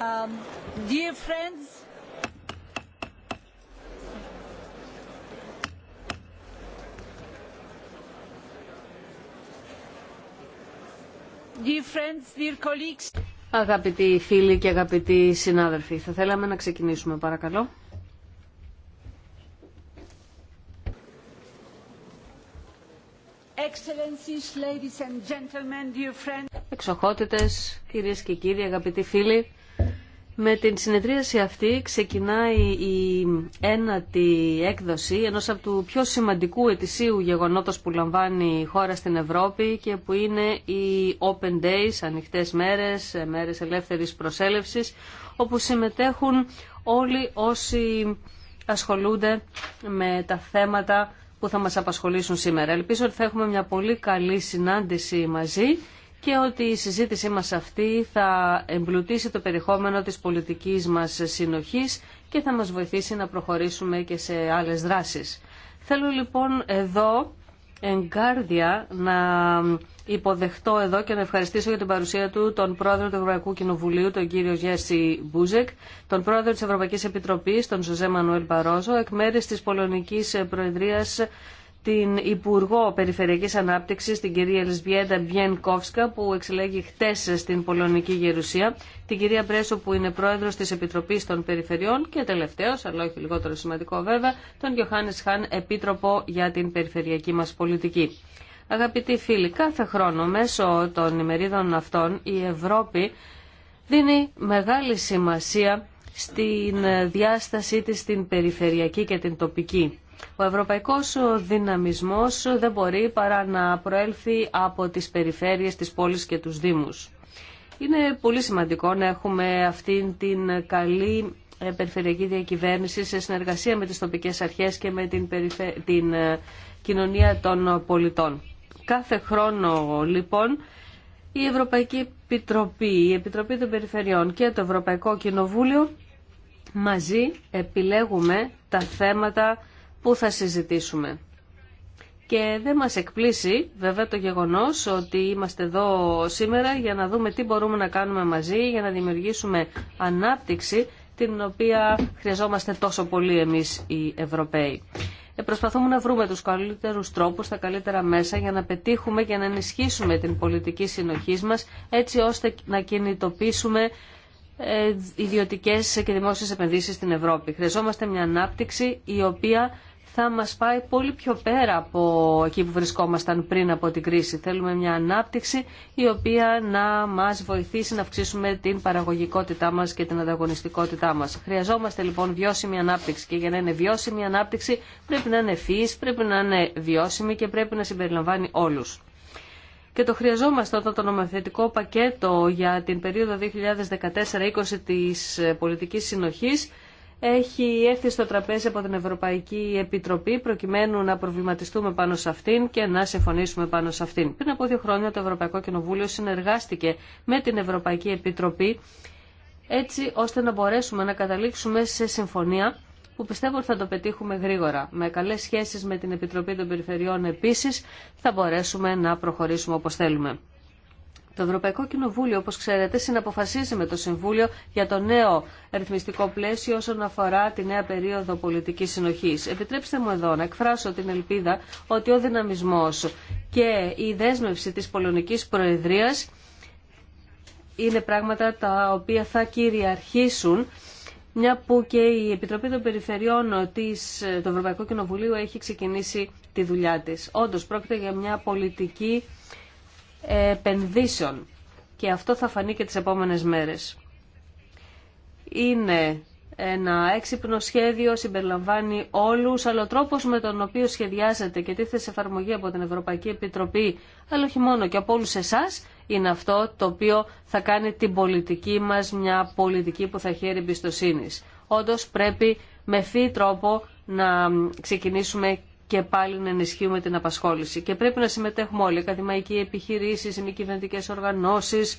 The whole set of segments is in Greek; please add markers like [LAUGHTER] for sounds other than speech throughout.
Um, dear friends, dear friends, dear colleagues. Αγαπητοί φίλοι και αγαπητοί συνάδελφοι, θα θέλαμε να ξεκινήσουμε παρακαλώ. Excellencies, ladies and gentlemen, dear friends. Εξοχότητες, κυρίες και κύριοι, αγαπητοί φίλοι, με την συνεδρίαση αυτή ξεκινάει η ένατη έκδοση ενός από του πιο σημαντικού ετησίου γεγονότος που λαμβάνει η χώρα στην Ευρώπη και που είναι οι Open Days, ανοιχτές μέρες, μέρες ελεύθερης προσέλευσης, όπου συμμετέχουν όλοι όσοι ασχολούνται με τα θέματα που θα μας απασχολήσουν σήμερα. Ελπίζω ότι θα έχουμε μια πολύ καλή συνάντηση μαζί και ότι η συζήτησή μας αυτή θα εμπλουτίσει το περιεχόμενο της πολιτικής μας συνοχής και θα μας βοηθήσει να προχωρήσουμε και σε άλλες δράσεις. Θέλω λοιπόν εδώ εγκάρδια να υποδεχτώ εδώ και να ευχαριστήσω για την παρουσία του τον πρόεδρο του Ευρωπαϊκού Κοινοβουλίου, τον κύριο Γιέση Μπούζεκ, τον πρόεδρο της Ευρωπαϊκής Επιτροπής, τον Ζωζέ Μανουέλ Μπαρόζο, εκ μέρους της Πολωνικής Προεδρίας την Υπουργό Περιφερειακής Ανάπτυξης, την κυρία Ελισβιέντα Μπιενκόφσκα, που εξελέγει χτες στην Πολωνική Γερουσία, την κυρία Μπρέσο, που είναι πρόεδρος της Επιτροπής των Περιφερειών και τελευταίος, αλλά όχι λιγότερο σημαντικό βέβαια, τον Γιωχάνης Χάν, Επίτροπο για την Περιφερειακή μας Πολιτική. Αγαπητοί φίλοι, κάθε χρόνο μέσω των ημερίδων αυτών η Ευρώπη δίνει μεγάλη σημασία στην διάστασή της στην περιφερειακή και την τοπική ο ευρωπαϊκός δυναμισμός δεν μπορεί παρά να προέλθει από τις περιφέρειες, τις πόλεις και τους δήμους. Είναι πολύ σημαντικό να έχουμε αυτήν την καλή ε, περιφερειακή διακυβέρνηση σε συνεργασία με τις τοπικές αρχές και με την, την ε, κοινωνία των πολιτών. Κάθε χρόνο λοιπόν η Ευρωπαϊκή Επιτροπή, η Επιτροπή των Περιφερειών και το Ευρωπαϊκό Κοινοβούλιο μαζί επιλέγουμε τα θέματα που θα συζητήσουμε. Και δεν μας εκπλήσει βέβαια το γεγονός ότι είμαστε εδώ σήμερα για να δούμε τι μπορούμε να κάνουμε μαζί, για να δημιουργήσουμε ανάπτυξη την οποία χρειαζόμαστε τόσο πολύ εμείς οι Ευρωπαίοι. Ε, προσπαθούμε να βρούμε τους καλύτερους τρόπους, τα καλύτερα μέσα για να πετύχουμε και να ενισχύσουμε την πολιτική συνοχή μας έτσι ώστε να κινητοποιήσουμε ε, ιδιωτικές και δημόσιες επενδύσεις στην Ευρώπη. Χρειαζόμαστε μια ανάπτυξη η οποία θα μας πάει πολύ πιο πέρα από εκεί που βρισκόμασταν πριν από την κρίση. Θέλουμε μια ανάπτυξη η οποία να μας βοηθήσει να αυξήσουμε την παραγωγικότητά μας και την ανταγωνιστικότητά μας. Χρειαζόμαστε λοιπόν βιώσιμη ανάπτυξη και για να είναι βιώσιμη η ανάπτυξη πρέπει να είναι ευφύης, πρέπει να είναι βιώσιμη και πρέπει να συμπεριλαμβάνει όλους. Και το χρειαζόμαστε όταν το νομοθετικό πακέτο για την περίοδο 2014-2020 της ε, πολιτικής συνοχής έχει έρθει στο τραπέζι από την Ευρωπαϊκή Επιτροπή προκειμένου να προβληματιστούμε πάνω σε αυτήν και να συμφωνήσουμε πάνω σε αυτήν. Πριν από δύο χρόνια το Ευρωπαϊκό Κοινοβούλιο συνεργάστηκε με την Ευρωπαϊκή Επιτροπή έτσι ώστε να μπορέσουμε να καταλήξουμε σε συμφωνία που πιστεύω ότι θα το πετύχουμε γρήγορα. Με καλές σχέσεις με την Επιτροπή των Περιφερειών επίσης θα μπορέσουμε να προχωρήσουμε όπως θέλουμε. Το Ευρωπαϊκό Κοινοβούλιο, όπως ξέρετε, συναποφασίζει με το Συμβούλιο για το νέο ρυθμιστικό πλαίσιο όσον αφορά τη νέα περίοδο πολιτικής συνοχής. Επιτρέψτε μου εδώ να εκφράσω την ελπίδα ότι ο δυναμισμός και η δέσμευση της Πολωνικής Προεδρίας είναι πράγματα τα οποία θα κυριαρχήσουν μια που και η Επιτροπή των Περιφερειών του Ευρωπαϊκού Κοινοβουλίου έχει ξεκινήσει τη δουλειά της. Όντως, πρόκειται για μια πολιτική επενδύσεων και αυτό θα φανεί και τις επόμενες μέρες. Είναι ένα έξυπνο σχέδιο, συμπεριλαμβάνει όλους, αλλά ο τρόπος με τον οποίο σχεδιάζεται και τι σε εφαρμογή από την Ευρωπαϊκή Επιτροπή, αλλά όχι μόνο και από όλους εσάς, είναι αυτό το οποίο θα κάνει την πολιτική μας μια πολιτική που θα χαίρει εμπιστοσύνη. Όντω πρέπει με φύ τρόπο να ξεκινήσουμε και πάλι να ενισχύουμε την απασχόληση. Και πρέπει να συμμετέχουμε όλοι, ακαδημαϊκοί επιχειρήσεις, οι μη κυβερνητικέ οργανώσεις,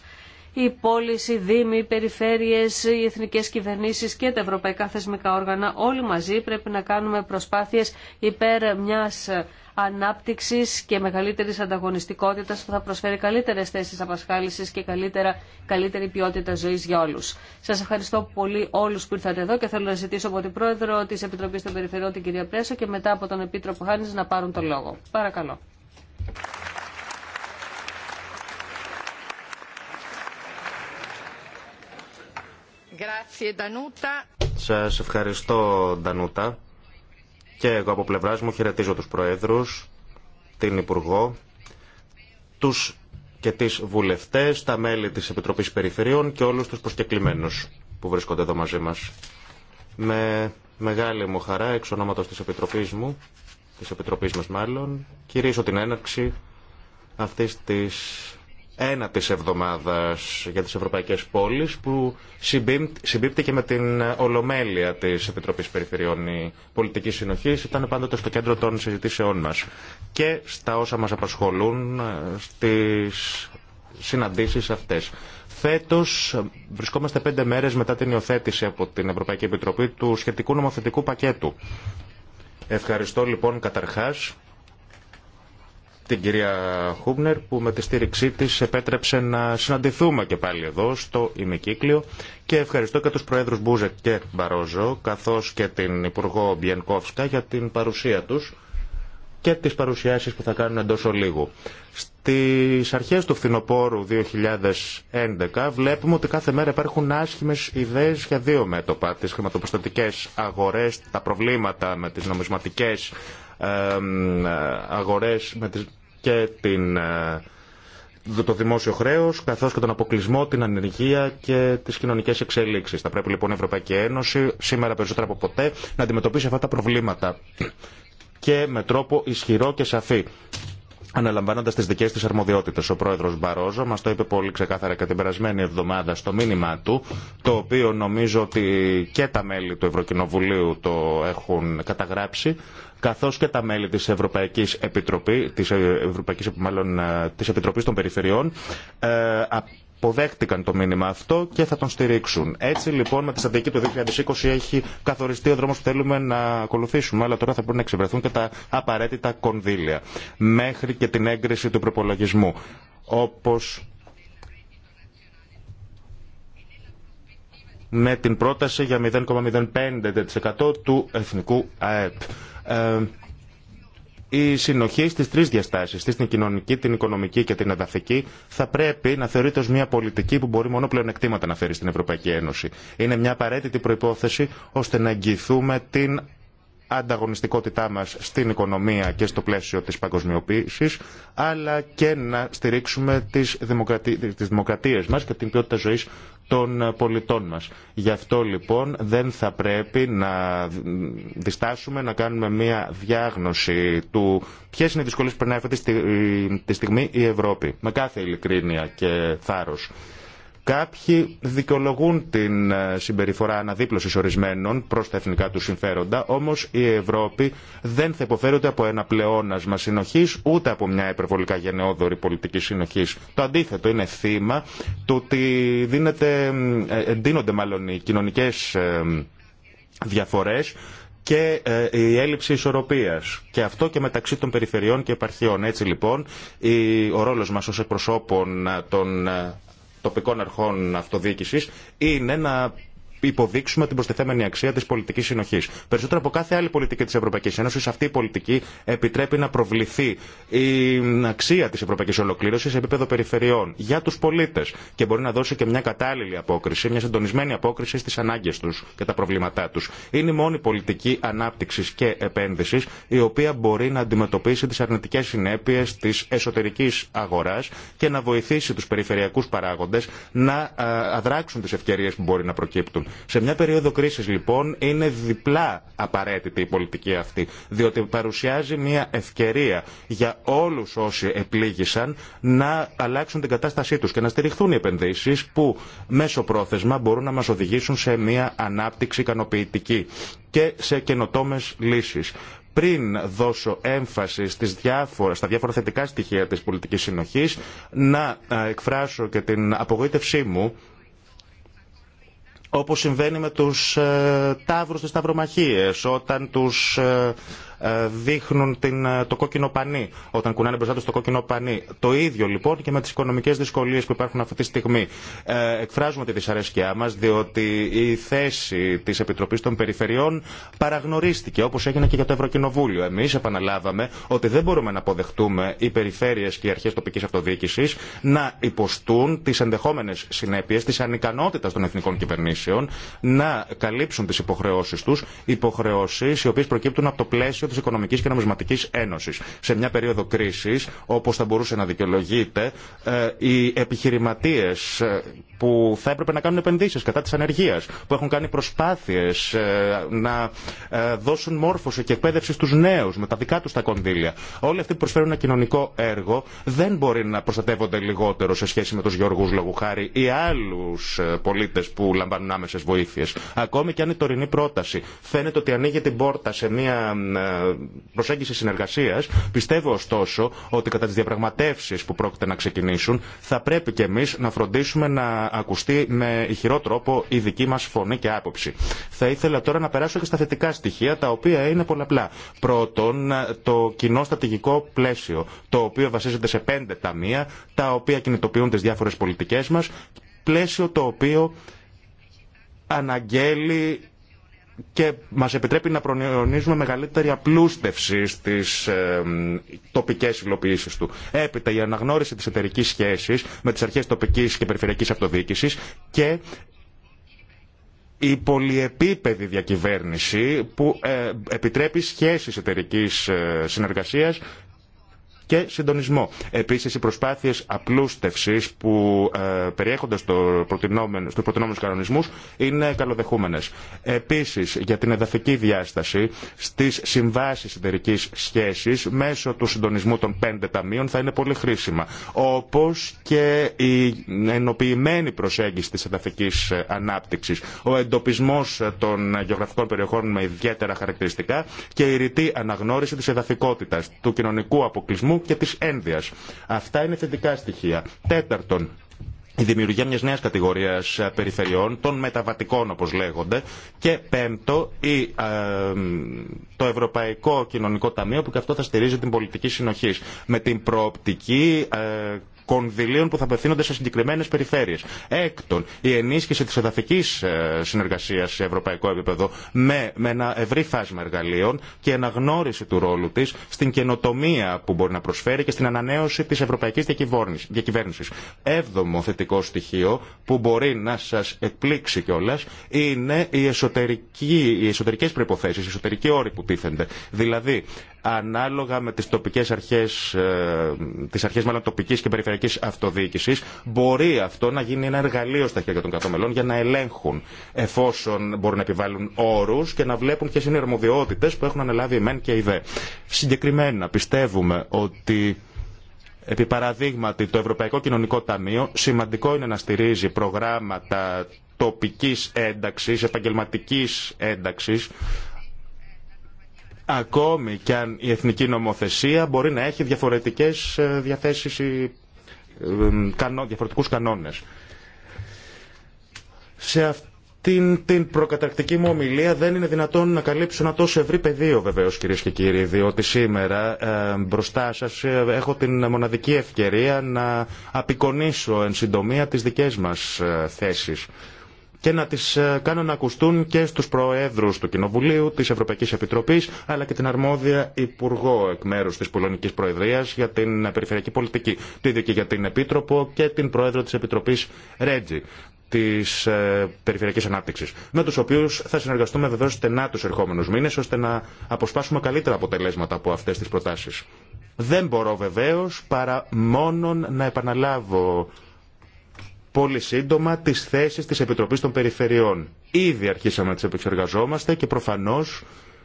η πόλεις, οι δήμοι, οι περιφέρειες, οι εθνικές κυβερνήσεις και τα ευρωπαϊκά θεσμικά όργανα όλοι μαζί πρέπει να κάνουμε προσπάθειες υπέρ μιας ανάπτυξης και μεγαλύτερης ανταγωνιστικότητας που θα προσφέρει καλύτερες θέσεις απασχάλησης και καλύτερα, καλύτερη ποιότητα ζωής για όλους. Σας ευχαριστώ πολύ όλους που ήρθατε εδώ και θέλω να ζητήσω από την Πρόεδρο της Επιτροπής των Περιφερειών την κυρία Πρέσο και μετά από τον Επίτροπο Χάνης να πάρουν το λόγο. Παρακαλώ. Σας ευχαριστώ, Ντανούτα. Και εγώ από πλευράς μου χαιρετίζω τους Προέδρους, την Υπουργό, τους και τις βουλευτές, τα μέλη της Επιτροπής Περιφερειών και όλους τους προσκεκλημένους που βρίσκονται εδώ μαζί μας. Με μεγάλη μου χαρά, εξ ονόματος της Επιτροπής μου, της Επιτροπής μας μάλλον, κηρύσω την έναρξη αυτής της ένα της εβδομάδας για τις ευρωπαϊκές πόλεις που συμπίπτει και με την ολομέλεια της Επιτροπής Περιφερειών η πολιτική συνοχή. ήταν πάντοτε στο κέντρο των συζητήσεών μας και στα όσα μας απασχολούν στις συναντήσεις αυτές. Φέτος βρισκόμαστε πέντε μέρες μετά την υιοθέτηση από την Ευρωπαϊκή Επιτροπή του σχετικού νομοθετικού πακέτου. Ευχαριστώ λοιπόν καταρχάς την κυρία Χούμπνερ που με τη στήριξή της επέτρεψε να συναντηθούμε και πάλι εδώ στο ημικύκλιο και ευχαριστώ και τους Προέδρους Μπούζεκ και Μπαρόζο καθώς και την Υπουργό Μπιενκόφσκα για την παρουσία τους και τις παρουσιάσεις που θα κάνουν εντός ολίγου. Στις αρχές του φθινοπόρου 2011 βλέπουμε ότι κάθε μέρα υπάρχουν άσχημες ιδέες για δύο μέτωπα. Τις χρηματοπιστωτικές αγορές, τα προβλήματα με τις νομισματικές αγορές και την, ε, το δημόσιο χρέο, καθώ και τον αποκλεισμό, την ανεργία και τι κοινωνικέ εξέλιξει. Θα πρέπει λοιπόν η Ευρωπαϊκή Ένωση σήμερα περισσότερο από ποτέ να αντιμετωπίσει αυτά τα προβλήματα και με τρόπο ισχυρό και σαφή. Αναλαμβάνοντα τι δικέ τη αρμοδιότητε. Ο πρόεδρο Μπαρόζο μα το είπε πολύ ξεκάθαρα και την περασμένη εβδομάδα στο μήνυμά του, το οποίο νομίζω ότι και τα μέλη του Ευρωκοινοβουλίου το έχουν καταγράψει καθώς και τα μέλη της Ευρωπαϊκής Επιτροπής, της, Ευρωπαϊκής, ε, των Περιφερειών, ε, αποδέχτηκαν το μήνυμα αυτό και θα τον στηρίξουν. Έτσι λοιπόν με τη στρατηγική του 2020 έχει καθοριστεί ο δρόμος που θέλουμε να ακολουθήσουμε, αλλά τώρα θα πρέπει να εξευρεθούν και τα απαραίτητα κονδύλια μέχρι και την έγκριση του προπολογισμού. Όπως με την πρόταση για 0,05% του εθνικού ΑΕΠ. Ε, η συνοχή στι τρει διαστάσει, στην κοινωνική, την οικονομική και την εδαφική, θα πρέπει να θεωρείται ω μια πολιτική που μπορεί μόνο πλεονεκτήματα να φέρει στην Ευρωπαϊκή Ένωση. Είναι μια απαραίτητη προπόθεση ώστε να εγγυηθούμε την ανταγωνιστικότητά μας στην οικονομία και στο πλαίσιο της παγκοσμιοποίησης, αλλά και να στηρίξουμε τις, μα δημοκρατίες μας και την ποιότητα ζωής των πολιτών μας. Γι' αυτό λοιπόν δεν θα πρέπει να διστάσουμε να κάνουμε μια διάγνωση του ποιες είναι οι δυσκολίες που περνάει αυτή τη στιγμή η Ευρώπη. Με κάθε ειλικρίνεια και θάρρος. Κάποιοι δικαιολογούν την ε, συμπεριφορά αναδίπλωση ορισμένων προ τα εθνικά του συμφέροντα, όμω η Ευρώπη δεν θα υποφέρονται από ένα πλεόνασμα συνοχή, ούτε από μια υπερβολικά γενναιόδορη πολιτική συνοχή. Το αντίθετο είναι θύμα του ότι δίνεται, ε, εντείνονται μάλλον οι κοινωνικέ ε, διαφορές και η έλλειψη ισορροπίας. Και αυτό και μεταξύ των περιφερειών και επαρχιών. Έτσι λοιπόν ο ρόλος μας ως εκπροσώπων των τοπικών αρχών αυτοδιοίκηση είναι να υποδείξουμε την προστιθέμενη αξία τη πολιτική συνοχή. Περισσότερο από κάθε άλλη πολιτική τη Ευρωπαϊκή Ένωση, αυτή η πολιτική επιτρέπει να προβληθεί η αξία τη ευρωπαϊκή ολοκλήρωση σε επίπεδο περιφερειών για του πολίτε και μπορεί να δώσει και μια κατάλληλη απόκριση, μια συντονισμένη απόκριση στι ανάγκε του και τα προβλήματά του. Είναι η μόνη πολιτική ανάπτυξη και επένδυση η οποία μπορεί να αντιμετωπίσει τι αρνητικέ συνέπειε τη εσωτερική αγορά και να βοηθήσει του περιφερειακού παράγοντε να ε, αδράξουν τι ευκαιρίε που μπορεί να προκύπτουν. Σε μια περίοδο κρίση, λοιπόν, είναι διπλά απαραίτητη η πολιτική αυτή, διότι παρουσιάζει μια ευκαιρία για όλου όσοι επλήγησαν να αλλάξουν την κατάστασή του και να στηριχθούν οι επενδύσει που μέσω πρόθεσμα μπορούν να μα οδηγήσουν σε μια ανάπτυξη ικανοποιητική και σε καινοτόμε λύσει πριν δώσω έμφαση στις διάφορα, στα διάφορα θετικά στοιχεία της πολιτικής συνοχής, να εκφράσω και την απογοήτευσή μου όπως συμβαίνει με τους ε, τάβρους στις ταυρομαχίες όταν τους ε, ε, δείχνουν την, ε, το κόκκινο πανί όταν κουνάνε μπροστά του το κόκκινο πανί. Το ίδιο λοιπόν και με τι οικονομικέ δυσκολίε που υπάρχουν αυτή τη στιγμή. Ε, εκφράζουμε τη δυσαρέσκειά μα διότι η θέση τη Επιτροπή των Περιφερειών παραγνωρίστηκε όπω έγινε και για το Ευρωκοινοβούλιο. Εμεί επαναλάβαμε ότι δεν μπορούμε να αποδεχτούμε οι περιφέρειε και οι αρχέ τοπική αυτοδιοίκηση να υποστούν τι ενδεχόμενε συνέπειε τη ανικανότητα των εθνικών κυβερνήσεων να καλύψουν τι υποχρεώσει του, υποχρεώσει οι οποίε προκύπτουν από το πλαίσιο πλαίσιο τη Οικονομική και Νομισματική Ένωση. Σε μια περίοδο κρίση, όπω θα μπορούσε να δικαιολογείται, ε, οι επιχειρηματίε ε, που θα έπρεπε να κάνουν επενδύσει κατά τη ανεργία, που έχουν κάνει προσπάθειε ε, να δώσουν μόρφωση και εκπαίδευση στου νέου με τα δικά του τα κονδύλια. Όλοι αυτοί που προσφέρουν ένα κοινωνικό έργο δεν μπορεί να προστατεύονται λιγότερο σε σχέση με του γεωργού Λογουχάρη ή άλλου πολίτε που λαμβάνουν άμεσε βοήθειε. Ακόμη και αν η τωρινή πρόταση φαίνεται ότι ανοίγει την πόρτα σε μια προσέγγιση συνεργασία. Πιστεύω ωστόσο ότι κατά τι διαπραγματεύσει που πρόκειται να ξεκινήσουν θα πρέπει και εμεί να φροντίσουμε να ακουστεί με ηχηρό τρόπο η δική μα φωνή και άποψη. Θα ήθελα τώρα να περάσω και στα θετικά στοιχεία τα οποία είναι πολλαπλά. Πρώτον, το κοινό στρατηγικό πλαίσιο το οποίο βασίζεται σε πέντε ταμεία τα οποία κινητοποιούν τι διάφορε πολιτικέ μα πλαίσιο το οποίο αναγγέλει και μας επιτρέπει να προνοιονίζουμε μεγαλύτερη απλούστευση στις ε, τοπικές υλοποιήσεις του. Έπειτα η αναγνώριση της εταιρική σχέσης με τις αρχές τοπικής και περιφερειακής αυτοδιοίκησης και η πολυεπίπεδη διακυβέρνηση που ε, επιτρέπει σχέσεις εταιρικής ε, συνεργασίας και συντονισμό. Επίση, οι προσπάθειε απλούστευση που ε, περιέχονται στο στου προτινόμενου κανονισμού είναι καλοδεχούμενε. Επίση, για την εδαφική διάσταση στι συμβάσει εταιρική σχέση μέσω του συντονισμού των πέντε ταμείων θα είναι πολύ χρήσιμα. Όπω και η ενοποιημένη προσέγγιση τη εδαφική ε, ανάπτυξη, ο εντοπισμό ε, των γεωγραφικών περιοχών με ιδιαίτερα χαρακτηριστικά και η ρητή αναγνώριση τη εδαφικότητα, του κοινωνικού αποκλεισμού και της ένδυας. Αυτά είναι θετικά στοιχεία. Τέταρτον, η δημιουργία μιας νέας κατηγορίας ε, περιφερειών, των μεταβατικών όπως λέγονται, και πέμπτο, η, ε, το Ευρωπαϊκό Κοινωνικό Ταμείο που και αυτό θα στηρίζει την πολιτική συνοχή με την προοπτική ε, κονδυλίων που θα απευθύνονται σε συγκεκριμένε περιφέρειες. Έκτον, η ενίσχυση τη εδαφική ε, συνεργασία σε ευρωπαϊκό επίπεδο με, με ένα ευρύ φάσμα εργαλείων και αναγνώριση του ρόλου τη στην καινοτομία που μπορεί να προσφέρει και στην ανανέωση τη ευρωπαϊκή διακυβέρνηση. Έβδομο θετικό στοιχείο που μπορεί να σα εκπλήξει κιόλα είναι οι, οι εσωτερικέ προποθέσει, οι εσωτερικοί όροι που τίθενται. Δηλαδή, ανάλογα με τις τοπικές αρχές, ε, τις αρχές μάλλον τοπικής και περιφερειακής αυτοδιοίκησης, μπορεί αυτό να γίνει ένα εργαλείο στα χέρια των κατώμελών για να ελέγχουν εφόσον μπορούν να επιβάλλουν όρους και να βλέπουν ποιες είναι οι αρμοδιότητες που έχουν αναλάβει η ΜΕΝ και η ΔΕ. Συγκεκριμένα πιστεύουμε ότι επί παραδείγματι το Ευρωπαϊκό Κοινωνικό Ταμείο σημαντικό είναι να στηρίζει προγράμματα τοπικής ένταξης, επαγγελματικής ένταξης ακόμη κι αν η εθνική νομοθεσία μπορεί να έχει διαφορετικές ε, διαθέσεις ή ε, διαφορετικούς κανόνες. Σε αυτήν την προκαταρκτική μου ομιλία δεν είναι δυνατόν να καλύψω ένα τόσο ευρύ πεδίο βεβαίως κυρίες και κύριοι, διότι σήμερα ε, μπροστά σας έχω την μοναδική ευκαιρία να απεικονίσω εν συντομία τις δικές μας θέσεις και να τις ε, κάνω να ακουστούν και στους προέδρους του Κοινοβουλίου, της Ευρωπαϊκής Επιτροπής, αλλά και την αρμόδια Υπουργό εκ μέρους της Πολωνικής Προεδρίας για την Περιφερειακή Πολιτική. Το ίδιο και για την Επίτροπο και την Πρόεδρο της Επιτροπής Ρέτζι, της ε, περιφερειακή ανάπτυξη, με τους οποίους θα συνεργαστούμε βεβαίως στενά του ερχόμενου μήνε, ώστε να αποσπάσουμε καλύτερα αποτελέσματα από αυτές τις προτάσεις. Δεν μπορώ βεβαίω παρά μόνον να επαναλάβω πολύ σύντομα τις θέσεις της Επιτροπής των Περιφερειών. Ήδη αρχίσαμε να τις επεξεργαζόμαστε και προφανώς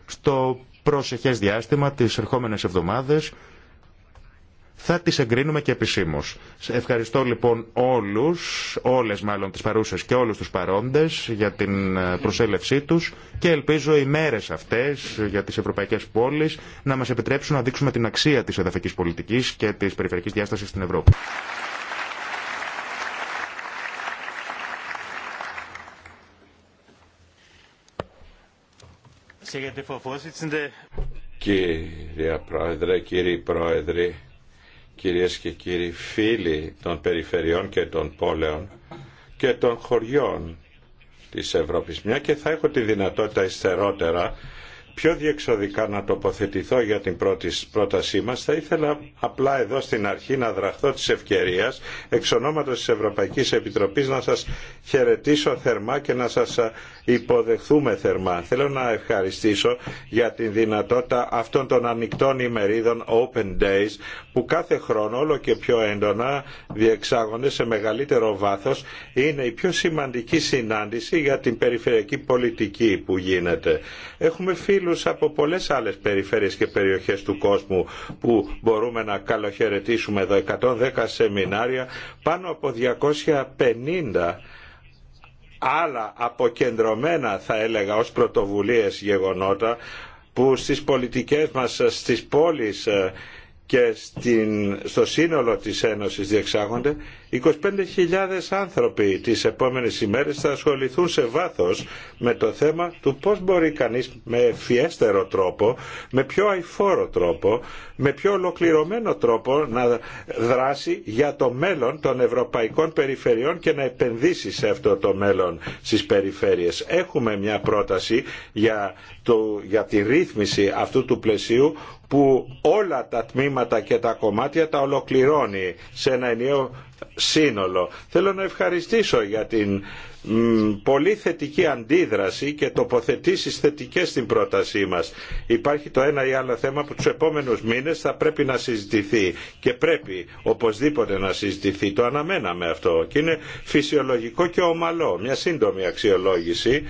στο προσεχές διάστημα τις ερχόμενες εβδομάδες θα τις εγκρίνουμε και επισήμως. Ευχαριστώ λοιπόν όλους, όλες μάλλον τις παρούσες και όλους τους παρόντες για την ε, προσέλευσή τους και ελπίζω οι μέρες αυτές για τις ευρωπαϊκές πόλεις να μας επιτρέψουν να δείξουμε την αξία της εδαφικής πολιτικής και της περιφερειακής διάστασης στην Ευρώπη. Κύριε Πρόεδρε, κύριοι Πρόεδροι, κυρίες και κύριοι φίλοι των περιφερειών και των πόλεων και των χωριών της Ευρώπης. Μια και θα έχω τη δυνατότητα υστερότερα πιο διεξοδικά να τοποθετηθώ για την πρώτη πρότασή μας, θα ήθελα απλά εδώ στην αρχή να δραχθώ της ευκαιρίας εξ ονόματος της Ευρωπαϊκής Επιτροπής να σας χαιρετήσω θερμά και να σας υποδεχθούμε θερμά. Θέλω να ευχαριστήσω για την δυνατότητα αυτών των ανοιχτών ημερίδων Open Days που κάθε χρόνο όλο και πιο έντονα διεξάγονται σε μεγαλύτερο βάθος είναι η πιο σημαντική συνάντηση για την περιφερειακή πολιτική που γίνεται. Έχουμε φίλους από πολλές άλλες περιφέρειες και περιοχές του κόσμου που μπορούμε να καλοχαιρετήσουμε εδώ 110 σεμινάρια, πάνω από 250 άλλα αποκεντρωμένα θα έλεγα ως πρωτοβουλίες γεγονότα που στις πολιτικές μας στις πόλεις ε, και στο σύνολο της Ένωσης διεξάγονται 25.000 άνθρωποι τις επόμενες ημέρες θα ασχοληθούν σε βάθος με το θέμα του πώς μπορεί κανείς με φιέστερο τρόπο, με πιο αηφόρο τρόπο, με πιο ολοκληρωμένο τρόπο να δράσει για το μέλλον των ευρωπαϊκών περιφερειών και να επενδύσει σε αυτό το μέλλον στις περιφέρειες. Έχουμε μια πρόταση για, για τη ρύθμιση αυτού του πλαισίου που όλα τα τμήματα και τα κομμάτια τα ολοκληρώνει σε ένα ενιαίο σύνολο. Θέλω να ευχαριστήσω για την μ, πολύ θετική αντίδραση και τοποθετήσεις θετικές στην πρότασή μας. Υπάρχει το ένα ή άλλο θέμα που τους επόμενους μήνες θα πρέπει να συζητηθεί και πρέπει οπωσδήποτε να συζητηθεί. Το αναμέναμε αυτό και είναι φυσιολογικό και ομαλό. Μια σύντομη αξιολόγηση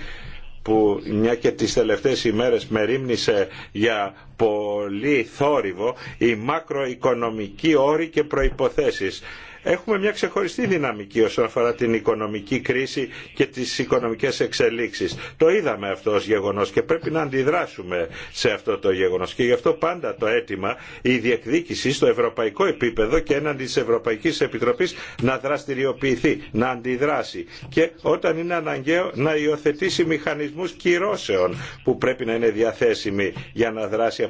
που μια και τις τελευταίες ημέρες ρίμνησε για πολύ θόρυβο η μακροοικονομική όρη και προϋποθέσεις έχουμε μια ξεχωριστή δυναμική όσον αφορά την οικονομική κρίση και τις οικονομικές εξελίξεις. Το είδαμε αυτό ως γεγονός και πρέπει να αντιδράσουμε σε αυτό το γεγονός. Και γι' αυτό πάντα το αίτημα η διεκδίκηση στο ευρωπαϊκό επίπεδο και έναντι της Ευρωπαϊκής Επιτροπής να δραστηριοποιηθεί, να αντιδράσει και όταν είναι αναγκαίο να υιοθετήσει μηχανισμούς κυρώσεων που πρέπει να είναι διαθέσιμοι για να δράσει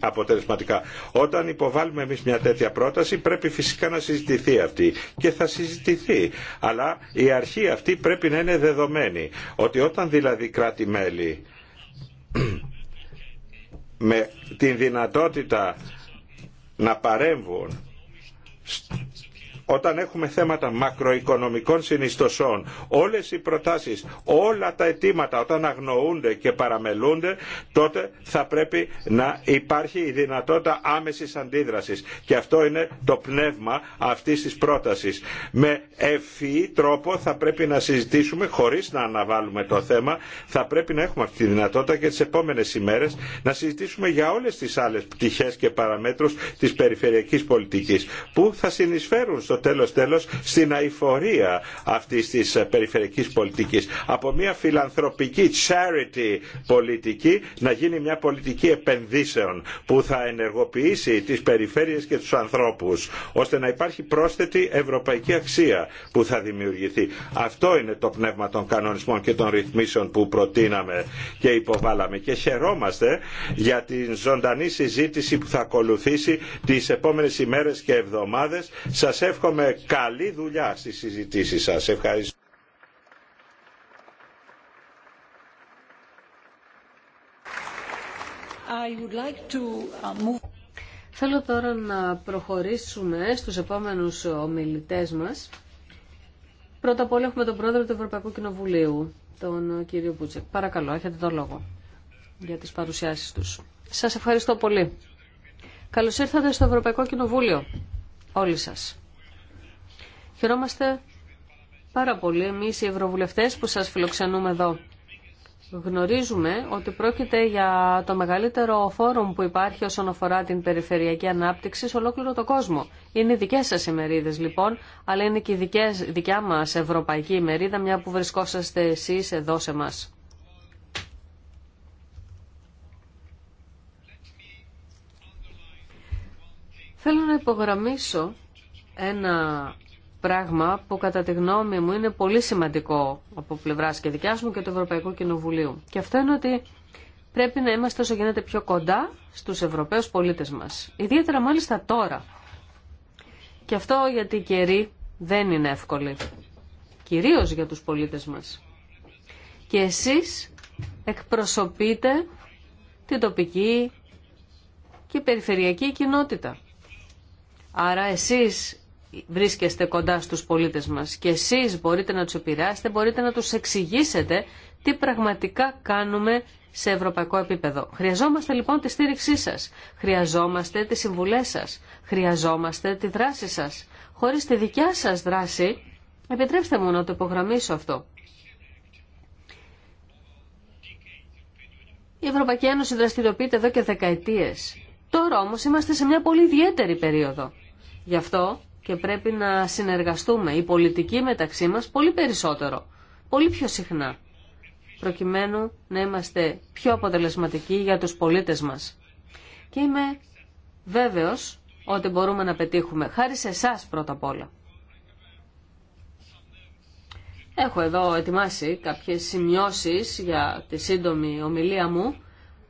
αποτελεσματικά. Όταν υποβάλουμε μια τέτοια πρόταση πρέπει φυσικά να συζητήσουμε συζητηθεί αυτή και θα συζητηθεί. Αλλά η αρχή αυτή πρέπει να είναι δεδομένη. Ότι όταν δηλαδή κράτη-μέλη [CLEARS THROAT] με την δυνατότητα να παρέμβουν όταν έχουμε θέματα μακροοικονομικών συνιστοσών, όλες οι προτάσεις, όλα τα αιτήματα όταν αγνοούνται και παραμελούνται, τότε θα πρέπει να υπάρχει η δυνατότητα άμεσης αντίδρασης. Και αυτό είναι το πνεύμα αυτής της πρότασης. Με ευφυή τρόπο θα πρέπει να συζητήσουμε χωρίς να αναβάλουμε το θέμα, θα πρέπει να έχουμε αυτή τη δυνατότητα και τις επόμενες ημέρες να συζητήσουμε για όλες τις άλλες πτυχές και παραμέτρους της περιφερειακής πολιτικής που θα συνεισφέρουν στο τέλος τέλος στην αηφορία αυτής της ε, περιφερειακής πολιτικής. Από μια φιλανθρωπική charity πολιτική να γίνει μια πολιτική επενδύσεων που θα ενεργοποιήσει τις περιφέρειες και τους ανθρώπους ώστε να υπάρχει πρόσθετη ευρωπαϊκή αξία που θα δημιουργηθεί. Αυτό είναι το πνεύμα των κανονισμών και των ρυθμίσεων που προτείναμε και υποβάλαμε και χαιρόμαστε για την ζωντανή συζήτηση που θα ακολουθήσει τις επόμενες ημέρες και εβδομάδες. Σας εύχομαι καλή δουλειά στις συζητήσει σας. Ευχαριστώ. Uh, Θέλω τώρα να προχωρήσουμε στους επόμενους ομιλητές μας. Πρώτα απ' όλα έχουμε τον πρόεδρο του Ευρωπαϊκού Κοινοβουλίου, τον κύριο Πούτσεκ. Παρακαλώ, έχετε τον λόγο για τις παρουσιάσεις τους. Σας ευχαριστώ πολύ. Καλώς ήρθατε στο Ευρωπαϊκό Κοινοβούλιο, όλοι σας. Χαιρόμαστε πάρα πολύ εμείς οι ευρωβουλευτές που σας φιλοξενούμε εδώ. Γνωρίζουμε ότι πρόκειται για το μεγαλύτερο φόρουμ που υπάρχει όσον αφορά την περιφερειακή ανάπτυξη σε ολόκληρο το κόσμο. Είναι οι δικές σας ημερίδες λοιπόν, αλλά είναι και η δικιά μας ευρωπαϊκή ημερίδα, μια που βρισκόσαστε εσείς εδώ σε μας. Θέλω να υπογραμμίσω ένα πράγμα που κατά τη γνώμη μου είναι πολύ σημαντικό από πλευρά και δικιά μου και του Ευρωπαϊκού Κοινοβουλίου. Και αυτό είναι ότι πρέπει να είμαστε όσο γίνεται πιο κοντά στους Ευρωπαίους πολίτες μας. Ιδιαίτερα μάλιστα τώρα. Και αυτό γιατί οι καιροί δεν είναι εύκολοι. Κυρίως για τους πολίτες μας. Και εσείς εκπροσωπείτε την τοπική και περιφερειακή κοινότητα. Άρα εσείς βρίσκεστε κοντά στους πολίτες μας και εσείς μπορείτε να τους επηρεάσετε, μπορείτε να τους εξηγήσετε τι πραγματικά κάνουμε σε ευρωπαϊκό επίπεδο. Χρειαζόμαστε λοιπόν τη στήριξή σας, χρειαζόμαστε τις συμβουλές σας, χρειαζόμαστε τη δράση σας. Χωρίς τη δικιά σας δράση, επιτρέψτε μου να το υπογραμμίσω αυτό. Η Ευρωπαϊκή Ένωση δραστηριοποιείται εδώ και δεκαετίες. Τώρα όμως είμαστε σε μια πολύ ιδιαίτερη περίοδο. Γι' αυτό και πρέπει να συνεργαστούμε οι πολιτικοί μεταξύ μας πολύ περισσότερο, πολύ πιο συχνά, προκειμένου να είμαστε πιο αποτελεσματικοί για τους πολίτες μας. Και είμαι βέβαιος ότι μπορούμε να πετύχουμε, χάρη σε εσά πρώτα απ' όλα. Έχω εδώ ετοιμάσει κάποιες σημειώσεις για τη σύντομη ομιλία μου,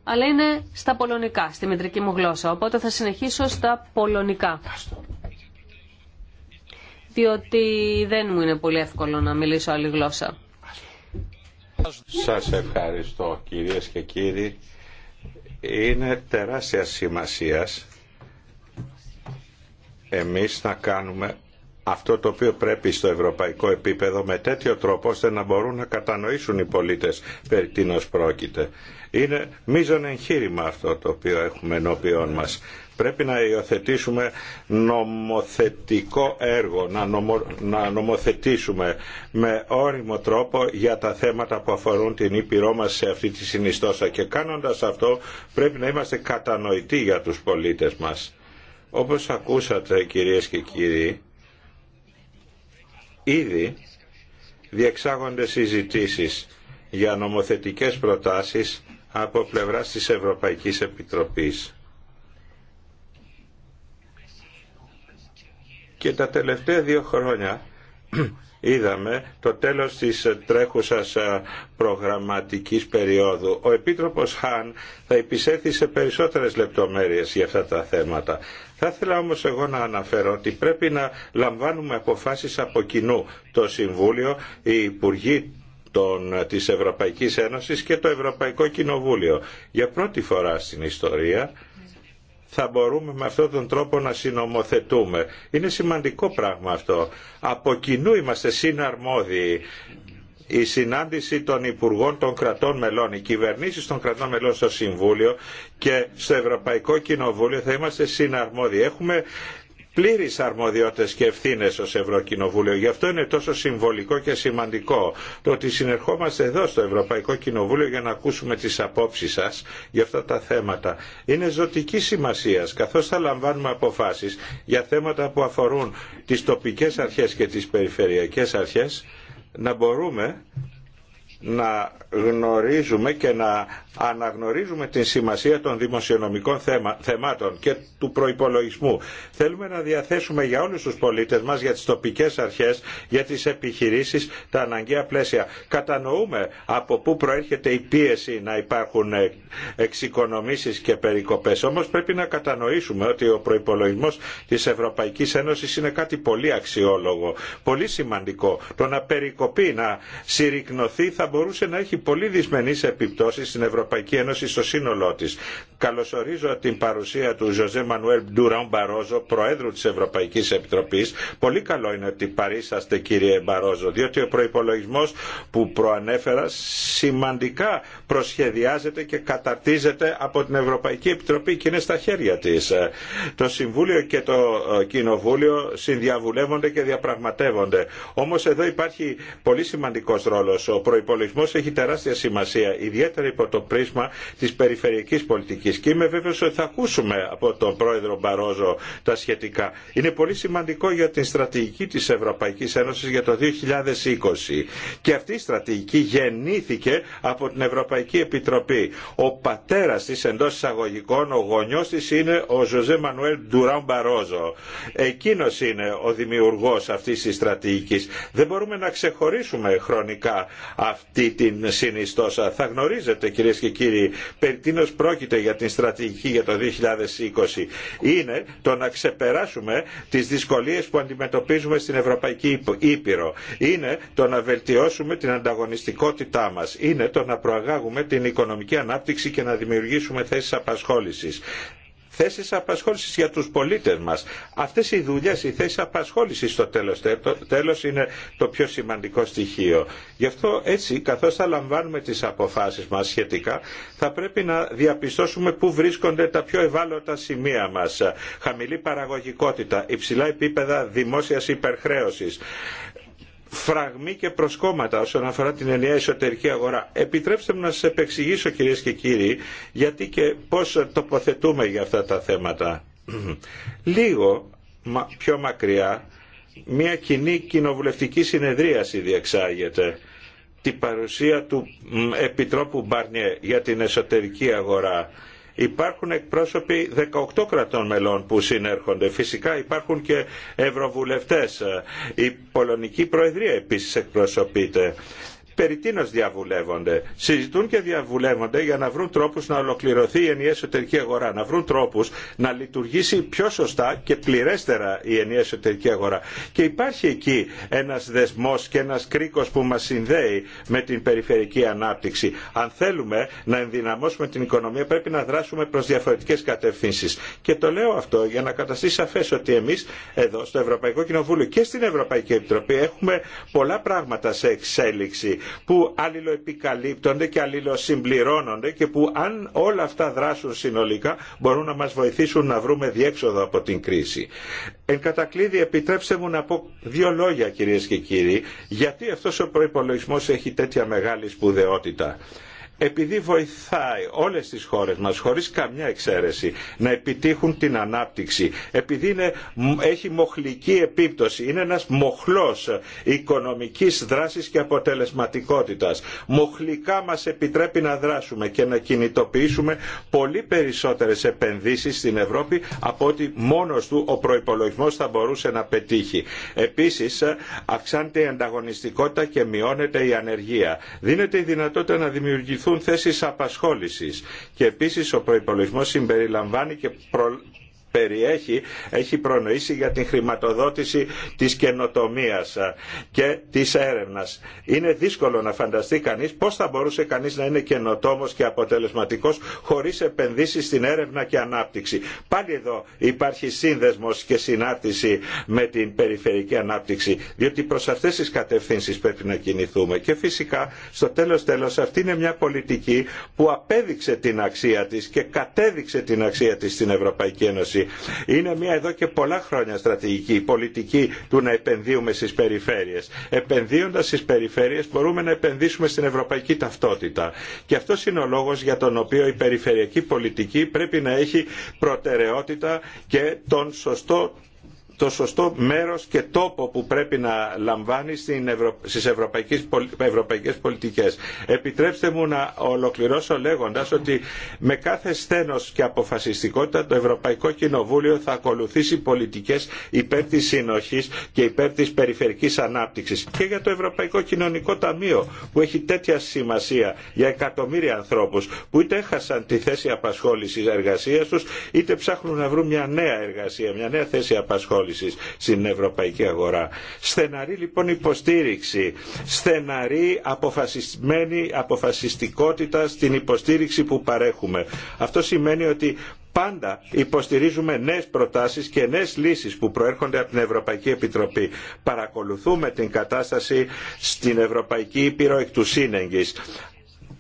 αλλά είναι στα πολωνικά, στη μητρική μου γλώσσα, οπότε θα συνεχίσω στα πολωνικά διότι δεν μου είναι πολύ εύκολο να μιλήσω άλλη γλώσσα. Σας ευχαριστώ κυρίες και κύριοι. Είναι τεράστια σημασία. εμείς να κάνουμε αυτό το οποίο πρέπει στο ευρωπαϊκό επίπεδο με τέτοιο τρόπο ώστε να μπορούν να κατανοήσουν οι πολίτες περί τίνος πρόκειται. Είναι μείζον εγχείρημα αυτό το οποίο έχουμε ενώπιόν μας. Πρέπει να υιοθετήσουμε νομοθετικό έργο, να, να νομοθετήσουμε με όριμο τρόπο για τα θέματα που αφορούν την Ήπειρό μας σε αυτή τη συνιστόσα και κάνοντας αυτό πρέπει να είμαστε κατανοητοί για τους πολίτες μας. Όπως ακούσατε κυρίες και κύριοι, ήδη διεξάγονται συζητήσεις για νομοθετικές προτάσεις από πλευράς της Ευρωπαϊκής Επιτροπής. Και τα τελευταία δύο χρόνια [CLEARS THROAT] είδαμε το τέλος της τρέχουσας προγραμματικής περίοδου. Ο Επίτροπος Χάν θα επισέλθει σε περισσότερες λεπτομέρειες για αυτά τα θέματα. Θα ήθελα όμως εγώ να αναφέρω ότι πρέπει να λαμβάνουμε αποφάσεις από κοινού. Το Συμβούλιο, οι Υπουργοί των, της Ευρωπαϊκής Ένωσης και το Ευρωπαϊκό Κοινοβούλιο. Για πρώτη φορά στην ιστορία θα μπορούμε με αυτόν τον τρόπο να συνομοθετούμε. Είναι σημαντικό πράγμα αυτό. Από κοινού είμαστε συναρμόδιοι η συνάντηση των Υπουργών των Κρατών Μελών, οι κυβερνήσει των Κρατών Μελών στο Συμβούλιο και στο Ευρωπαϊκό Κοινοβούλιο θα είμαστε συναρμόδιοι. Έχουμε Πλήρει αρμοδιότητες και ευθύνε ως Ευρωκοινοβούλιο. Γι' αυτό είναι τόσο συμβολικό και σημαντικό το ότι συνερχόμαστε εδώ στο Ευρωπαϊκό Κοινοβούλιο για να ακούσουμε τις απόψει σας για αυτά τα θέματα. Είναι ζωτική σημασία, καθώς θα λαμβάνουμε αποφάσεις για θέματα που αφορούν τις τοπικές αρχές και τι περιφερειακέ αρχέ να μπορούμε να γνωρίζουμε και να αναγνωρίζουμε την σημασία των δημοσιονομικών θέμα, θεμάτων και του προϋπολογισμού. Θέλουμε να διαθέσουμε για όλους τους πολίτες μας, για τις τοπικές αρχές, για τις επιχειρήσεις, τα αναγκαία πλαίσια. Κατανοούμε από πού προέρχεται η πίεση να υπάρχουν εξοικονομήσεις και περικοπές. Όμως πρέπει να κατανοήσουμε ότι ο προϋπολογισμός της Ευρωπαϊκής Ένωσης είναι κάτι πολύ αξιόλογο, πολύ σημαντικό. Το να περικοπεί, να συρρυκνωθεί θα μπορούσε να έχει πολύ δυσμενείς επιπτώσεις στην Ευρωπαϊκή Ένωση στο σύνολό της. Καλωσορίζω την παρουσία του Ζωζέ Μανουέλ Ντουραν Μπαρόζο, Προέδρου της Ευρωπαϊκής Επιτροπής. Πολύ καλό είναι ότι παρήσαστε κύριε Μπαρόζο, διότι ο προπολογισμό που προανέφερα σημαντικά προσχεδιάζεται και καταρτίζεται από την Ευρωπαϊκή Επιτροπή και είναι στα χέρια της. Το Συμβούλιο και το ε, Κοινοβούλιο συνδιαβουλεύονται και διαπραγματεύονται. Όμως εδώ υπάρχει πολύ σημαντικός ρόλος. Ο πολιτισμό έχει τεράστια σημασία, ιδιαίτερα υπό το πρίσμα της περιφερειακής πολιτικής. Και είμαι βέβαιος ότι θα ακούσουμε από τον πρόεδρο Μπαρόζο τα σχετικά. Είναι πολύ σημαντικό για την στρατηγική τη Ευρωπαϊκή Ένωση για το 2020. Και αυτή η στρατηγική γεννήθηκε από την Ευρωπαϊκή Επιτροπή. Ο πατέρας της εντό εισαγωγικών, ο γονιός της είναι ο Ζωζέ Μανουέλ Ντουράν Μπαρόζο. Εκείνο είναι ο δημιουργό αυτής της στρατηγικής. Δεν μπορούμε να ξεχωρίσουμε χρονικά αυτή την συνιστόσα. Θα γνωρίζετε κυρίες και κύριοι περί τίνος πρόκειται για την στρατηγική για το 2020. Είναι το να ξεπεράσουμε τις δυσκολίες που αντιμετωπίζουμε στην Ευρωπαϊκή Ήπειρο. Είναι το να βελτιώσουμε την ανταγωνιστικότητά μας. Είναι το να προαγάγουμε την οικονομική ανάπτυξη και να δημιουργήσουμε θέσεις απασχόλησης θέσεις απασχόλησης για τους πολίτες μας. Αυτές οι δουλειές, οι θέσεις απασχόλησης στο τέλος, τέλος είναι το πιο σημαντικό στοιχείο. Γι' αυτό έτσι καθώς θα λαμβάνουμε τις αποφάσεις μας σχετικά θα πρέπει να διαπιστώσουμε πού βρίσκονται τα πιο ευάλωτα σημεία μας. Χαμηλή παραγωγικότητα, υψηλά επίπεδα δημόσιας υπερχρέωσης, φραγμοί και προσκόμματα όσον αφορά την ενιαία εσωτερική αγορά. Επιτρέψτε μου να σας επεξηγήσω κυρίες και κύριοι γιατί και πώς τοποθετούμε για αυτά τα θέματα. [CLEARS THROAT] Λίγο πιο μακριά μια κοινή κοινοβουλευτική συνεδρίαση διεξάγεται την παρουσία του Επιτρόπου Μπάρνιε για την εσωτερική αγορά υπάρχουν εκπρόσωποι 18 κρατών μελών που συνέρχονται. Φυσικά υπάρχουν και ευρωβουλευτές. Η Πολωνική Προεδρία επίσης εκπροσωπείται περί τίνος διαβουλεύονται. Συζητούν και διαβουλεύονται για να βρουν τρόπους να ολοκληρωθεί η ενιαία εσωτερική αγορά, να βρουν τρόπους να λειτουργήσει πιο σωστά και πληρέστερα η ενιαία εσωτερική αγορά. Και υπάρχει εκεί ένας δεσμός και ένας κρίκος που μας συνδέει με την περιφερική ανάπτυξη. Αν θέλουμε να ενδυναμώσουμε την οικονομία πρέπει να δράσουμε προς διαφορετικές κατευθύνσεις. Και το λέω αυτό για να καταστήσει σαφές ότι εμείς εδώ στο Ευρωπαϊκό Κοινοβούλιο και στην Ευρωπαϊκή Επιτροπή έχουμε πολλά πράγματα σε εξέλιξη που αλληλοεπικαλύπτονται και αλληλοσυμπληρώνονται και που αν όλα αυτά δράσουν συνολικά μπορούν να μας βοηθήσουν να βρούμε διέξοδο από την κρίση. Εν κατακλείδη επιτρέψτε μου να πω δύο λόγια κυρίες και κύριοι γιατί αυτός ο προϋπολογισμός έχει τέτοια μεγάλη σπουδαιότητα επειδή βοηθάει όλες τις χώρες μας χωρίς καμιά εξαίρεση να επιτύχουν την ανάπτυξη, επειδή είναι, έχει μοχλική επίπτωση, είναι ένας μοχλός οικονομικής δράσης και αποτελεσματικότητας. Μοχλικά μας επιτρέπει να δράσουμε και να κινητοποιήσουμε πολύ περισσότερες επενδύσεις στην Ευρώπη από ότι μόνος του ο προϋπολογισμός θα μπορούσε να πετύχει. Επίσης αυξάνεται η ανταγωνιστικότητα και μειώνεται η ανεργία. Δίνεται η δυνατότητα να δημιουργηθεί δημιουργηθούν θέσεις απασχόλησης και επίσης ο προϋπολογισμός συμπεριλαμβάνει και προ περιέχει έχει προνοήσει για την χρηματοδότηση της καινοτομίας και της έρευνας. Είναι δύσκολο να φανταστεί κανείς πώς θα μπορούσε κανείς να είναι καινοτόμος και αποτελεσματικός χωρίς επενδύσεις στην έρευνα και ανάπτυξη. Πάλι εδώ υπάρχει σύνδεσμος και συνάρτηση με την περιφερική ανάπτυξη, διότι προς αυτές τις κατευθύνσεις πρέπει να κινηθούμε. Και φυσικά στο τέλος τέλος αυτή είναι μια πολιτική που απέδειξε την αξία της και κατέδειξε την αξία της στην Ευρωπαϊκή Ένωση είναι μια εδώ και πολλά χρόνια στρατηγική, πολιτική του να επενδύουμε στις περιφέρειες. Επενδύοντας στις περιφέρειες μπορούμε να επενδύσουμε στην ευρωπαϊκή ταυτότητα. Και αυτός είναι ο λόγος για τον οποίο η περιφερειακή πολιτική πρέπει να έχει προτεραιότητα και τον σωστό το σωστό μέρος και τόπο που πρέπει να λαμβάνει στις ευρωπαϊκές πολιτικές. Επιτρέψτε μου να ολοκληρώσω λέγοντας ότι με κάθε στένος και αποφασιστικότητα το Ευρωπαϊκό Κοινοβούλιο θα ακολουθήσει πολιτικές υπέρ της συνοχής και υπέρ της περιφερικής ανάπτυξης και για το Ευρωπαϊκό Κοινωνικό Ταμείο που έχει τέτοια σημασία για εκατομμύρια ανθρώπους που είτε έχασαν τη θέση απασχόλησης εργασίας τους είτε ψάχνουν να βρουν μια νέα εργασία, μια νέα θέση απασχόλησης πώληση στην ευρωπαϊκή αγορά. Στεναρή λοιπόν υποστήριξη, στεναρή αποφασισμένη αποφασιστικότητα στην υποστήριξη που παρέχουμε. Αυτό σημαίνει ότι πάντα υποστηρίζουμε νέες προτάσεις και νέες λύσεις που προέρχονται από την Ευρωπαϊκή Επιτροπή. Παρακολουθούμε την κατάσταση στην Ευρωπαϊκή Ήπειρο εκ του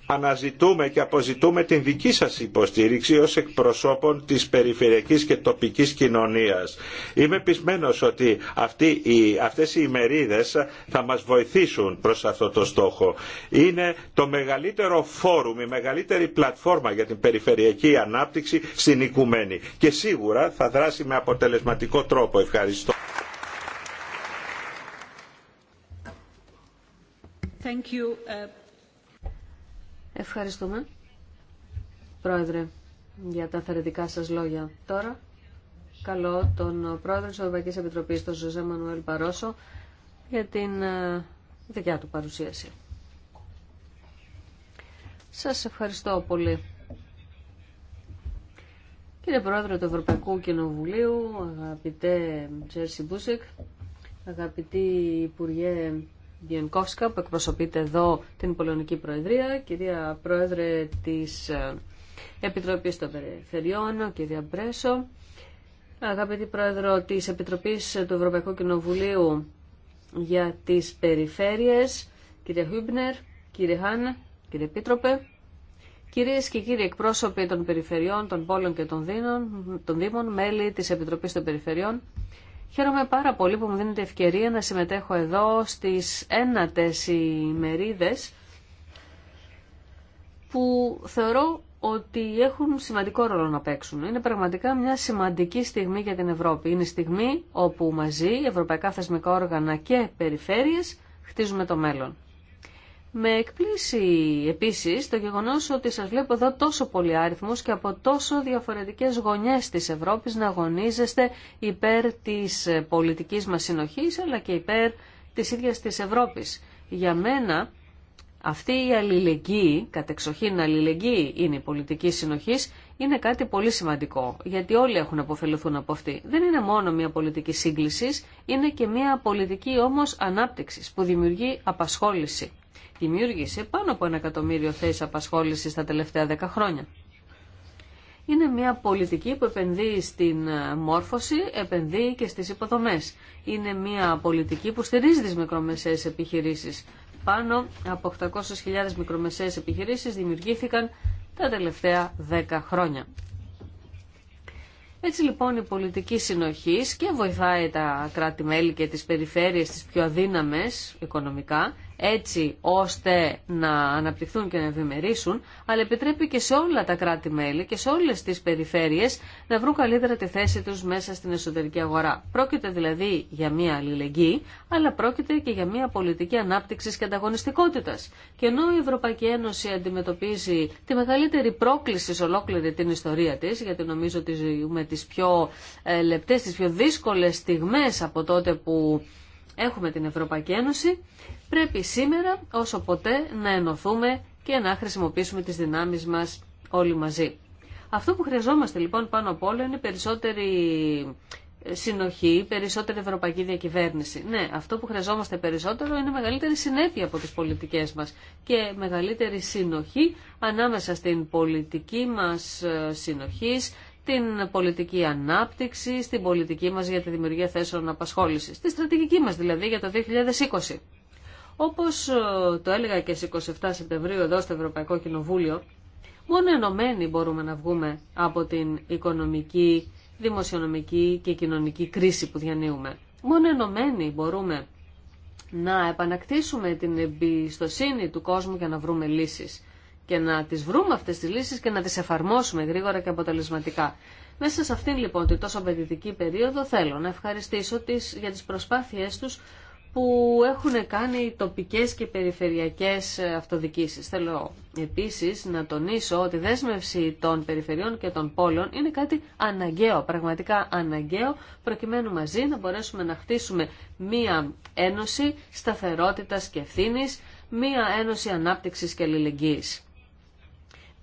αναζητούμε και αποζητούμε την δική σας υποστήριξη ως εκπροσώπων της περιφερειακής και τοπικής κοινωνίας. Είμαι πεισμένος ότι αυτοί, οι, αυτές οι ημερίδες θα μας βοηθήσουν προς αυτό το στόχο. Είναι το μεγαλύτερο φόρουμ, η μεγαλύτερη πλατφόρμα για την περιφερειακή ανάπτυξη στην οικουμένη και σίγουρα θα δράσει με αποτελεσματικό τρόπο. Ευχαριστώ. Thank you. Uh, Ευχαριστούμε, Πρόεδρε, για τα θερετικά σας λόγια. Τώρα, καλώ τον Πρόεδρο της Ευρωπαϊκής Επιτροπής, τον Ζωζέ Μανουέλ Παρόσο, για την ε, δικιά του παρουσίαση. Σας ευχαριστώ πολύ. Κύριε Πρόεδρε του Ευρωπαϊκού Κοινοβουλίου, αγαπητέ Τζέρσι Μπούσικ, αγαπητή Υπουργέ που εκπροσωπείται εδώ την Πολωνική Προεδρία, κυρία Πρόεδρε της ε, Επιτροπής των Περιφερειών, κυρία Μπρέσο, αγαπητή Πρόεδρο της Επιτροπής του Ευρωπαϊκού Κοινοβουλίου για τις Περιφέρειες, κυρία Χούμπνερ, κύριε Χάν, κύριε Επίτροπε, κυρίε και κύριοι εκπρόσωποι των περιφερειών, των πόλεων και των, δήμων, μέλη της Επιτροπής των Περιφερειών, Χαίρομαι πάρα πολύ που μου δίνετε ευκαιρία να συμμετέχω εδώ στις ένατες ημερίδες που θεωρώ ότι έχουν σημαντικό ρόλο να παίξουν. Είναι πραγματικά μια σημαντική στιγμή για την Ευρώπη. Είναι η στιγμή όπου μαζί ευρωπαϊκά θεσμικά όργανα και περιφέρειες χτίζουμε το μέλλον. Με εκπλήσει επίση, το γεγονό ότι σα βλέπω εδώ τόσο πολλοί αριθμού και από τόσο διαφορετικές γωνιές της Ευρώπη να αγωνίζεστε υπέρ τη πολιτική μα συνοχή, αλλά και υπέρ τη ίδια της Ευρώπη. Για μένα αυτή η αλληλεγγύη, κατεξοχήν αλληλεγγύη είναι η πολιτική συνοχή, είναι κάτι πολύ σημαντικό, γιατί όλοι έχουν αποφελωθούν από αυτή. Δεν είναι μόνο μια πολιτική σύγκληση, είναι και μια πολιτική όμως ανάπτυξης που δημιουργεί απασχόληση δημιούργησε πάνω από ένα εκατομμύριο θέσεις απασχόληση τα τελευταία δέκα χρόνια. Είναι μια πολιτική που επενδύει στην ε, μόρφωση, επενδύει και στις υποδομές. Είναι μια πολιτική που στηρίζει τις μικρομεσαίες επιχειρήσεις. Πάνω από 800.000 μικρομεσαίες επιχειρήσεις δημιουργήθηκαν τα τελευταία 10 χρόνια. Έτσι λοιπόν η πολιτική συνοχής και βοηθάει τα κράτη-μέλη και τις περιφέρειες τις πιο αδύναμες οικονομικά έτσι ώστε να αναπτυχθούν και να ευημερήσουν, αλλά επιτρέπει και σε όλα τα κράτη-μέλη και σε όλες τις περιφέρειες να βρουν καλύτερα τη θέση τους μέσα στην εσωτερική αγορά. Πρόκειται δηλαδή για μια αλληλεγγύη, αλλά πρόκειται και για μια πολιτική ανάπτυξης και ανταγωνιστικότητας. Και ενώ η Ευρωπαϊκή Ένωση αντιμετωπίζει τη μεγαλύτερη πρόκληση σε ολόκληρη την ιστορία της, γιατί νομίζω ότι ζούμε τις πιο ε, λεπτές, τις πιο δύσκολε στιγμές από τότε που έχουμε την Ευρωπαϊκή Ένωση, πρέπει σήμερα όσο ποτέ να ενωθούμε και να χρησιμοποιήσουμε τις δυνάμεις μας όλοι μαζί. Αυτό που χρειαζόμαστε λοιπόν πάνω απ' όλα είναι περισσότερη ε, συνοχή, περισσότερη ευρωπαϊκή διακυβέρνηση. Ναι, αυτό που χρειαζόμαστε περισσότερο είναι μεγαλύτερη συνέπεια από τις πολιτικές μας και μεγαλύτερη συνοχή ανάμεσα στην πολιτική μας ε, συνοχής, την πολιτική ανάπτυξη, στην πολιτική μας για τη δημιουργία θέσεων απασχόλησης, στη στρατηγική μας δηλαδή για το 2020. Όπως ε, το έλεγα και στις 27 Σεπτεμβρίου εδώ στο Ευρωπαϊκό Κοινοβούλιο, μόνο ενωμένοι μπορούμε να βγούμε από την οικονομική, δημοσιονομική και κοινωνική κρίση που διανύουμε. Μόνο ενωμένοι μπορούμε να επανακτήσουμε την εμπιστοσύνη του κόσμου για να βρούμε λύσεις και να τις βρούμε αυτές τις λύσεις και να τις εφαρμόσουμε γρήγορα και αποτελεσματικά. Μέσα σε αυτήν λοιπόν την τόσο απαιτητική περίοδο θέλω να ευχαριστήσω τις, για τις προσπάθειές τους που έχουν κάνει τοπικές και περιφερειακές αυτοδικήσεις. Θέλω επίσης να τονίσω ότι η δέσμευση των περιφερειών και των πόλεων είναι κάτι αναγκαίο, πραγματικά αναγκαίο, προκειμένου μαζί να μπορέσουμε να χτίσουμε μία ένωση σταθερότητας και ευθύνη, μία ένωση ανάπτυξης και αλληλεγγύης.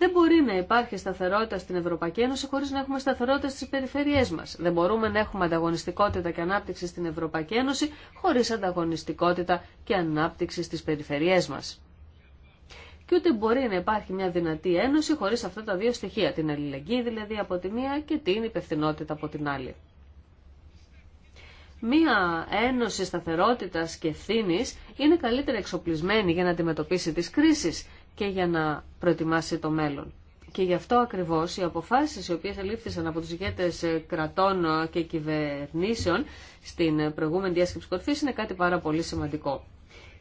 Δεν μπορεί να υπάρχει σταθερότητα στην Ευρωπαϊκή Ένωση χωρί να έχουμε σταθερότητα στι περιφερειέ μα. Δεν μπορούμε να έχουμε ανταγωνιστικότητα και ανάπτυξη στην Ευρωπαϊκή Ένωση χωρί ανταγωνιστικότητα και ανάπτυξη στι περιφερειέ μα. Και ούτε μπορεί να υπάρχει μια δυνατή ένωση χωρί αυτά τα δύο στοιχεία. Την αλληλεγγύη δηλαδή από τη μία και την υπευθυνότητα από την άλλη. Μία ένωση σταθερότητας και ευθύνη είναι καλύτερα εξοπλισμένη για να αντιμετωπίσει τις κρίσεις και για να προετοιμάσει το μέλλον. Και γι' αυτό ακριβώς οι αποφάσεις οι οποίες ελήφθησαν από τους ηγέτες ε, κρατών ε, και κυβερνήσεων στην ε, προηγούμενη διάσκεψη κορφής είναι κάτι πάρα πολύ σημαντικό.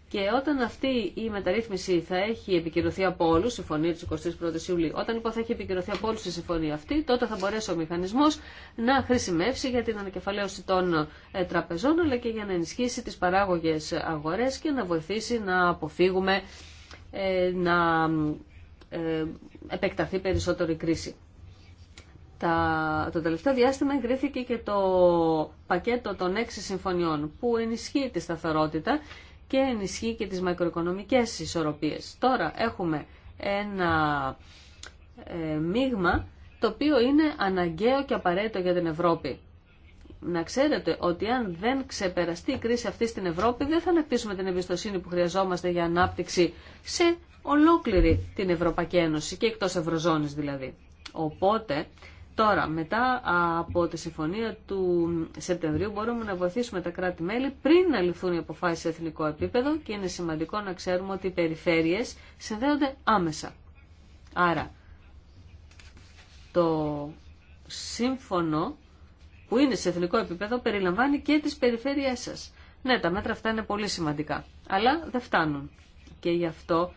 Και όταν αυτή η μεταρρύθμιση θα έχει επικυρωθεί από όλου, η συμφωνία τη 21η Ιουλίου, όταν λοιπόν θα έχει επικυρωθεί από όλου η συμφωνία αυτή, τότε θα μπορέσει ο μηχανισμό να χρησιμεύσει για την ανακεφαλαίωση των τραπεζών, αλλά και για να ενισχύσει τι παράγωγε αγορέ και να βοηθήσει να αποφύγουμε ε, να ε, επεκταθεί περισσότερο η κρίση. Τα, το τελευταίο διάστημα εγκρίθηκε και το πακέτο των έξι συμφωνιών που ενισχύει τη σταθερότητα και ενισχύει και τις μακροοικονομικές ισορροπίες. Τώρα έχουμε ένα ε, μείγμα το οποίο είναι αναγκαίο και απαραίτητο για την Ευρώπη να ξέρετε ότι αν δεν ξεπεραστεί η κρίση αυτή στην Ευρώπη δεν θα ανακτήσουμε την εμπιστοσύνη που χρειαζόμαστε για ανάπτυξη σε ολόκληρη την Ευρωπαϊκή Ένωση και εκτός Ευρωζώνης δηλαδή. Οπότε τώρα μετά από τη συμφωνία του Σεπτεμβρίου μπορούμε να βοηθήσουμε τα κράτη-μέλη πριν να ληφθούν οι αποφάσεις σε εθνικό επίπεδο και είναι σημαντικό να ξέρουμε ότι οι περιφέρειες συνδέονται άμεσα. Άρα το σύμφωνο που είναι σε εθνικό επίπεδο περιλαμβάνει και τις περιφέρειές σας. Ναι, τα μέτρα αυτά είναι πολύ σημαντικά, αλλά δεν φτάνουν. Και γι' αυτό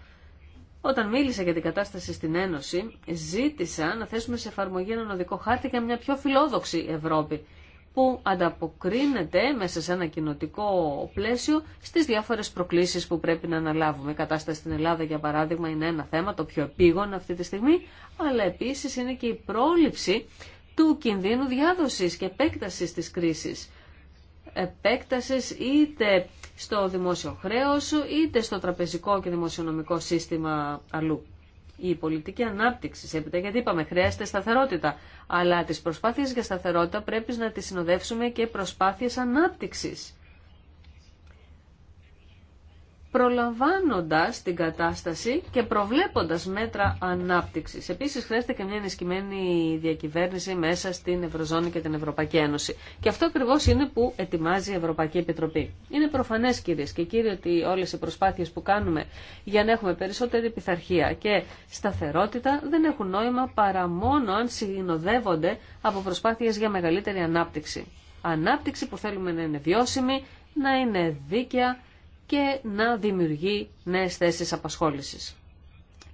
όταν μίλησα για την κατάσταση στην Ένωση, ζήτησα να θέσουμε σε εφαρμογή έναν οδικό χάρτη για μια πιο φιλόδοξη Ευρώπη, που ανταποκρίνεται μέσα σε ένα κοινοτικό πλαίσιο στις διάφορες προκλήσεις που πρέπει να αναλάβουμε. Η κατάσταση στην Ελλάδα, για παράδειγμα, είναι ένα θέμα το πιο επίγον αυτή τη στιγμή, αλλά επίσης είναι και η πρόληψη του κινδύνου διάδοσης και επέκτασης της κρίσης. Επέκτασης είτε στο δημόσιο χρέος, είτε στο τραπεζικό και δημοσιονομικό σύστημα αλλού. Η πολιτική ανάπτυξη, έπειτα, γιατί είπαμε, χρειάζεται σταθερότητα. Αλλά τις προσπάθειες για σταθερότητα πρέπει να τις συνοδεύσουμε και προσπάθειες ανάπτυξης προλαμβάνοντας την κατάσταση και προβλέποντας μέτρα ανάπτυξης. Επίσης χρειάζεται και μια ενισχυμένη διακυβέρνηση μέσα στην Ευρωζώνη και την Ευρωπαϊκή Ένωση. Και αυτό ακριβώ είναι που ετοιμάζει η Ευρωπαϊκή Επιτροπή. Είναι προφανές κυρίες και κύριοι ότι όλες οι προσπάθειες που κάνουμε για να έχουμε περισσότερη πειθαρχία και σταθερότητα δεν έχουν νόημα παρά μόνο αν συνοδεύονται από προσπάθειες για μεγαλύτερη ανάπτυξη. Ανάπτυξη που θέλουμε να είναι βιώσιμη, να είναι δίκαια, και να δημιουργεί νέες θέσεις απασχόλησης.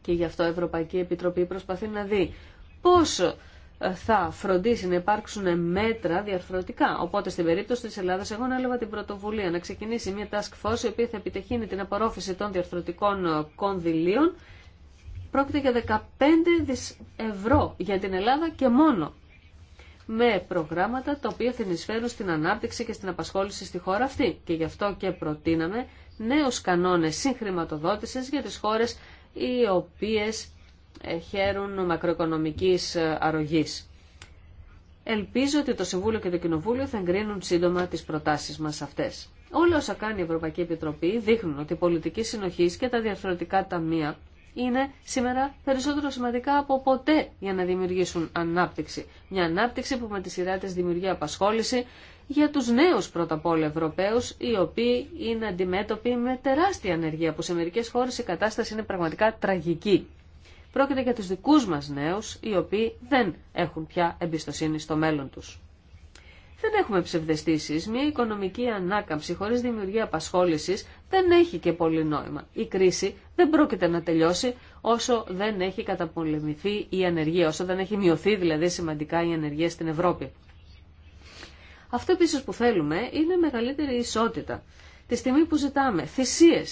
Και γι' αυτό η Ευρωπαϊκή Επιτροπή προσπαθεί να δει πώς ε, θα φροντίσει να υπάρξουν μέτρα διαρθρωτικά. Οπότε στην περίπτωση της Ελλάδας εγώ ανέλαβα την πρωτοβουλία να ξεκινήσει μια task force η οποία θα επιτεχύνει την απορρόφηση των διαρθρωτικών ε, κονδυλίων. Πρόκειται για 15 δις ευρώ για την Ελλάδα και μόνο με προγράμματα τα οποία θα ενισφέρουν στην ανάπτυξη και στην απασχόληση στη χώρα αυτή. Και γι' αυτό και προτείναμε νέους κανόνες συγχρηματοδότησης για τις χώρες οι οποίες ε, χαίρουν μακροοικονομικής ε, αρρωγής. Ελπίζω ότι το Συμβούλιο και το Κοινοβούλιο θα εγκρίνουν σύντομα τις προτάσεις μας αυτές. Όλα όσα κάνει η Ευρωπαϊκή Επιτροπή δείχνουν ότι η πολιτική συνοχή και τα διαφορετικά ταμεία είναι σήμερα περισσότερο σημαντικά από ποτέ για να δημιουργήσουν ανάπτυξη. Μια ανάπτυξη που με τη σειρά της δημιουργεί απασχόληση για τους νέους πρώτα απ' όλα Ευρωπαίους, οι οποίοι είναι αντιμέτωποι με τεράστια ανεργία, που σε μερικές χώρες η κατάσταση είναι πραγματικά τραγική. Πρόκειται για τους δικούς μας νέους, οι οποίοι δεν έχουν πια εμπιστοσύνη στο μέλλον τους. Δεν έχουμε ψευδεστήσεις. Μια οικονομική ανάκαμψη χωρίς δημιουργία απασχόλησης δεν έχει και πολύ νόημα. Η κρίση δεν πρόκειται να τελειώσει όσο δεν έχει καταπολεμηθεί η ανεργία, όσο δεν έχει μειωθεί δηλαδή σημαντικά η ανεργία στην Ευρώπη. Αυτό επίση που θέλουμε είναι μεγαλύτερη ισότητα. Τη στιγμή που ζητάμε θυσίε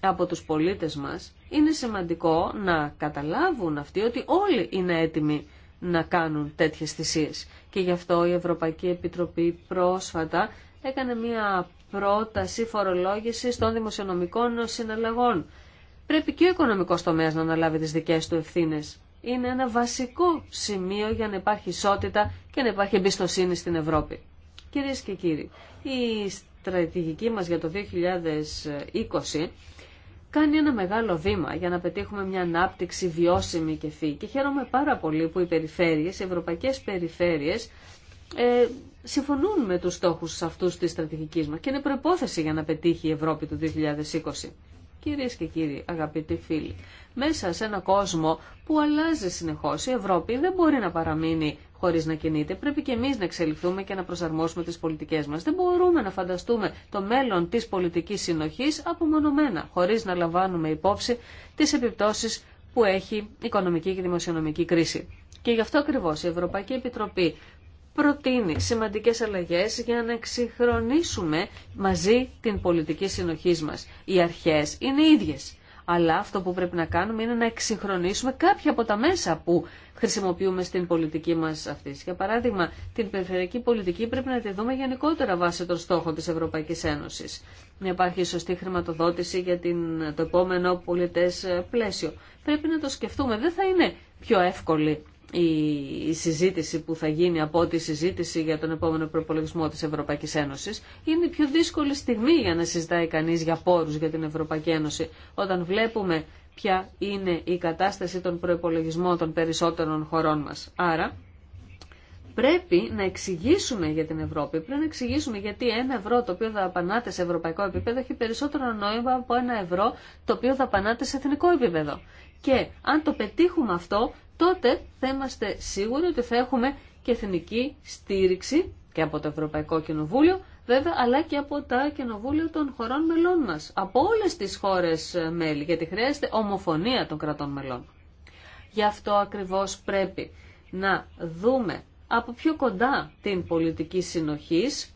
από του πολίτε μα είναι σημαντικό να καταλάβουν αυτοί ότι όλοι είναι έτοιμοι να κάνουν τέτοιε θυσίε. Και γι' αυτό η Ευρωπαϊκή Επιτροπή πρόσφατα έκανε μια πρόταση φορολόγηση των δημοσιονομικών συναλλαγών. Πρέπει και ο οικονομικό τομέα να αναλάβει τι δικέ του ευθύνε. Είναι ένα βασικό σημείο για να υπάρχει ισότητα και να υπάρχει εμπιστοσύνη στην Ευρώπη. Κυρίε και κύριοι, η στρατηγική μας για το 2020 κάνει ένα μεγάλο βήμα για να πετύχουμε μια ανάπτυξη βιώσιμη και φύγη. Και χαίρομαι πάρα πολύ που οι περιφέρειες, οι ευρωπαϊκές περιφέρειες, ε, συμφωνούν με τους στόχους αυτούς της στρατηγικής μας και είναι προπόθεση για να πετύχει η Ευρώπη του 2020. Κυρίες και κύριοι, αγαπητοί φίλοι, μέσα σε ένα κόσμο που αλλάζει συνεχώς η Ευρώπη δεν μπορεί να παραμείνει χωρίς να κινείται. Πρέπει και εμείς να εξελιχθούμε και να προσαρμόσουμε τις πολιτικές μας. Δεν μπορούμε να φανταστούμε το μέλλον της πολιτικής συνοχής απομονωμένα, χωρίς να λαμβάνουμε υπόψη τις επιπτώσεις που έχει οικονομική και δημοσιονομική κρίση. Και γι' αυτό ακριβώς η Ευρωπαϊκή Επιτροπή προτείνει σημαντικές αλλαγές για να εξυγχρονίσουμε μαζί την πολιτική συνοχής μας. Οι αρχές είναι ίδιες. Αλλά αυτό που πρέπει να κάνουμε είναι να εξυγχρονίσουμε κάποια από τα μέσα που χρησιμοποιούμε στην πολιτική μα αυτή. Για παράδειγμα, την περιφερειακή πολιτική πρέπει να τη δούμε γενικότερα βάσει των στόχων τη Ευρωπαϊκή Ένωση. Να υπάρχει σωστή χρηματοδότηση για την, το επόμενο πολιτέ ε, πλαίσιο. Πρέπει να το σκεφτούμε. Δεν θα είναι πιο εύκολη η συζήτηση που θα γίνει από τη συζήτηση για τον επόμενο προπολογισμό της Ευρωπαϊκής Ένωσης είναι η πιο δύσκολη στιγμή για να συζητάει κανείς για πόρους για την Ευρωπαϊκή Ένωση όταν βλέπουμε ποια είναι η κατάσταση των προπολογισμών των περισσότερων χωρών μας. Άρα πρέπει να εξηγήσουμε για την Ευρώπη, πρέπει να εξηγήσουμε γιατί ένα ευρώ το οποίο δαπανάται σε ευρωπαϊκό επίπεδο έχει περισσότερο νόημα από ένα ευρώ το οποίο δαπανάται σε εθνικό επίπεδο. Και αν το πετύχουμε αυτό, τότε θα είμαστε σίγουροι ότι θα έχουμε και εθνική στήριξη και από το Ευρωπαϊκό Κοινοβούλιο, βέβαια, αλλά και από τα κοινοβούλια των χωρών μελών μας, από όλες τις χώρες ε, μέλη, γιατί χρειάζεται ομοφωνία των κρατών μελών. Γι' αυτό ακριβώς πρέπει να δούμε από πιο κοντά την πολιτική συνοχής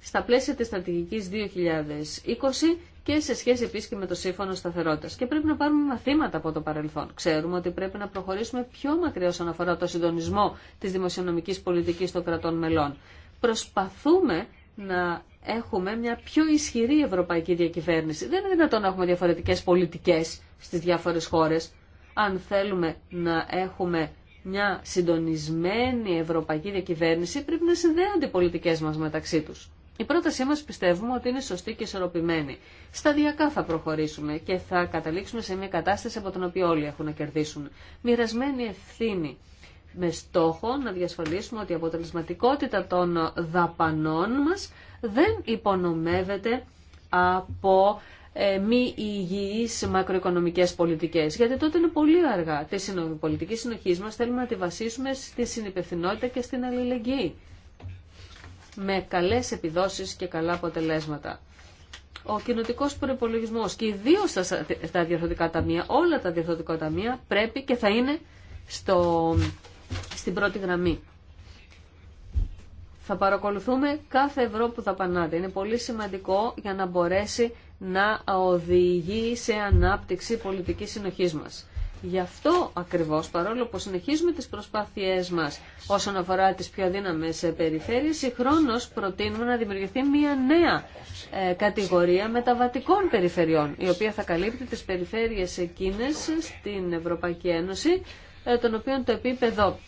στα πλαίσια της στρατηγικής 2020 και σε σχέση επίση και με το σύμφωνο σταθερότητα. Και πρέπει να πάρουμε μαθήματα από το παρελθόν. Ξέρουμε ότι πρέπει να προχωρήσουμε πιο μακριά όσον αφορά το συντονισμό τη δημοσιονομική πολιτική των κρατών μελών. Προσπαθούμε να έχουμε μια πιο ισχυρή ευρωπαϊκή διακυβέρνηση. Δεν είναι δυνατόν να έχουμε διαφορετικέ πολιτικέ στι διάφορε χώρε. Αν θέλουμε να έχουμε μια συντονισμένη ευρωπαϊκή διακυβέρνηση, πρέπει να συνδέονται οι πολιτικέ μα μεταξύ του. Η πρότασή μας πιστεύουμε ότι είναι σωστή και ισορροπημένη. Σταδιακά θα προχωρήσουμε και θα καταλήξουμε σε μια κατάσταση από την οποία όλοι έχουν να κερδίσουν. Μοιρασμένη ευθύνη με στόχο να διασφαλίσουμε ότι η αποτελεσματικότητα των δαπανών μας δεν υπονομεύεται από ε, μη υγιείς μακροοικονομικές πολιτικές. Γιατί τότε είναι πολύ αργά. Τη πολιτική συνοχή μας θέλουμε να τη βασίσουμε στη συνυπευθυνότητα και στην αλληλεγγύη με καλές επιδόσεις και καλά αποτελέσματα. Ο κοινοτικό προπολογισμό και ιδίω τα διορθωτικά ταμεία, όλα τα διορθωτικά ταμεία πρέπει και θα είναι στο, στην πρώτη γραμμή. Θα παρακολουθούμε κάθε ευρώ που θα πανάτε. Είναι πολύ σημαντικό για να μπορέσει να οδηγεί σε ανάπτυξη πολιτικής συνοχής μας. Γι' αυτό ακριβώς, παρόλο που συνεχίζουμε τις προσπάθειές μας όσον αφορά τις πιο δύναμες ε, περιφέρειες, χρόνος προτείνουμε να δημιουργηθεί μια νέα ε, κατηγορία μεταβατικών περιφερειών, η οποία θα καλύπτει τις περιφέρειες εκείνες στην Ευρωπαϊκή Ένωση, ε, των οποίων το επίπεδο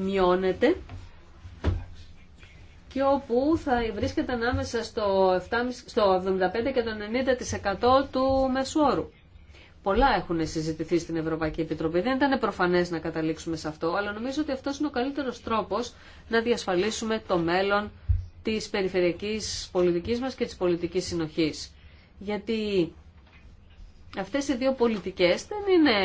μειώνεται και όπου θα βρίσκεται ανάμεσα στο 75% και το 90% του μεσουόρου. Πολλά έχουν συζητηθεί στην Ευρωπαϊκή Επιτροπή. Δεν ήταν προφανέ να καταλήξουμε σε αυτό, αλλά νομίζω ότι αυτό είναι ο καλύτερο τρόπο να διασφαλίσουμε το μέλλον τη περιφερειακή πολιτική μα και τη πολιτική συνοχή. Γιατί αυτέ οι δύο πολιτικέ δεν είναι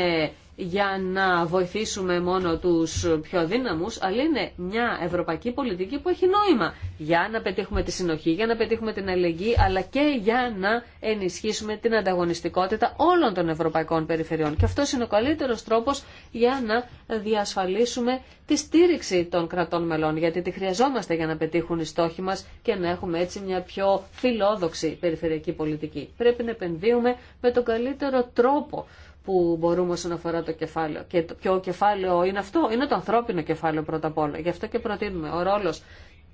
για να βοηθήσουμε μόνο τους πιο δύναμους αλλά είναι μια ευρωπαϊκή πολιτική που έχει νόημα για να πετύχουμε τη συνοχή, για να πετύχουμε την αλληλεγγύη, αλλά και για να ενισχύσουμε την ανταγωνιστικότητα όλων των ευρωπαϊκών περιφερειών. Και αυτό είναι ο καλύτερος τρόπος για να διασφαλίσουμε τη στήριξη των κρατών μελών, γιατί τη χρειαζόμαστε για να πετύχουν οι στόχοι μας και να έχουμε έτσι μια πιο φιλόδοξη περιφερειακή πολιτική. Πρέπει να επενδύουμε με τον καλύτερο τρόπο που μπορούμε όσον αφορά το κεφάλαιο. Και το ποιο κεφάλαιο είναι αυτό, είναι το ανθρώπινο κεφάλαιο πρώτα απ' όλα. Γι' αυτό και προτείνουμε ο ρόλος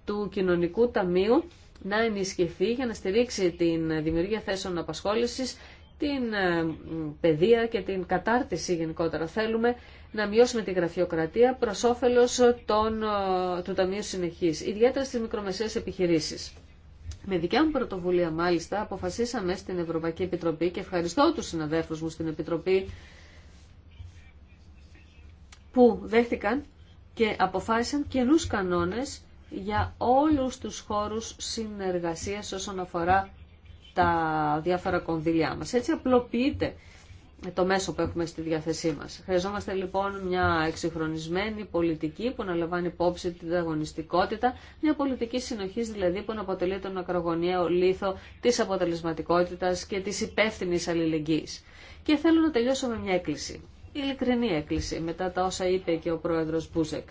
του κοινωνικού ταμείου να ενισχυθεί για να στηρίξει την δημιουργία θέσεων απασχόλησης, την ε, παιδεία και την κατάρτιση γενικότερα. Θέλουμε να μειώσουμε τη γραφειοκρατία προς όφελος ε, του Ταμείου Συνεχής, ιδιαίτερα στις μικρομεσαίες επιχειρήσεις. Με δικιά μου πρωτοβουλία μάλιστα αποφασίσαμε στην Ευρωπαϊκή Επιτροπή και ευχαριστώ τους συναδέλφους μου στην Επιτροπή που δέχτηκαν και αποφάσισαν καινούς κανόνες για όλους τους χώρους συνεργασίας όσον αφορά τα διάφορα κονδύλια μας. Έτσι απλοποιείται το μέσο που έχουμε στη διάθεσή μας. Χρειαζόμαστε λοιπόν μια εξυγχρονισμένη πολιτική που να λαμβάνει υπόψη την αγωνιστικότητα, μια πολιτική συνοχής δηλαδή που να αποτελεί τον ακρογωνιαίο λίθο της αποτελεσματικότητας και της υπεύθυνη αλληλεγγύης. Και θέλω να τελειώσω με μια έκκληση, ειλικρινή έκκληση, μετά τα όσα είπε και ο πρόεδρος Μπούζεκ.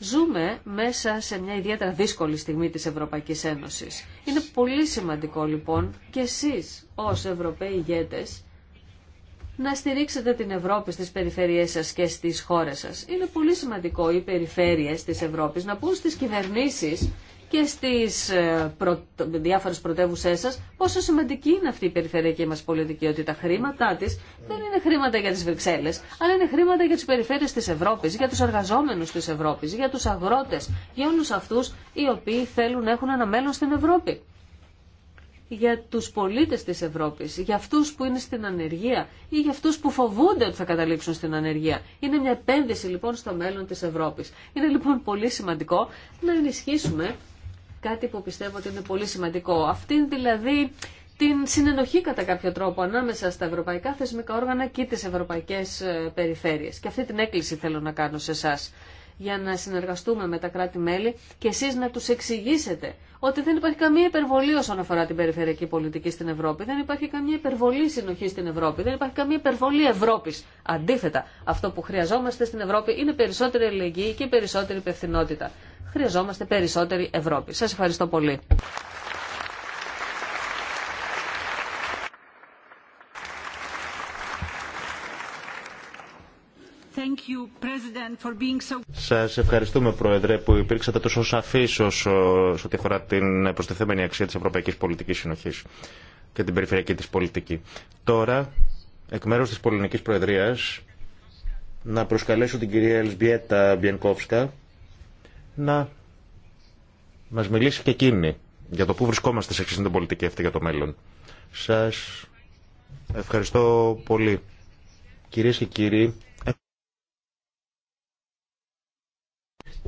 Ζούμε μέσα σε μια ιδιαίτερα δύσκολη στιγμή της Ευρωπαϊκής Ένωσης. Είναι πολύ σημαντικό λοιπόν και εσείς ως Ευρωπαίοι ηγέτες να στηρίξετε την Ευρώπη στις περιφερειές σας και στις χώρες σας. Είναι πολύ σημαντικό οι περιφέρειες της Ευρώπης να πούν στις κυβερνήσεις και στις ε, προ... διάφορες πρωτεύουσέ σας πόσο σημαντική είναι αυτή η περιφερειακή μας πολιτική, ότι τα χρήματά της δεν είναι χρήματα για τις Βρυξέλλες, αλλά είναι χρήματα για τις περιφέρειες της Ευρώπης, για τους εργαζόμενους της Ευρώπης, για τους αγρότες, για όλους αυτούς οι οποίοι θέλουν να έχουν ένα μέλλον στην Ευρώπη για τους πολίτες της Ευρώπης, για αυτούς που είναι στην ανεργία ή για αυτούς που φοβούνται ότι θα καταλήξουν στην ανεργία. Είναι μια επένδυση λοιπόν στο μέλλον της Ευρώπης. Είναι λοιπόν πολύ σημαντικό να ενισχύσουμε κάτι που πιστεύω ότι είναι πολύ σημαντικό. Αυτή δηλαδή την συνενοχή κατά κάποιο τρόπο ανάμεσα στα ευρωπαϊκά θεσμικά όργανα και τις ευρωπαϊκές ε, περιφέρειες. Και αυτή την έκκληση θέλω να κάνω σε εσά για να συνεργαστούμε με τα κράτη-μέλη και εσείς να τους εξηγήσετε ότι δεν υπάρχει καμία υπερβολή όσον αφορά την περιφερειακή πολιτική στην Ευρώπη. Δεν υπάρχει καμία υπερβολή συνοχή στην Ευρώπη. Δεν υπάρχει καμία υπερβολή Ευρώπη. Αντίθετα, αυτό που χρειαζόμαστε στην Ευρώπη είναι περισσότερη αλληλεγγύη και περισσότερη υπευθυνότητα. Χρειαζόμαστε περισσότερη Ευρώπη. Σα ευχαριστώ πολύ. Thank Σας ευχαριστούμε, Πρόεδρε, που υπήρξατε τόσο σαφής όσο σε ό,τι αφορά την προστιθέμενη αξία της Ευρωπαϊκής Πολιτικής Συνοχής και την περιφερειακή της πολιτική. Τώρα, εκ μέρους της Πολωνικής Προεδρίας, να προσκαλέσω την κυρία Ελσμπιέτα Μπιενκόφσκα να μας μιλήσει και εκείνη για το πού βρισκόμαστε σε εξής την πολιτική αυτή για το μέλλον. Σας ευχαριστώ πολύ. Κυρίες και κύριοι,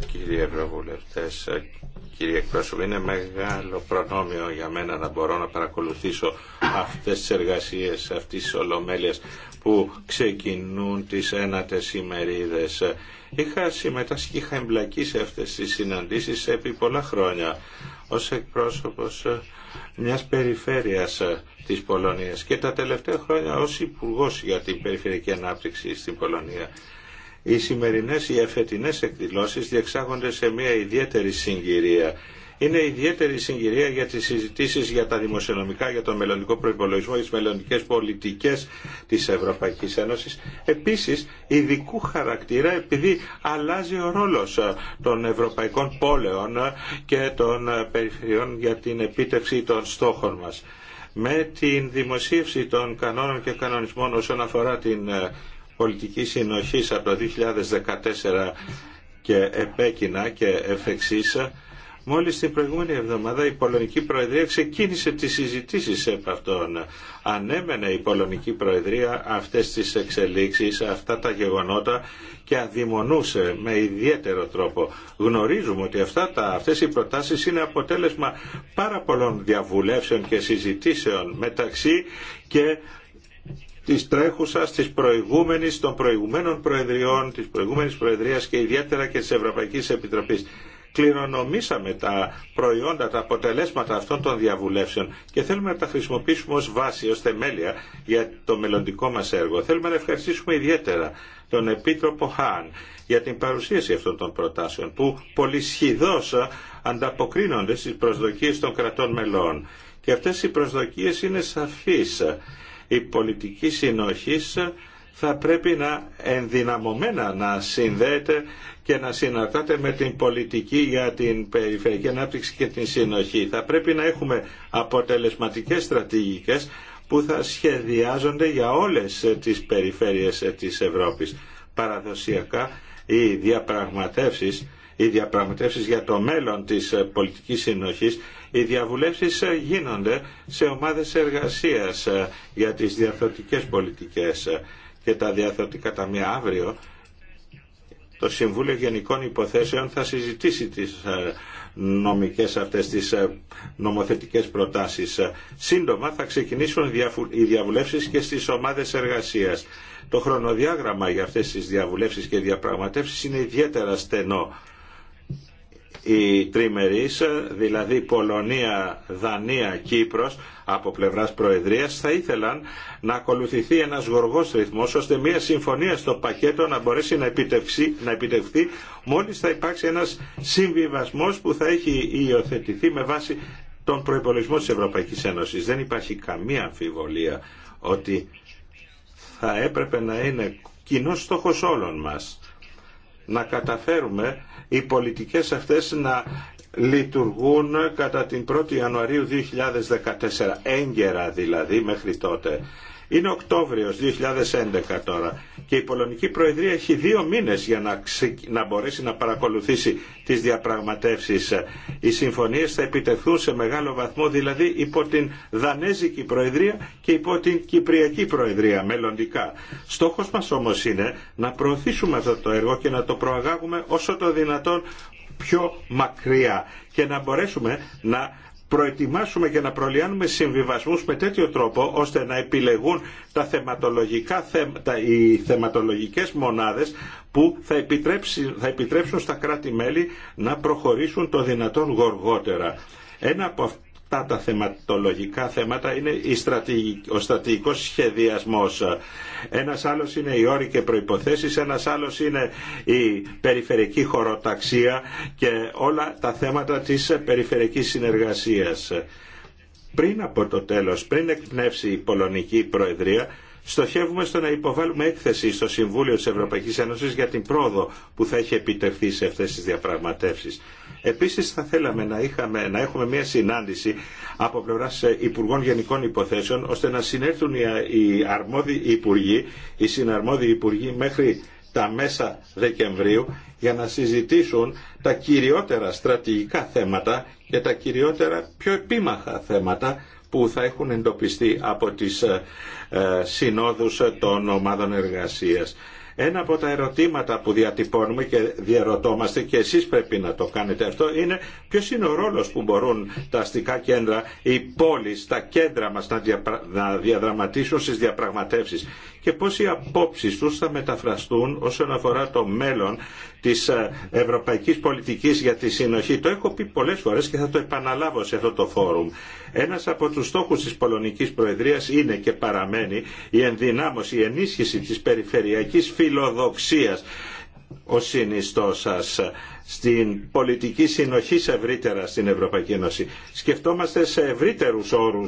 Κύριε Ευρωβουλευτέ, κύριε Εκπρόσωπο, είναι μεγάλο προνόμιο για μένα να μπορώ να παρακολουθήσω αυτές τι εργασίε, αυτής τη ολομέλεια που ξεκινούν τις ένατες ημερίδε. Είχα συμμετάσχει, είχα εμπλακεί σε αυτές τις συναντήσεις επί πολλά χρόνια ω εκπρόσωπο μιας περιφέρειας τη Πολωνία. και τα τελευταία χρόνια ω υπουργό για την περιφερειακή ανάπτυξη στην Πολωνία. Οι σημερινές, οι εφετινές εκδηλώσεις διεξάγονται σε μια ιδιαίτερη συγκυρία. Είναι ιδιαίτερη συγκυρία για τις συζητήσεις για τα δημοσιονομικά, για τον μελλοντικό προϋπολογισμό, για τις μελλοντικές πολιτικές της Ευρωπαϊκής Ένωσης. Επίσης, ειδικού χαρακτήρα επειδή αλλάζει ο ρόλος ε, των ευρωπαϊκών πόλεων ε, και των ε, περιφερειών για την επίτευξη των στόχων μας με την δημοσίευση των κανόνων και κανονισμών όσον αφορά την Πολιτική συνοχή από το 2014 και επέκεινα και εφεξίσα Μόλις την προηγούμενη εβδομάδα η Πολωνική Προεδρία ξεκίνησε τις συζητήσεις επ' αυτών. Ανέμενε η Πολωνική Προεδρία αυτές τις εξελίξεις, αυτά τα γεγονότα και αδειμονούσε με ιδιαίτερο τρόπο. Γνωρίζουμε ότι αυτά τα, αυτές οι προτάσεις είναι αποτέλεσμα πάρα πολλών διαβουλεύσεων και συζητήσεων μεταξύ και της τρέχουσας, της προηγούμενης, των προηγουμένων προεδριών, της προηγούμενης προεδρίας και ιδιαίτερα και της Ευρωπαϊκής Επιτροπής. Κληρονομήσαμε τα προϊόντα, τα αποτελέσματα αυτών των διαβουλεύσεων και θέλουμε να τα χρησιμοποιήσουμε ως βάση, ως θεμέλια για το μελλοντικό μας έργο. Θέλουμε να ευχαριστήσουμε ιδιαίτερα τον Επίτροπο Χάν για την παρουσίαση αυτών των προτάσεων που πολυσχηδώς ανταποκρίνονται στις προσδοκίες των κρατών μελών. Και αυτέ οι προσδοκίε είναι σαφείς η πολιτική συνοχής θα πρέπει να ενδυναμωμένα να συνδέεται και να συναρτάται με την πολιτική για την περιφερειακή ανάπτυξη και την συνοχή. Θα πρέπει να έχουμε αποτελεσματικές στρατηγικές που θα σχεδιάζονται για όλες τις περιφέρειες της Ευρώπης. Παραδοσιακά οι διαπραγματεύσεις οι διαπραγματεύσεις για το μέλλον της ε, πολιτικής συνοχής, οι διαβουλεύσεις ε, γίνονται σε ομάδες εργασίας ε, για τις διαθωτικές πολιτικές και τα διαθωτικά ταμεία αύριο. Το Συμβούλιο Γενικών Υποθέσεων θα συζητήσει τις νομικές αυτές τις νομοθετικές προτάσεις. Σύντομα θα ξεκινήσουν οι διαβουλεύσεις και στις ομάδες εργασίας. Το χρονοδιάγραμμα για αυτές τις διαβουλεύσεις και διαπραγματεύσεις είναι ιδιαίτερα στενό οι τριμερείς, δηλαδή Πολωνία, Δανία, Κύπρος από πλευράς Προεδρίας θα ήθελαν να ακολουθηθεί ένας γοργός ρυθμός ώστε μια συμφωνία στο πακέτο να μπορέσει να, επιτευχθεί, να επιτευχθεί μόλις θα υπάρξει ένας συμβιβασμός που θα έχει υιοθετηθεί με βάση τον προϋπολογισμό της Ευρωπαϊκής Ένωσης. Δεν υπάρχει καμία αμφιβολία ότι θα έπρεπε να είναι κοινός στόχος όλων μας να καταφέρουμε οι πολιτικές αυτές να λειτουργούν κατά την 1η Ιανουαρίου 2014, έγκαιρα δηλαδή μέχρι τότε. Είναι Οκτώβριος 2011 τώρα και η Πολωνική Προεδρία έχει δύο μήνες για να, να μπορέσει να παρακολουθήσει τις διαπραγματεύσεις. Οι συμφωνίες θα επιτεθούν σε μεγάλο βαθμό δηλαδή υπό την Δανέζικη Προεδρία και υπό την Κυπριακή Προεδρία μελλοντικά. Στόχος μας όμως είναι να προωθήσουμε αυτό το έργο και να το προαγάγουμε όσο το δυνατόν πιο μακριά και να μπορέσουμε να προετοιμάσουμε και να προλυάνουμε συμβιβασμούς με τέτοιο τρόπο ώστε να επιλεγούν τα θεματολογικά, τα, οι θεματολογικές μονάδες που θα, θα επιτρέψουν στα κράτη-μέλη να προχωρήσουν το δυνατόν γοργότερα. Ένα από αυτά αυτά τα θεματολογικά θέματα είναι ο στρατηγικός σχεδιασμός. Ένας άλλος είναι οι όροι και προϋποθέσεις, ένας άλλος είναι η περιφερική χωροταξία και όλα τα θέματα της περιφερικής συνεργασίας. Πριν από το τέλος, πριν εκπνεύσει η Πολωνική Προεδρία, στοχεύουμε στο να υποβάλουμε έκθεση στο Συμβούλιο της Ευρωπαϊκής Ένωσης για την πρόοδο που θα έχει επιτευχθεί σε αυτές τις διαπραγματεύσεις. Επίσης θα θέλαμε να, είχαμε, να έχουμε μια συνάντηση από πλευράς Υπουργών Γενικών Υποθέσεων ώστε να συνέρθουν οι αρμόδιοι υπουργοί, οι συναρμόδιοι υπουργοί μέχρι τα μέσα Δεκεμβρίου για να συζητήσουν τα κυριότερα στρατηγικά θέματα και τα κυριότερα πιο επίμαχα θέματα που θα έχουν εντοπιστεί από τις ε, ε, συνόδους των ομάδων εργασίας. Ένα από τα ερωτήματα που διατυπώνουμε και διαρωτόμαστε και εσείς πρέπει να το κάνετε αυτό είναι ποιος είναι ο ρόλος που μπορούν τα αστικά κέντρα, οι πόλεις, τα κέντρα μας να διαδραματίσουν στις διαπραγματεύσεις και πώς οι απόψεις τους θα μεταφραστούν όσον αφορά το μέλλον της ε, ευρωπαϊκής πολιτικής για τη συνοχή. Το έχω πει πολλές φορές και θα το επαναλάβω σε αυτό το φόρουμ. Ένας από τους στόχου της Πολωνικής Προεδρίας είναι και παραμένει η ενδυνάμωση, η ενίσχυση της περιφερειακής φιλοδοξίας ο συνιστό σα, στην πολιτική συνοχή ευρύτερα στην Ευρωπαϊκή Ένωση. Σκεφτόμαστε σε ευρύτερου όρου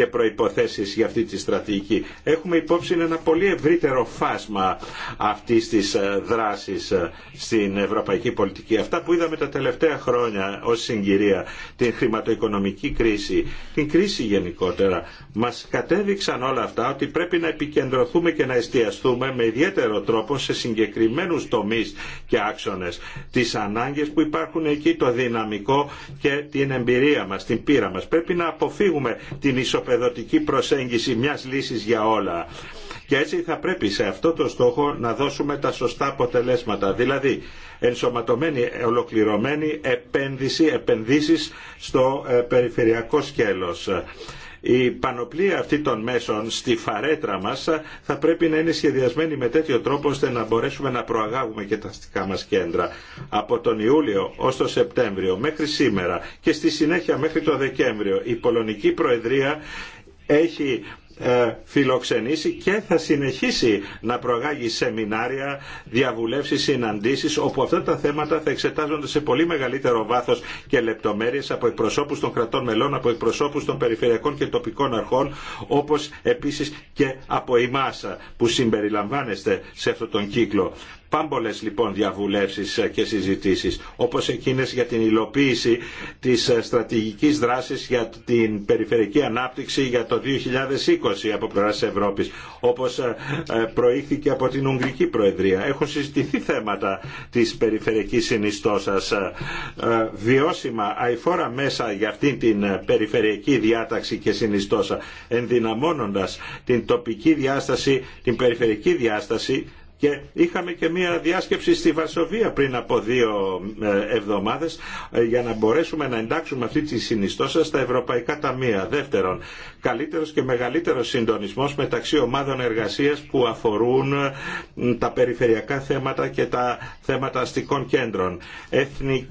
και προϋποθέσεις για αυτή τη στρατηγική. Έχουμε υπόψη ένα πολύ ευρύτερο φάσμα αυτής της ε, δράσης ε, στην ευρωπαϊκή πολιτική. Αυτά που είδαμε τα τελευταία χρόνια ως συγκυρία, την χρηματοοικονομική κρίση, την κρίση γενικότερα, μας κατέδειξαν όλα αυτά ότι πρέπει να επικεντρωθούμε και να εστιαστούμε με ιδιαίτερο τρόπο σε συγκεκριμένους τομείς και άξονες, τις ανάγκες που υπάρχουν εκεί, το δυναμικό και την εμπειρία μας, την πείρα μα. Πρέπει να αποφύγουμε την διαπεδωτική προσέγγιση μιας λύσης για όλα. Και έτσι θα πρέπει σε αυτό το στόχο να δώσουμε τα σωστά αποτελέσματα. Δηλαδή, ενσωματωμένη, ολοκληρωμένη επένδυση, επενδύσεις στο ε, περιφερειακό σκέλος. Η πανοπλία αυτή των μέσων στη φαρέτρα μας θα πρέπει να είναι σχεδιασμένη με τέτοιο τρόπο ώστε να μπορέσουμε να προαγάγουμε και τα αστικά μας κέντρα. Από τον Ιούλιο ως τον Σεπτέμβριο μέχρι σήμερα και στη συνέχεια μέχρι το Δεκέμβριο η Πολωνική Προεδρία έχει ε, φιλοξενήσει και θα συνεχίσει να προγάγει σεμινάρια, διαβουλεύσεις, συναντήσεις όπου αυτά τα θέματα θα εξετάζονται σε πολύ μεγαλύτερο βάθος και λεπτομέρειες από εκπροσώπους των κρατών μελών, από εκπροσώπους των περιφερειακών και τοπικών αρχών όπως επίσης και από εμάς που συμπεριλαμβάνεστε σε αυτόν τον κύκλο. Πάμπολες λοιπόν διαβουλεύσεις ε, και συζητήσεις, όπως εκείνες για την υλοποίηση της ε, στρατηγικής δράσης για την περιφερειακή ανάπτυξη για το 2020 από πλευρά της Ευρώπης, όπως ε, προήχθηκε από την Ουγγρική Προεδρία. Έχουν συζητηθεί θέματα της περιφερειακής συνιστώσας, βιώσιμα αηφόρα μέσα για αυτήν την περιφερειακή διάταξη και συνιστόσα, ενδυναμώνοντας την τοπική διάσταση, την περιφερειακή διάσταση και είχαμε και μία διάσκεψη στη Βασοβία πριν από δύο ε, εβδομάδες ε, για να μπορέσουμε να εντάξουμε αυτή τη συνιστόσα στα ευρωπαϊκά ταμεία. Δεύτερον, καλύτερος και μεγαλύτερος συντονισμός μεταξύ ομάδων εργασίας που αφορούν ε, τα περιφερειακά θέματα και τα θέματα αστικών κέντρων. Εθνική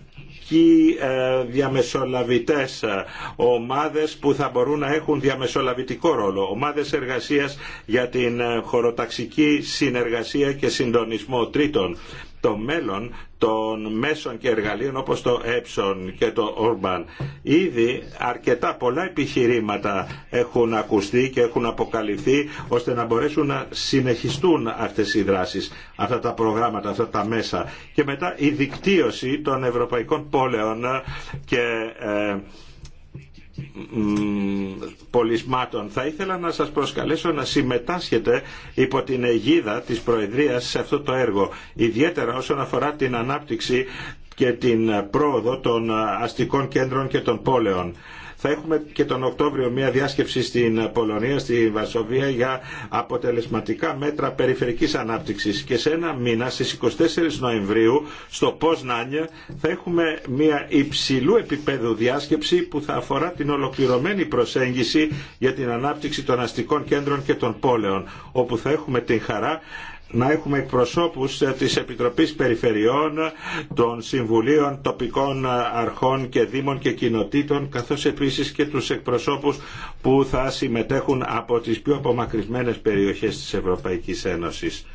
και ε, διαμεσολαβητές, ε, ομάδες που θα μπορούν να έχουν διαμεσολαβητικό ρόλο, ομάδες εργασίας για την ε, χωροταξική συνεργασία και συντονισμό τρίτων το μέλλον των μέσων και εργαλείων όπως το Epson και το Urban. Ήδη αρκετά πολλά επιχειρήματα έχουν ακουστεί και έχουν αποκαλυφθεί ώστε να μπορέσουν να συνεχιστούν αυτές οι δράσεις, αυτά τα προγράμματα, αυτά τα μέσα. Και μετά η δικτύωση των ευρωπαϊκών πόλεων και ε, πολισμάτων. Θα ήθελα να σας προσκαλέσω να συμμετάσχετε υπό την αιγίδα της Προεδρίας σε αυτό το έργο, ιδιαίτερα όσον αφορά την ανάπτυξη και την πρόοδο των αστικών κέντρων και των πόλεων. Θα έχουμε και τον Οκτώβριο μια διάσκεψη στην Πολωνία, στη Βαρσοβία για αποτελεσματικά μέτρα περιφερικής ανάπτυξης και σε ένα μήνα στις 24 Νοεμβρίου στο Πόσνάνια θα έχουμε μια υψηλού επίπεδου διάσκεψη που θα αφορά την ολοκληρωμένη προσέγγιση για την ανάπτυξη των αστικών κέντρων και των πόλεων όπου θα έχουμε την χαρά να έχουμε εκπροσώπους ε, της Επιτροπής Περιφερειών, των Συμβουλίων Τοπικών ε, Αρχών και Δήμων και Κοινοτήτων, καθώς επίσης και τους εκπροσώπους που θα συμμετέχουν από τις πιο απομακρυσμένες περιοχές της Ευρωπαϊκής Ένωσης.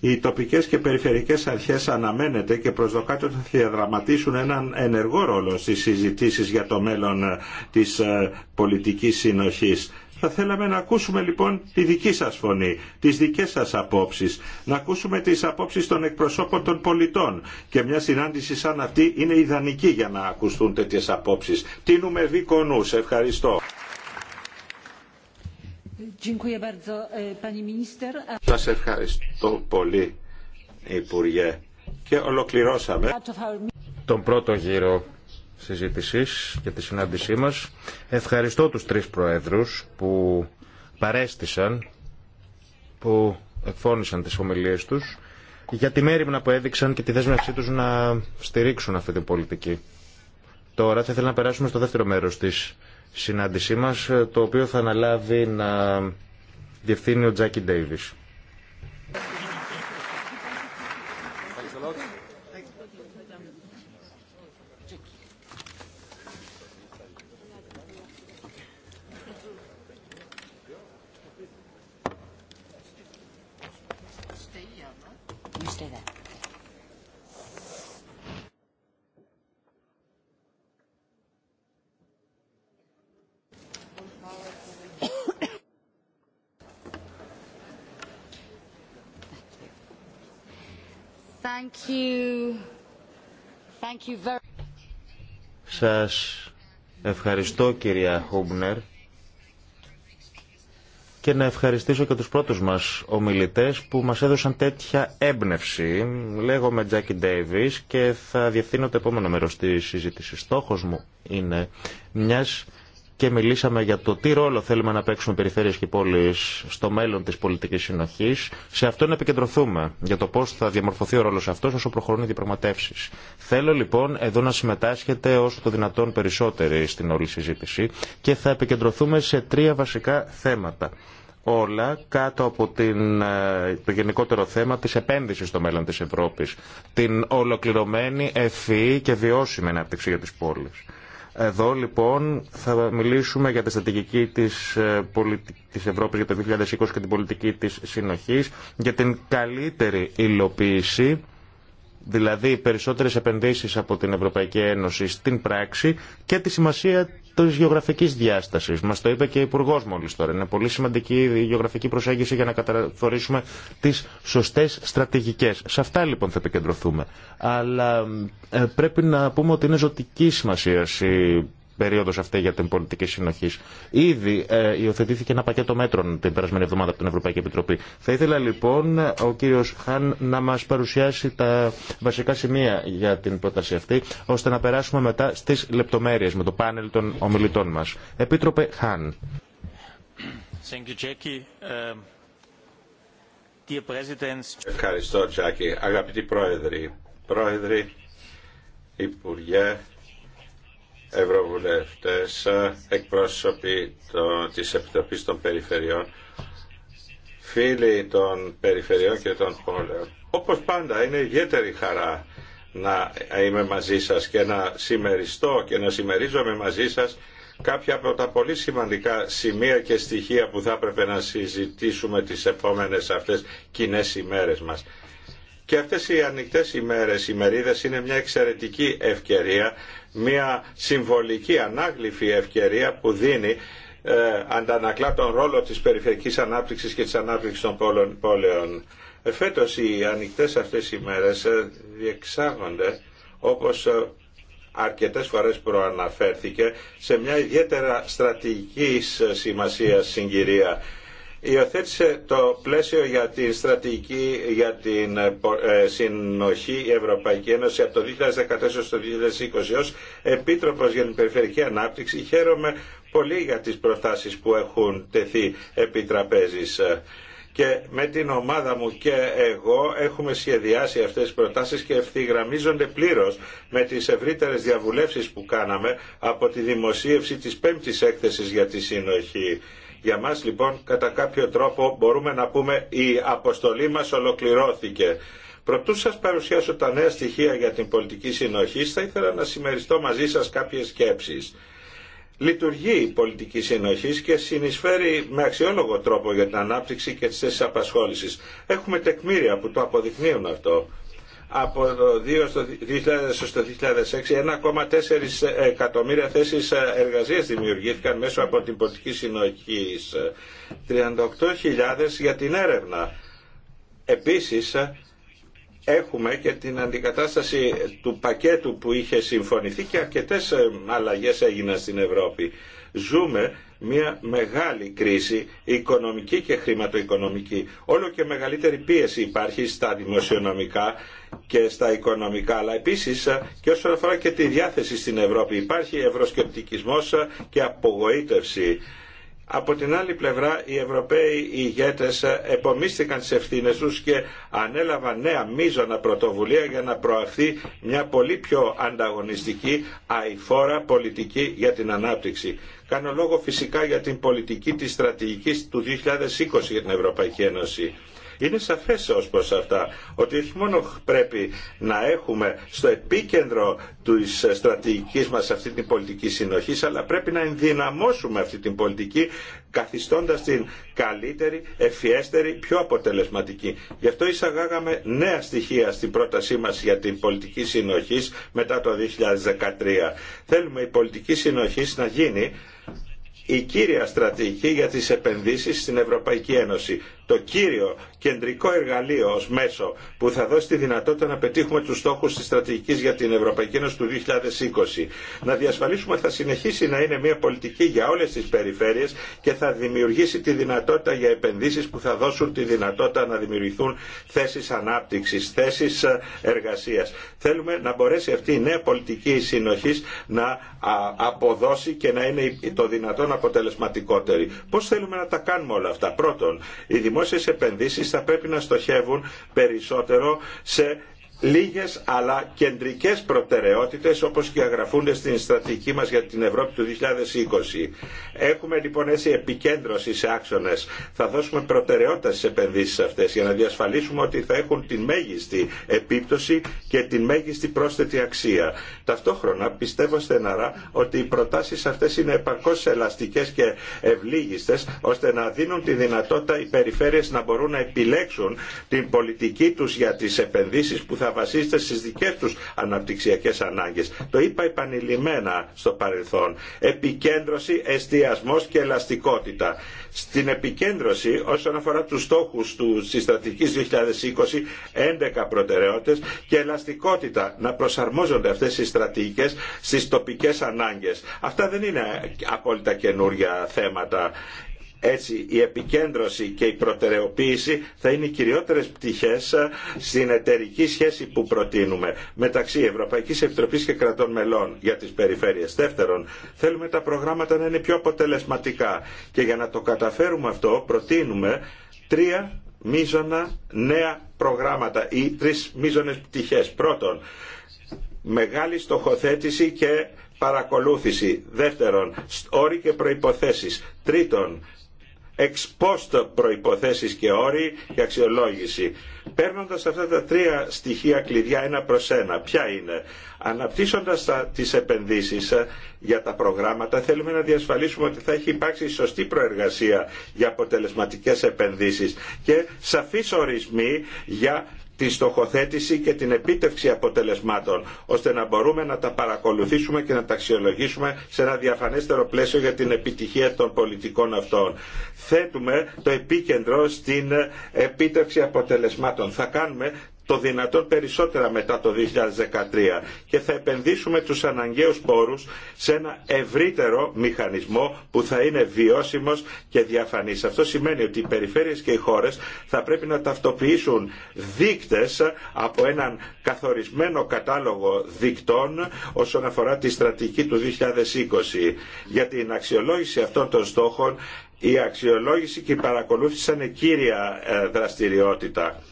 Οι τοπικές και περιφερειακές αρχές αναμένεται και προσδοκάται ότι θα διαδραματίσουν έναν ενεργό ρόλο στις συζητήσεις για το μέλλον ε, της πολιτικής συνοχής θα θέλαμε να ακούσουμε λοιπόν τη δική σας φωνή, τις δικές σας απόψεις, να ακούσουμε τις απόψεις των εκπροσώπων των πολιτών και μια συνάντηση σαν αυτή είναι ιδανική για να ακουστούν τέτοιες απόψεις. Τίνουμε σε Ευχαριστώ. E, σας ευχαριστώ πολύ Υπουργέ και ολοκληρώσαμε τον πρώτο γύρο Συζήτηση και τη συνάντησή μας. Ευχαριστώ τους τρεις προέδρους που παρέστησαν, που εκφώνησαν τις ομιλίες τους για τη μέρη που έδειξαν και τη δέσμευσή τους να στηρίξουν αυτή την πολιτική. Τώρα θα ήθελα να περάσουμε στο δεύτερο μέρος της συνάντησή μας, το οποίο θα αναλάβει να διευθύνει ο Τζάκι Ντέιβις. Thank Σας ευχαριστώ κυρία Χούμπνερ και να ευχαριστήσω και τους πρώτους μας ομιλητές που μας έδωσαν τέτοια έμπνευση. με Τζάκι Ντέιβις και θα διευθύνω το επόμενο μέρος της συζήτησης. Στόχος μου είναι μιας και μιλήσαμε για το τι ρόλο θέλουμε να παίξουμε περιφέρειες και πόλεις στο μέλλον της πολιτικής συνοχής, σε αυτό να επικεντρωθούμε για το πώς θα διαμορφωθεί ο ρόλος αυτός όσο προχωρούν οι διαπραγματεύσεις. Θέλω λοιπόν εδώ να συμμετάσχετε όσο το δυνατόν περισσότεροι στην όλη συζήτηση και θα επικεντρωθούμε σε τρία βασικά θέματα όλα κάτω από την, ε, το γενικότερο θέμα της επένδυσης στο μέλλον της Ευρώπης. Την ολοκληρωμένη ευφυή και βιώσιμη ανάπτυξη για τις πόλεις. Εδώ λοιπόν θα μιλήσουμε για τη στρατηγική της, ε, της Ευρώπης για το 2020 και την πολιτική της συνοχής, για την καλύτερη υλοποίηση δηλαδή περισσότερες επενδύσεις από την Ευρωπαϊκή Ένωση στην πράξη και τη σημασία της γεωγραφικής διάστασης. Μας το είπε και ο Υπουργό μόλις τώρα. Είναι πολύ σημαντική η γεωγραφική προσέγγιση για να καταφορήσουμε τις σωστές στρατηγικές. Σε αυτά λοιπόν θα επικεντρωθούμε. Αλλά ε, πρέπει να πούμε ότι είναι ζωτική σημασία η περίοδο αυτή για την πολιτική συνοχή. Ήδη ε, υιοθετήθηκε ένα πακέτο μέτρων την περασμένη εβδομάδα από την Ευρωπαϊκή Επιτροπή. Θα ήθελα λοιπόν ο κύριο Χαν να μα παρουσιάσει τα βασικά σημεία για την πρόταση αυτή, ώστε να περάσουμε μετά στι λεπτομέρειε με το πάνελ των ομιλητών μα. Επίτροπε Χαν. Um, Ευχαριστώ, Τζάκη. Αγαπητοί πρόεδροι, πρόεδροι, υπουργέ, ευρωβουλευτές, ε, εκπρόσωποι το, της Επιτροπής των Περιφερειών, φίλοι των Περιφερειών και των Πόλεων. Όπως πάντα είναι ιδιαίτερη χαρά να είμαι μαζί σας και να συμμεριστώ και να συμμερίζομαι μαζί σας κάποια από τα πολύ σημαντικά σημεία και στοιχεία που θα έπρεπε να συζητήσουμε τις επόμενες αυτές κοινέ ημέρες μας. Και αυτές οι ανοιχτές ημέρες, οι μερίδες είναι μια εξαιρετική ευκαιρία, μια συμβολική ανάγλυφη ευκαιρία που δίνει ε, αντανακλά τον ρόλο της περιφερειακής ανάπτυξης και της ανάπτυξης των πόλεων. Ε, φέτος οι ανοιχτές αυτές οι μέρες ε, διεξάγονται όπως αρκετές φορές προαναφέρθηκε σε μια ιδιαίτερα στρατηγική σημασίας συγκυρία υιοθέτησε το πλαίσιο για τη στρατηγική για την ε, ε, συνοχή η Ευρωπαϊκή Ένωση από το 2014 στο 2020 ως Επίτροπος για την Περιφερειακή Ανάπτυξη. Χαίρομαι πολύ για τις προτάσεις που έχουν τεθεί επί τραπέζης και με την ομάδα μου και εγώ έχουμε σχεδιάσει αυτές τις προτάσεις και ευθυγραμμίζονται πλήρως με τις ευρύτερες διαβουλεύσεις που κάναμε από τη δημοσίευση της πέμπτης έκθεσης για τη συνοχή για μας λοιπόν κατά κάποιο τρόπο μπορούμε να πούμε η αποστολή μας ολοκληρώθηκε. Προτού σας παρουσιάσω τα νέα στοιχεία για την πολιτική συνοχή, θα ήθελα να συμμεριστώ μαζί σας κάποιες σκέψεις. Λειτουργεί η πολιτική συνοχή και συνεισφέρει με αξιόλογο τρόπο για την ανάπτυξη και τις θέσεις απασχόλησης. Έχουμε τεκμήρια που το αποδεικνύουν αυτό από το 2000 στο 2006 1,4 ε, εκατομμύρια θέσεις ε, εργασίας δημιουργήθηκαν μέσω από την πολιτική συνοχή 38.000 για την έρευνα. Επίσης ε, έχουμε και την αντικατάσταση του πακέτου που είχε συμφωνηθεί και αρκετές αλλαγές έγιναν στην Ευρώπη. Ζούμε μια μεγάλη κρίση οικονομική και χρηματοοικονομική. Όλο και μεγαλύτερη πίεση υπάρχει στα δημοσιονομικά και στα οικονομικά, αλλά επίσης και όσον αφορά και τη διάθεση στην Ευρώπη υπάρχει ευρωσκεπτικισμός και απογοήτευση από την άλλη πλευρά οι Ευρωπαίοι ηγέτες επομίστηκαν τις ευθύνες τους και ανέλαβαν νέα μείζωνα πρωτοβουλία για να προαχθεί μια πολύ πιο ανταγωνιστική αηφόρα πολιτική για την ανάπτυξη. Κάνω λόγο φυσικά για την πολιτική της στρατηγικής του 2020 για την Ευρωπαϊκή Ένωση είναι σαφές ως προς αυτά ότι όχι μόνο πρέπει να έχουμε στο επίκεντρο της στρατηγικής μας αυτή την πολιτική συνοχή, αλλά πρέπει να ενδυναμώσουμε αυτή την πολιτική καθιστώντας την καλύτερη, ευφιέστερη, πιο αποτελεσματική. Γι' αυτό εισαγάγαμε νέα στοιχεία στην πρότασή μας για την πολιτική συνοχή μετά το 2013. Θέλουμε η πολιτική συνοχή να γίνει η κύρια στρατηγική για τις επενδύσεις στην Ευρωπαϊκή Ένωση το κύριο κεντρικό εργαλείο ως μέσο που θα δώσει τη δυνατότητα να πετύχουμε τους στόχους της στρατηγικής για την Ευρωπαϊκή Ένωση του 2020. Να διασφαλίσουμε ότι θα συνεχίσει να είναι μια πολιτική για όλες τις περιφέρειες και θα δημιουργήσει τη δυνατότητα για επενδύσεις που θα δώσουν τη δυνατότητα να δημιουργηθούν θέσεις ανάπτυξης, θέσεις ε, εργασίας. Θέλουμε να μπορέσει αυτή η νέα πολιτική συνοχής να αποδώσει και να είναι το δυνατόν αποτελεσματικότερη. Πώς θέλουμε να τα κάνουμε όλα αυτά. Πρώτον, δημόσιες επενδύσεις θα πρέπει να στοχεύουν περισσότερο σε λίγες αλλά κεντρικές προτεραιότητες όπως και αγραφούνται στην στρατηγική μας για την Ευρώπη του 2020. Έχουμε λοιπόν έτσι επικέντρωση σε άξονες. Θα δώσουμε προτεραιότητα στις επενδύσεις αυτές για να διασφαλίσουμε ότι θα έχουν την μέγιστη επίπτωση και την μέγιστη πρόσθετη αξία. Ταυτόχρονα πιστεύω στεναρά ότι οι προτάσεις αυτές είναι επαρκώς ελαστικές και ευλίγιστες ώστε να δίνουν τη δυνατότητα οι περιφέρειες να μπορούν να επιλέξουν την πολιτική τους για τις επενδύσεις που θα βασίζεται στις δικές τους αναπτυξιακές ανάγκες. Το είπα επανειλημμένα στο παρελθόν. Επικέντρωση, εστιασμός και ελαστικότητα. Στην επικέντρωση όσον αφορά του στόχους του, της στρατηγικής 2020, 11 προτεραιότητες και ελαστικότητα να προσαρμόζονται αυτές οι στρατηγικές στις τοπικές ανάγκες. Αυτά δεν είναι απόλυτα καινούργια θέματα. Έτσι η επικέντρωση και η προτεραιοποίηση θα είναι οι κυριότερες πτυχές στην εταιρική σχέση που προτείνουμε μεταξύ Ευρωπαϊκής Επιτροπής και κρατών μελών για τις περιφέρειες. Δεύτερον, θέλουμε τα προγράμματα να είναι πιο αποτελεσματικά και για να το καταφέρουμε αυτό προτείνουμε τρία μείζωνα νέα προγράμματα ή τρεις μείζονες πτυχές. Πρώτον, μεγάλη στοχοθέτηση και παρακολούθηση. Δεύτερον, όροι και προϋποθέσεις. Τρίτον, εξπόστο προϋποθέσεις και όροι και αξιολόγηση. Παίρνοντας αυτά τα τρία στοιχεία κλειδιά ένα προς ένα, ποια είναι. Αναπτύσσοντας τι τις επενδύσεις ε, για τα προγράμματα θέλουμε να διασφαλίσουμε ότι θα έχει υπάρξει σωστή προεργασία για αποτελεσματικές επενδύσεις και σαφείς ορισμοί για τη στοχοθέτηση και την επίτευξη αποτελεσμάτων, ώστε να μπορούμε να τα παρακολουθήσουμε και να τα αξιολογήσουμε σε ένα διαφανέστερο πλαίσιο για την επιτυχία των πολιτικών αυτών. Θέτουμε το επίκεντρο στην επίτευξη αποτελεσμάτων. Θα κάνουμε το δυνατόν περισσότερα μετά το 2013 και θα επενδύσουμε τους αναγκαίους πόρους σε ένα ευρύτερο μηχανισμό που θα είναι βιώσιμος και διαφανής. Αυτό σημαίνει ότι οι περιφέρειες και οι χώρες θα πρέπει να ταυτοποιήσουν δείκτες από έναν καθορισμένο κατάλογο δικτών όσον αφορά τη στρατηγική του 2020. Για την αξιολόγηση αυτών των στόχων η αξιολόγηση και η παρακολούθηση είναι κύρια ε, δραστηριότητα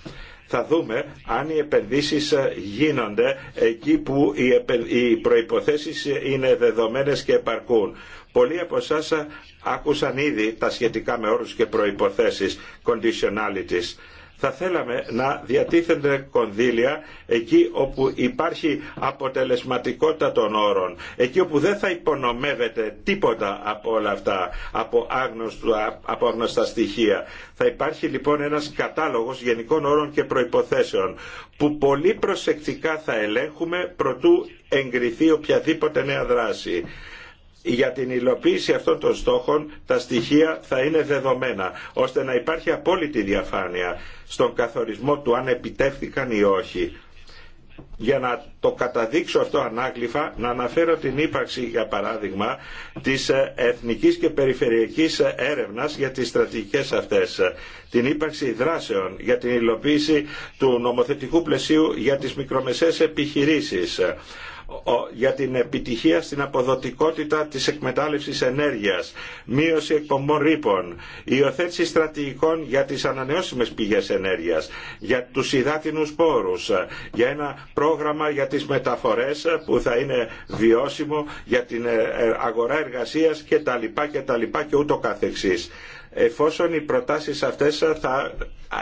θα δούμε αν οι επενδύσεις ε, γίνονται εκεί που οι προϋποθέσεις ε, είναι δεδομένες και επαρκούν. Πολλοί από εσά ε, άκουσαν ήδη τα σχετικά με όρους και προϋποθέσεις, conditionalities. Θα θέλαμε να διατίθενται κονδύλια εκεί όπου υπάρχει αποτελεσματικότητα των όρων, εκεί όπου δεν θα υπονομεύεται τίποτα από όλα αυτά, από, άγνωστο, από άγνωστα στοιχεία. Θα υπάρχει λοιπόν ένας κατάλογος γενικών όρων και προϋποθέσεων που πολύ προσεκτικά θα ελέγχουμε προτού εγκριθεί οποιαδήποτε νέα δράση για την υλοποίηση αυτών των στόχων τα στοιχεία θα είναι δεδομένα, ώστε να υπάρχει απόλυτη διαφάνεια στον καθορισμό του αν επιτεύχθηκαν ή όχι. Για να το καταδείξω αυτό ανάγλυφα, να αναφέρω την ύπαρξη, για παράδειγμα, της ε, εθνικής και περιφερειακής ε, έρευνας για τις στρατηγικές αυτές, την ύπαρξη δράσεων για την υλοποίηση του νομοθετικού πλαισίου για τις μικρομεσαίες επιχειρήσεις, για την επιτυχία στην αποδοτικότητα της εκμετάλλευσης ενέργειας, μείωση εκπομπών ρήπων, υιοθέτηση στρατηγικών για τις ανανεώσιμες πηγές ενέργειας, για τους υδάτινους πόρους, για ένα πρόγραμμα για τις μεταφορές που θα είναι βιώσιμο για την ε, ε, αγορά εργασίας Και, τα και, τα και ούτω καθεξής εφόσον οι προτάσεις αυτές θα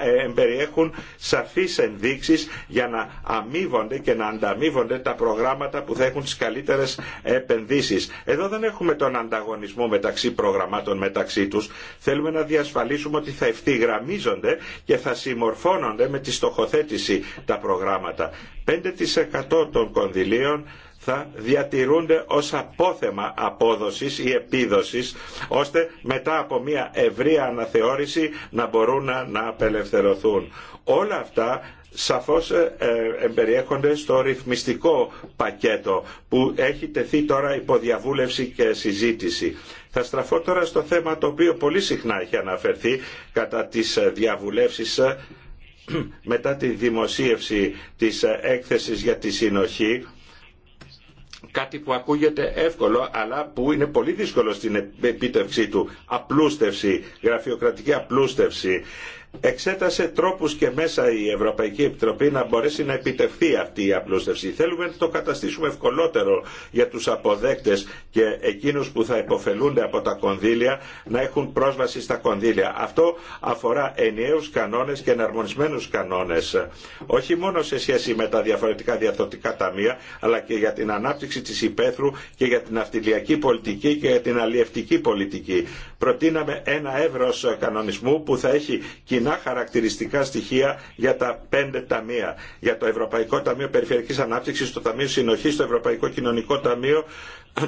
ε, εμπεριέχουν σαφείς ενδείξεις για να αμείβονται και να ανταμείβονται τα προγράμματα που θα έχουν τις καλύτερες επενδύσεις. Εδώ δεν έχουμε τον ανταγωνισμό μεταξύ προγραμμάτων μεταξύ τους. Θέλουμε να διασφαλίσουμε ότι θα ευθυγραμμίζονται και θα συμμορφώνονται με τη στοχοθέτηση τα προγράμματα. 5% των κονδυλίων θα διατηρούνται ως απόθεμα απόδοσης ή επίδοσης ώστε μετά από μια ευρία αναθεώρηση να μπορούν να, να απελευθερωθούν. Όλα αυτά σαφώς ε, ε, εμπεριέχονται στο ρυθμιστικό πακέτο που έχει τεθεί τώρα υπό διαβούλευση και συζήτηση. Θα στραφώ τώρα στο θέμα το οποίο πολύ συχνά έχει αναφερθεί κατά τις διαβουλεύσεις ε, [CLEARS THROAT] μετά τη δημοσίευση της έκθεσης για τη συνοχή Κάτι που ακούγεται εύκολο αλλά που είναι πολύ δύσκολο στην επίτευξή του. Απλούστευση, γραφειοκρατική απλούστευση εξέτασε τρόπους και μέσα η Ευρωπαϊκή Επιτροπή να μπορέσει να επιτευχθεί αυτή η απλούστευση. Θέλουμε να το καταστήσουμε ευκολότερο για τους αποδέκτες και εκείνους που θα υποφελούνται από τα κονδύλια να έχουν πρόσβαση στα κονδύλια. Αυτό αφορά ενιαίους κανόνες και εναρμονισμένους κανόνες. Όχι μόνο σε σχέση με τα διαφορετικά διαθωτικά ταμεία, αλλά και για την ανάπτυξη της υπαίθρου και για την αυτιλιακή πολιτική και για την αλλιευτική πολιτική. Προτείναμε ένα εύρος κανονισμού που θα έχει κοινά χαρακτηριστικά στοιχεία για τα πέντε ταμεία. Για το Ευρωπαϊκό Ταμείο Περιφερειακής Ανάπτυξης, το Ταμείο Συνοχής, το Ευρωπαϊκό Κοινωνικό Ταμείο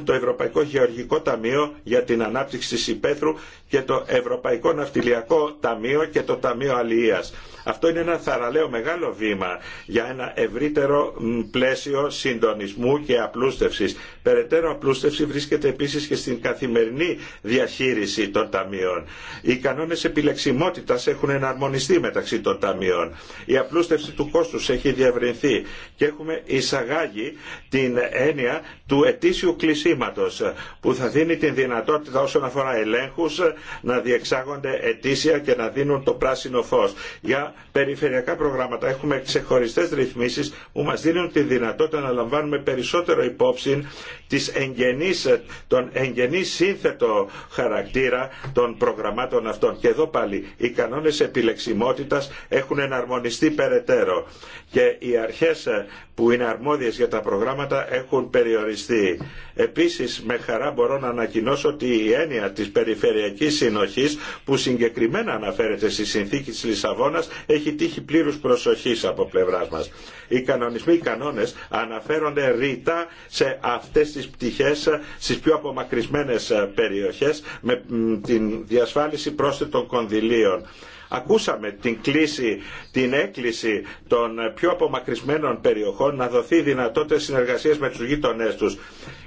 το Ευρωπαϊκό Γεωργικό Ταμείο για την Ανάπτυξη της Υπέθρου και το Ευρωπαϊκό Ναυτιλιακό Ταμείο και το Ταμείο Αλληλείας. Αυτό είναι ένα θαραλέο μεγάλο βήμα για ένα ευρύτερο πλαίσιο συντονισμού και απλούστευσης. Περαιτέρω απλούστευση βρίσκεται επίσης και στην καθημερινή διαχείριση των ταμείων. Οι κανόνες επιλεξιμότητας έχουν εναρμονιστεί μεταξύ των ταμείων. Η απλούστευση του κόστους έχει διευρυνθεί και έχουμε εισαγάγει την έννοια του ετήσιου ε, που θα δίνει την δυνατότητα όσον αφορά ελέγχους ε, να διεξάγονται ετήσια και να δίνουν το πράσινο φως. Για περιφερειακά προγράμματα έχουμε ξεχωριστές ρυθμίσεις που μας δίνουν τη δυνατότητα να λαμβάνουμε περισσότερο υπόψη τις εγγενείς, ε, τον εγγενή σύνθετο χαρακτήρα των προγραμμάτων αυτών. Και εδώ πάλι οι κανόνες επιλεξιμότητας έχουν εναρμονιστεί περαιτέρω και οι αρχές που είναι αρμόδιες για τα προγράμματα έχουν περιοριστεί. Επίσης με χαρά μπορώ να ανακοινώσω ότι η έννοια της περιφερειακής συνοχής που συγκεκριμένα αναφέρεται στη συνθήκη της Λισαβόνας έχει τύχει πλήρους προσοχής από πλευράς μας. Οι κανονισμοί οι κανόνες αναφέρονται ρητά σε αυτές τις πτυχές στις πιο απομακρυσμένες περιοχές με την διασφάλιση πρόσθετων κονδυλίων Ακούσαμε την κλήση, την έκκληση των πιο απομακρυσμένων περιοχών να δοθεί δυνατότητα συνεργασίας με τους γείτονές τους.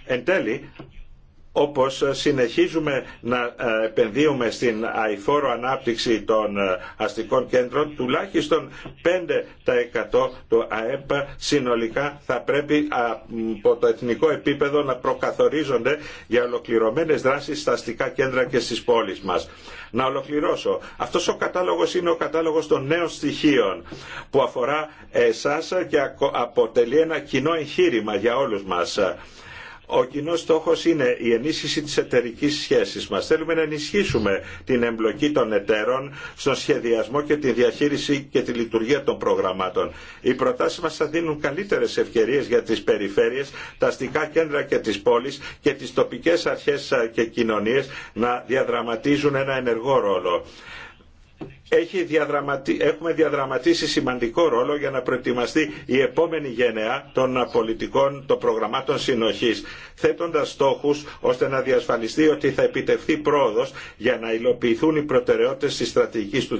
Εν όπως συνεχίζουμε να ε, επενδύουμε στην αηφόρο ανάπτυξη των ε, αστικών κέντρων τουλάχιστον 5% του ΑΕΠ συνολικά θα πρέπει από το εθνικό επίπεδο να προκαθορίζονται για ολοκληρωμένες δράσεις στα αστικά κέντρα και στις πόλεις μας. Να ολοκληρώσω. Αυτός ο κατάλογος είναι ο κατάλογος των νέων στοιχείων που αφορά εσάς και αποτελεί ένα κοινό εγχείρημα για όλους μας ο κοινό στόχο είναι η ενίσχυση τη εταιρική σχέση μα. Θέλουμε να ενισχύσουμε την εμπλοκή των εταίρων στον σχεδιασμό και τη διαχείριση και τη λειτουργία των προγραμμάτων. Οι προτάσει μα θα δίνουν καλύτερε ευκαιρίε για τι περιφέρειε, τα αστικά κέντρα και τι πόλει και τι τοπικέ αρχέ και κοινωνίε να διαδραματίζουν ένα ενεργό ρόλο έχουμε διαδραματίσει σημαντικό ρόλο για να προετοιμαστεί η επόμενη γενεά των πολιτικών των προγραμμάτων συνοχής θέτοντας στόχους ώστε να διασφαλιστεί ότι θα επιτευχθεί πρόοδος για να υλοποιηθούν οι προτεραιότητες της στρατηγική του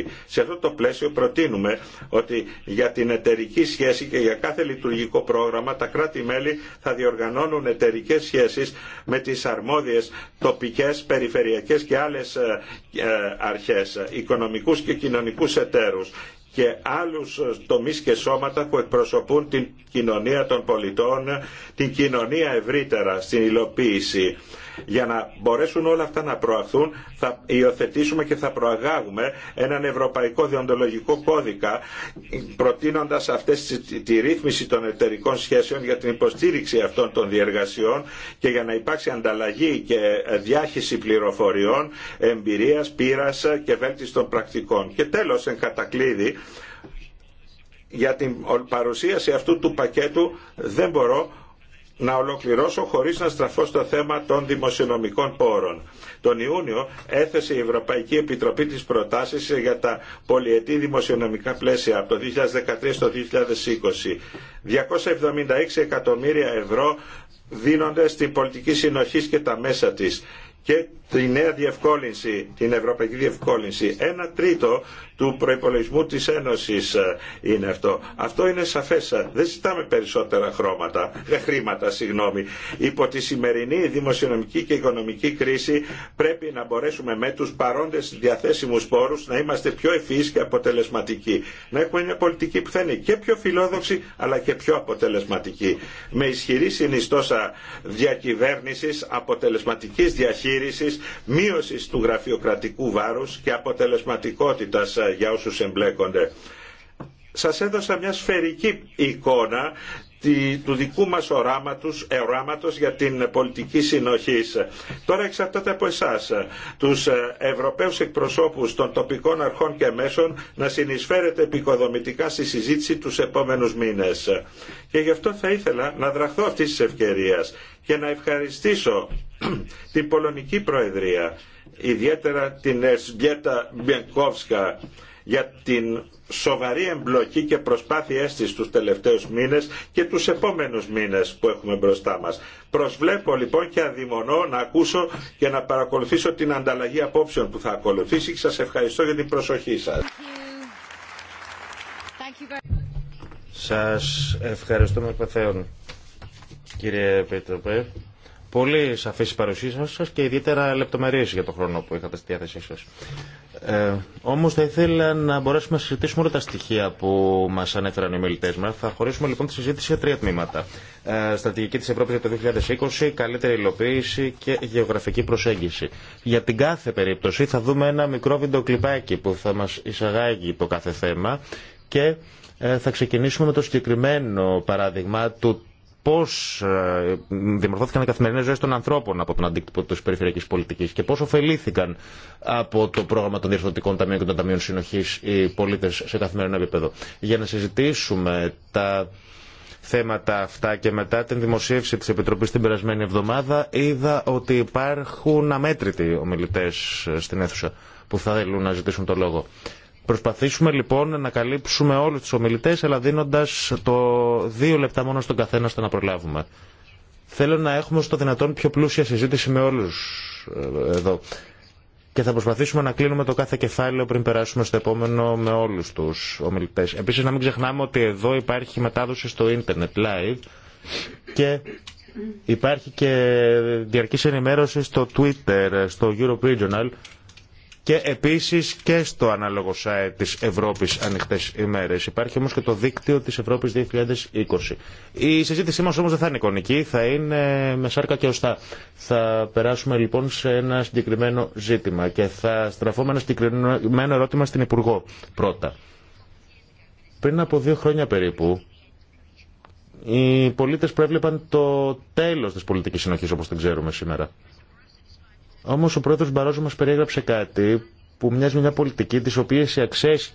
2020. Σε αυτό το πλαίσιο προτείνουμε ότι για την εταιρική σχέση και για κάθε λειτουργικό πρόγραμμα τα κράτη-μέλη θα διοργανώνουν εταιρικέ σχέσεις με τις αρμόδιες τοπικές, περιφερειακές και άλλες ε, ε, αρχές οικονομικούς και κοινωνικούς εταίρους και άλλους τομείς και σώματα που εκπροσωπούν την κοινωνία των πολιτών, την κοινωνία ευρύτερα στην υλοποίηση. Για να μπορέσουν όλα αυτά να προαχθούν θα υιοθετήσουμε και θα προαγάγουμε έναν ευρωπαϊκό διοντολογικό κώδικα προτείνοντας αυτές τη ρύθμιση των εταιρικών σχέσεων για την υποστήριξη αυτών των διεργασιών και για να υπάρξει ανταλλαγή και διάχυση πληροφοριών, εμπειρίας, πείρα και των πρακτικών. Και τέλο, εν κατακλείδη, για την παρουσίαση αυτού του πακέτου δεν μπορώ να ολοκληρώσω χωρίς να στραφώ στο θέμα των δημοσιονομικών πόρων. Τον Ιούνιο έθεσε η Ευρωπαϊκή Επιτροπή τις προτάσεις για τα πολυετή δημοσιονομικά πλαίσια από το 2013 στο 2020. 276 εκατομμύρια ευρώ δίνονται στην πολιτική συνοχή και τα μέσα της και τη νέα διευκόλυνση, την ευρωπαϊκή διευκόλυνση. Ένα τρίτο του προπολογισμού της Ένωσης ε, είναι αυτό. Αυτό είναι σαφές. Δεν ζητάμε περισσότερα χρώματα, ε, χρήματα. Συγγνώμη. Υπό τη σημερινή δημοσιονομική και οικονομική κρίση πρέπει να μπορέσουμε με τους παρόντες διαθέσιμους πόρους να είμαστε πιο ευφυείς και αποτελεσματικοί. Να έχουμε μια πολιτική που θα είναι και πιο φιλόδοξη αλλά και πιο αποτελεσματική. Με ισχυρή συνιστόσα διακυβέρνησης, αποτελεσματικής διαχείρισης μείωσης του γραφειοκρατικού βάρους και αποτελεσματικότητας ε, για όσους εμπλέκονται. Σας έδωσα μια σφαιρική εικόνα του δικού μας οράματος, οράματος για την πολιτική συνοχή. Τώρα εξαρτάται από εσάς, ε, τους ε, Ευρωπαίους εκπροσώπους των τοπικών αρχών και μέσων, να συνεισφέρετε επικοδομητικά στη συζήτηση τους επόμενους μήνες. Και γι' αυτό θα ήθελα να δραχθώ αυτής της ευκαιρίας και να ευχαριστήσω την Πολωνική Προεδρία, ιδιαίτερα την Εσβιέτα Μπιενκόφσκα για την σοβαρή εμπλοκή και προσπάθειές τη τους τελευταίους μήνες και τους επόμενους μήνες που έχουμε μπροστά μας. Προσβλέπω λοιπόν και αδειμονώ να ακούσω και να παρακολουθήσω την ανταλλαγή απόψεων που θα ακολουθήσει και σας ευχαριστώ για την προσοχή σας. Σας ευχαριστούμε παθέων, κύριε Πέτροπε. Πολύ σαφή η παρουσία σα και ιδιαίτερα λεπτομερή για τον χρόνο που είχατε στη διάθεσή σα. Ε, όμως θα ήθελα να μπορέσουμε να συζητήσουμε όλα τα στοιχεία που μα ανέφεραν οι μιλητέ μα. Θα χωρίσουμε λοιπόν τη συζήτηση σε τρία τμήματα. Ε, στρατηγική της Ευρώπης για το 2020, καλύτερη υλοποίηση και γεωγραφική προσέγγιση. Για την κάθε περίπτωση θα δούμε ένα μικρό βιντεοκλειπάκι που θα μα εισαγάγει το κάθε θέμα και ε, θα ξεκινήσουμε με το συγκεκριμένο παράδειγμα του πώ ε, δημορφώθηκαν οι καθημερινέ ζωέ των ανθρώπων από τον αντίκτυπο τη περιφερειακή πολιτική και πώ ωφελήθηκαν από το πρόγραμμα των διορθωτικών ταμείων και των ταμείων συνοχή οι πολίτε σε καθημερινό επίπεδο. Για να συζητήσουμε τα θέματα αυτά και μετά την δημοσίευση της Επιτροπής την περασμένη εβδομάδα είδα ότι υπάρχουν αμέτρητοι ομιλητές στην αίθουσα που θα θέλουν να ζητήσουν το λόγο. Προσπαθήσουμε λοιπόν να καλύψουμε όλου του ομιλητέ, αλλά δίνοντα το δύο λεπτά μόνο στον καθένα στο να προλάβουμε. Θέλω να έχουμε στο δυνατόν πιο πλούσια συζήτηση με όλους ε, εδώ. Και θα προσπαθήσουμε να κλείνουμε το κάθε κεφάλαιο πριν περάσουμε στο επόμενο με όλους τους ομιλητές. Επίσης να μην ξεχνάμε ότι εδώ υπάρχει μετάδοση στο ίντερνετ live και υπάρχει και διαρκή ενημέρωση στο Twitter, στο Europe Regional και επίσης και στο ανάλογο site της Ευρώπης ανοιχτές ημέρες. Υπάρχει όμως και το δίκτυο της Ευρώπης 2020. Η συζήτησή μας όμως δεν θα είναι εικονική, θα είναι με σάρκα και οστά. Θα περάσουμε λοιπόν σε ένα συγκεκριμένο ζήτημα και θα στραφώ με ένα συγκεκριμένο ερώτημα στην Υπουργό πρώτα. Πριν από δύο χρόνια περίπου, οι πολίτες προέβλεπαν το τέλος της πολιτικής συνοχής όπως την ξέρουμε σήμερα. Όμω ο πρόεδρο Μπαρόζο μα περιέγραψε κάτι που μοιάζει με μια πολιτική τη οποία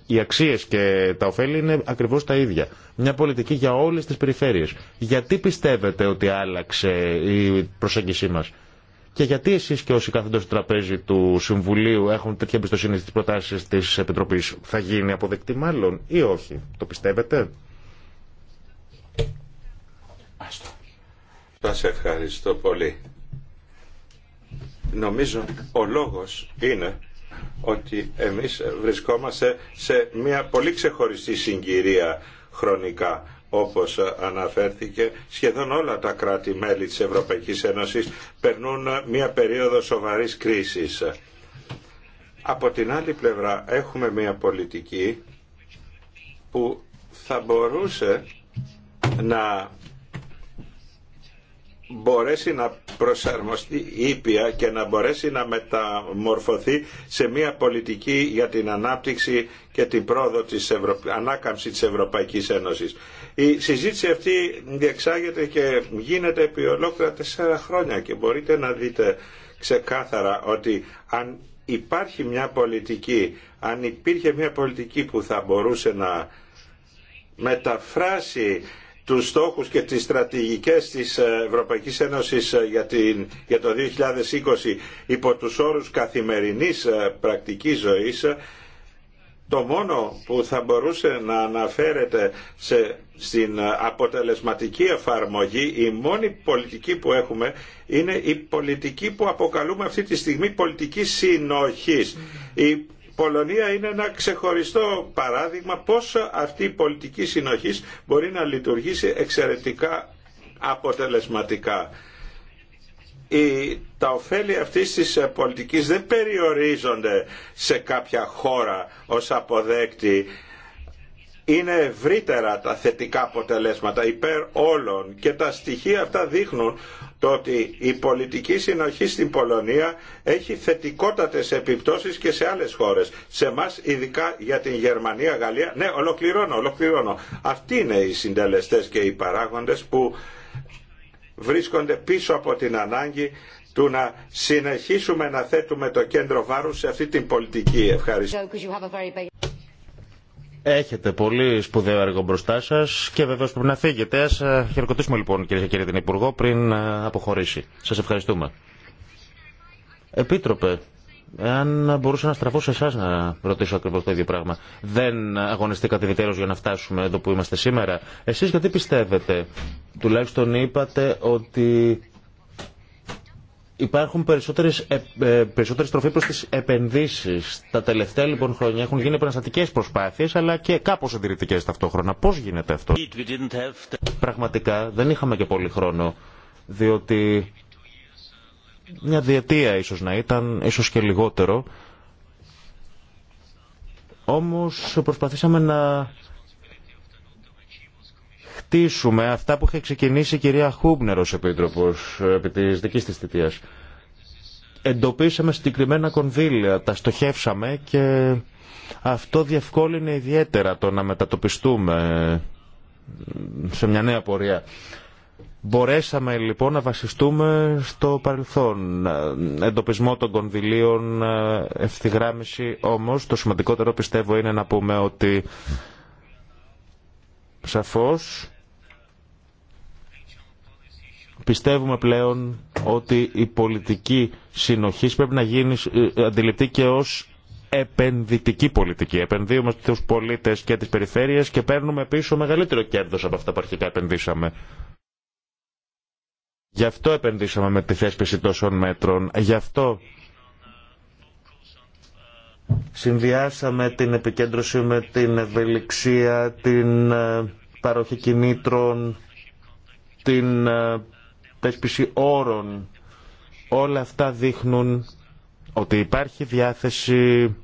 οι αξίε, και τα ωφέλη είναι ακριβώ τα ίδια. Μια πολιτική για όλε τι περιφέρειες. Γιατί πιστεύετε ότι άλλαξε η προσέγγισή μα. Και γιατί εσεί και όσοι κάθονται στο τραπέζι του Συμβουλίου έχουν τέτοια εμπιστοσύνη στι προτάσει τη Επιτροπή, θα γίνει αποδεκτή μάλλον ή όχι, το πιστεύετε. Σας ευχαριστώ πολύ. Νομίζω ο λόγος είναι ότι εμείς βρισκόμαστε σε μια πολύ ξεχωριστή συγκυρία χρονικά όπως αναφέρθηκε, σχεδόν όλα τα κράτη-μέλη της Ευρωπαϊκής Ένωσης περνούν μια περίοδο σοβαρής κρίσης. Από την άλλη πλευρά έχουμε μια πολιτική που θα μπορούσε να μπορέσει να προσαρμοστεί ήπια και να μπορέσει να μεταμορφωθεί σε μια πολιτική για την ανάπτυξη και την πρόοδο της ανάκαμψη της Ευρωπαϊκής Ένωσης. Η συζήτηση αυτή διεξάγεται και γίνεται επί ολόκληρα τεσσέρα χρόνια και μπορείτε να δείτε ξεκάθαρα ότι αν υπάρχει μια πολιτική, αν υπήρχε μια πολιτική που θα μπορούσε να μεταφράσει τους στόχους και τις στρατηγικές της Ευρωπαϊκής Ένωσης ε, για, την, για το 2020 υπό τους όρους καθημερινής ε, πρακτικής ζωής, ε, το μόνο που θα μπορούσε να αναφέρεται σε, στην αποτελεσματική εφαρμογή, η μόνη πολιτική που έχουμε είναι η πολιτική που αποκαλούμε αυτή τη στιγμή πολιτική συνοχής. Πολωνία είναι ένα ξεχωριστό παράδειγμα πόσο αυτή η πολιτική συνοχή μπορεί να λειτουργήσει εξαιρετικά αποτελεσματικά. Η, τα ωφέλη αυτής της πολιτικής δεν περιορίζονται σε κάποια χώρα ως αποδέκτη είναι ευρύτερα τα θετικά αποτελέσματα υπέρ όλων και τα στοιχεία αυτά δείχνουν το ότι η πολιτική συνοχή στην Πολωνία έχει θετικότατες επιπτώσεις και σε άλλες χώρες. Σε εμά ειδικά για την Γερμανία, Γαλλία. Ναι, ολοκληρώνω, ολοκληρώνω. Αυτοί είναι οι συντελεστές και οι παράγοντες που βρίσκονται πίσω από την ανάγκη του να συνεχίσουμε να θέτουμε το κέντρο βάρους σε αυτή την πολιτική. Ευχαριστώ. Έχετε πολύ σπουδαίο έργο μπροστά σα και βεβαίω πρέπει να φύγετε. Α ε, χαιρετήσουμε λοιπόν κυρίε και κύριοι την Υπουργό πριν ε, αποχωρήσει. Σα ευχαριστούμε. Επίτροπε, αν μπορούσα να στραφώ σε εσά να ρωτήσω ακριβώ το ίδιο πράγμα. Δεν αγωνιστήκατε ιδιαίτερω για να φτάσουμε εδώ που είμαστε σήμερα. Εσεί γιατί πιστεύετε, τουλάχιστον είπατε ότι Υπάρχουν περισσότερες, ε, ε, περισσότερες τροφή προς τις επενδύσεις. Τα τελευταία λοιπόν χρόνια έχουν γίνει επαναστατικές προσπάθειες αλλά και κάπως εντηρητικές ταυτόχρονα. Πώς γίνεται αυτό. Πραγματικά δεν είχαμε και πολύ χρόνο διότι μια διετία ίσως να ήταν, ίσως και λιγότερο. Όμως προσπαθήσαμε να χτίσουμε αυτά που είχε ξεκινήσει η κυρία Χούμπνερ ως Επίτροπος ε, επί της δικής της θητείας. Εντοπίσαμε συγκεκριμένα κονδύλια, τα στοχεύσαμε και αυτό διευκόλυνε ιδιαίτερα το να μετατοπιστούμε ε, σε μια νέα πορεία. Μπορέσαμε λοιπόν να βασιστούμε στο παρελθόν. Εντοπισμό των κονδυλίων, ε, ευθυγράμμιση όμως. Το σημαντικότερο πιστεύω είναι να πούμε ότι σαφώς Πιστεύουμε πλέον ότι η πολιτική συνοχής πρέπει να γίνει ε, ε, αντιληπτή και ως επενδυτική πολιτική. Επενδύουμε στους πολίτες και τις περιφέρειες και παίρνουμε πίσω μεγαλύτερο κέρδος από αυτά που αρχικά επενδύσαμε. Γι' αυτό επενδύσαμε με τη θέσπιση τόσων μέτρων. Γι' αυτό συνδυάσαμε την επικέντρωση με την ευελιξία, την ε, παροχή κινήτρων, την τα θέσπιση όρων. Όλα αυτά δείχνουν ότι υπάρχει διάθεση,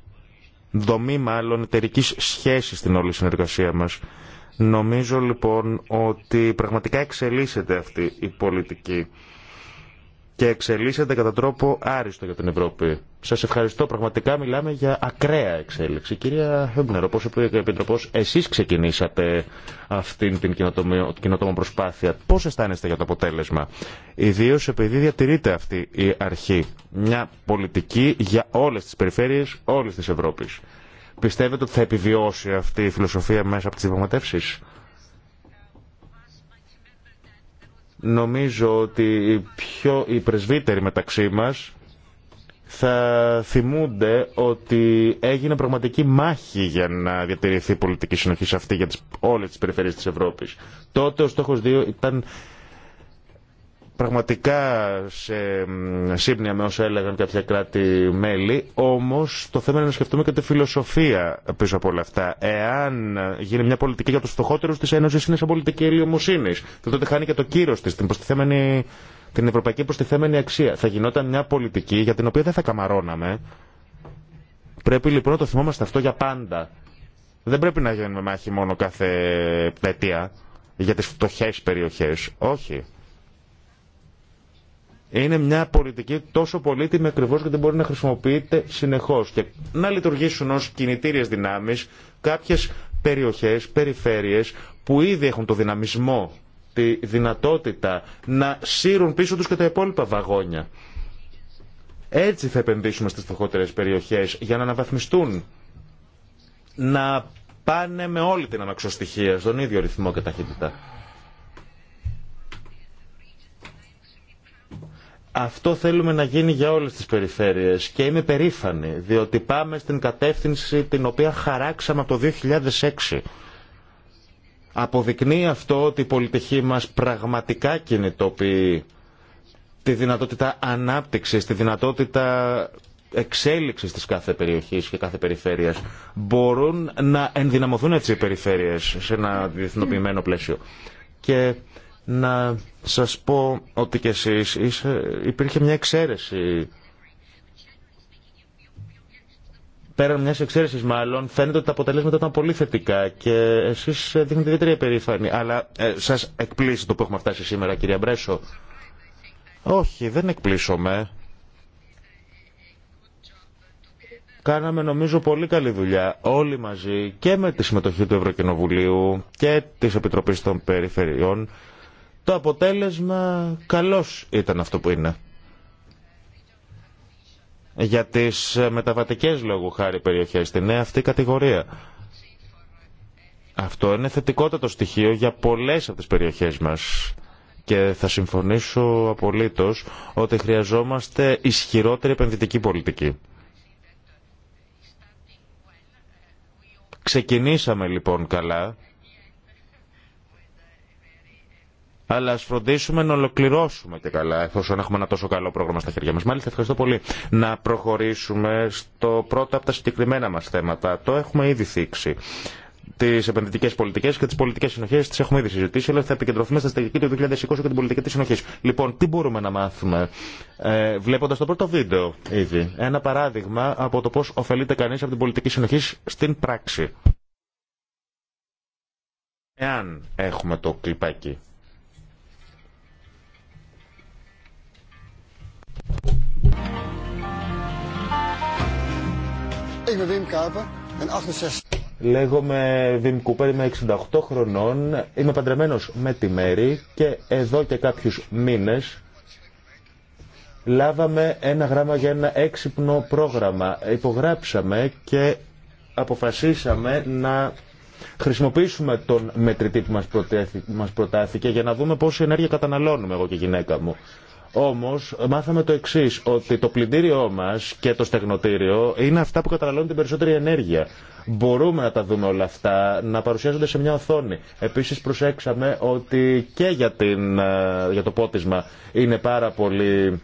δομή μάλλον, εταιρική σχέση στην όλη συνεργασία μας. Νομίζω λοιπόν ότι πραγματικά εξελίσσεται αυτή η πολιτική και εξελίσσεται κατά τρόπο άριστο για την Ευρώπη. Σας ευχαριστώ. Πραγματικά μιλάμε για ακραία εξέλιξη. Κυρία Χέμπνερ, όπω είπε ο Επιτροπός, εσείς ξεκινήσατε αυτήν την κοινοτόμο προσπάθεια. Πώς αισθάνεστε για το αποτέλεσμα. Ιδίω επειδή διατηρείται αυτή η αρχή. Μια πολιτική για όλες τις περιφέρειες όλης της Ευρώπης. Πιστεύετε ότι θα επιβιώσει αυτή η φιλοσοφία μέσα από τις διαπραγματεύσεις. Νομίζω ότι οι, πιο, οι μεταξύ μας θα θυμούνται ότι έγινε πραγματική μάχη για να διατηρηθεί η πολιτική συνοχή σε αυτή για τις, όλες τις περιφερειές της Ευρώπης. Τότε ο στόχος 2 ήταν πραγματικά σε σύμπνοια με όσα έλεγαν κάποια κράτη-μέλη, όμως το θέμα είναι να σκεφτούμε και τη φιλοσοφία πίσω από όλα αυτά. Εάν γίνει μια πολιτική για τους φτωχότερους της Ένωσης είναι σαν πολιτική ελιομοσύνης, τότε χάνει και το κύρος της, την προστιθέμενη την ευρωπαϊκή προστιθέμενη αξία. Θα γινόταν μια πολιτική για την οποία δεν θα καμαρώναμε. Πρέπει λοιπόν να το θυμόμαστε αυτό για πάντα. Δεν πρέπει να γίνουμε μάχη μόνο κάθε πέτεια για τις φτωχές περιοχές. Όχι. Είναι μια πολιτική τόσο πολύτιμη ακριβώ γιατί μπορεί να χρησιμοποιείται συνεχώς και να λειτουργήσουν ως κινητήριες δυνάμεις κάποιες περιοχές, περιφέρειες που ήδη έχουν το δυναμισμό τη δυνατότητα να σύρουν πίσω τους και τα υπόλοιπα βαγόνια. Έτσι θα επενδύσουμε στις φτωχότερες περιοχές για να αναβαθμιστούν, να πάνε με όλη την αναξοστοιχεία στον ίδιο ρυθμό και ταχύτητα. Αυτό θέλουμε να γίνει για όλες τις περιφέρειες και είμαι περήφανη διότι πάμε στην κατεύθυνση την οποία χαράξαμε από το 2006 Αποδεικνύει αυτό ότι η πολιτική μας πραγματικά κινητοποιεί τη δυνατότητα ανάπτυξης, τη δυνατότητα εξέλιξης της κάθε περιοχής και κάθε περιφέρειας. Μπορούν να ενδυναμωθούν έτσι οι περιφέρειες σε ένα διεθνοποιημένο πλαίσιο. Και να σας πω ότι κι εσείς υπήρχε μια εξαίρεση πέραν μια εξαίρεση μάλλον, φαίνεται ότι τα αποτελέσματα ήταν πολύ θετικά και εσεί δείχνετε ιδιαίτερη περήφανη. Αλλά ε, σα εκπλήσει το που έχουμε φτάσει σήμερα, κυρία Μπρέσο. Όχι, δεν εκπλήσωμαι. Κάναμε νομίζω πολύ καλή δουλειά όλοι μαζί και με τη συμμετοχή του Ευρωκοινοβουλίου και της Επιτροπής των Περιφερειών. Το αποτέλεσμα καλώς ήταν αυτό που είναι για τις ε, μεταβατικές λόγου χάρη περιοχές, την νέα αυτή κατηγορία. Αυτό είναι θετικότατο στοιχείο για πολλές από τις περιοχές μας και θα συμφωνήσω απολύτως ότι χρειαζόμαστε ισχυρότερη επενδυτική πολιτική. Ξεκινήσαμε λοιπόν καλά αλλά ας φροντίσουμε να ολοκληρώσουμε και καλά, εφόσον έχουμε ένα τόσο καλό πρόγραμμα στα χέρια μας. Μάλιστα, ευχαριστώ πολύ. Να προχωρήσουμε στο πρώτο από τα συγκεκριμένα μας θέματα. Το έχουμε ήδη θίξει. Τι επενδυτικέ πολιτικέ και τι πολιτικέ συνοχέ τι έχουμε ήδη συζητήσει, αλλά θα επικεντρωθούμε στα στρατηγική του 2020 και την πολιτική τη συνοχή. Λοιπόν, τι μπορούμε να μάθουμε ε, βλέποντα το πρώτο βίντεο ήδη. Ένα παράδειγμα από το πώ ωφελείται κανεί από την πολιτική συνοχή στην πράξη. Εάν έχουμε το κλειπάκι. Λέγομαι Βιμ Κούπερ, είμαι 68 χρονών, είμαι παντρεμένος με τη Μέρη και εδώ και κάποιους μήνες λάβαμε ένα γράμμα για ένα έξυπνο πρόγραμμα. Υπογράψαμε και αποφασίσαμε να χρησιμοποιήσουμε τον μετρητή που μας, προτάθηκε για να δούμε πόση ενέργεια καταναλώνουμε εγώ και η γυναίκα μου. Όμω, μάθαμε το εξή, ότι το πλυντήριό μα και το στεγνοτήριο είναι αυτά που καταναλώνουν την περισσότερη ενέργεια. Μπορούμε να τα δούμε όλα αυτά, να παρουσιάζονται σε μια οθόνη. Επίση, προσέξαμε ότι και για, την, ε, για το πότισμα είναι πάρα πολύ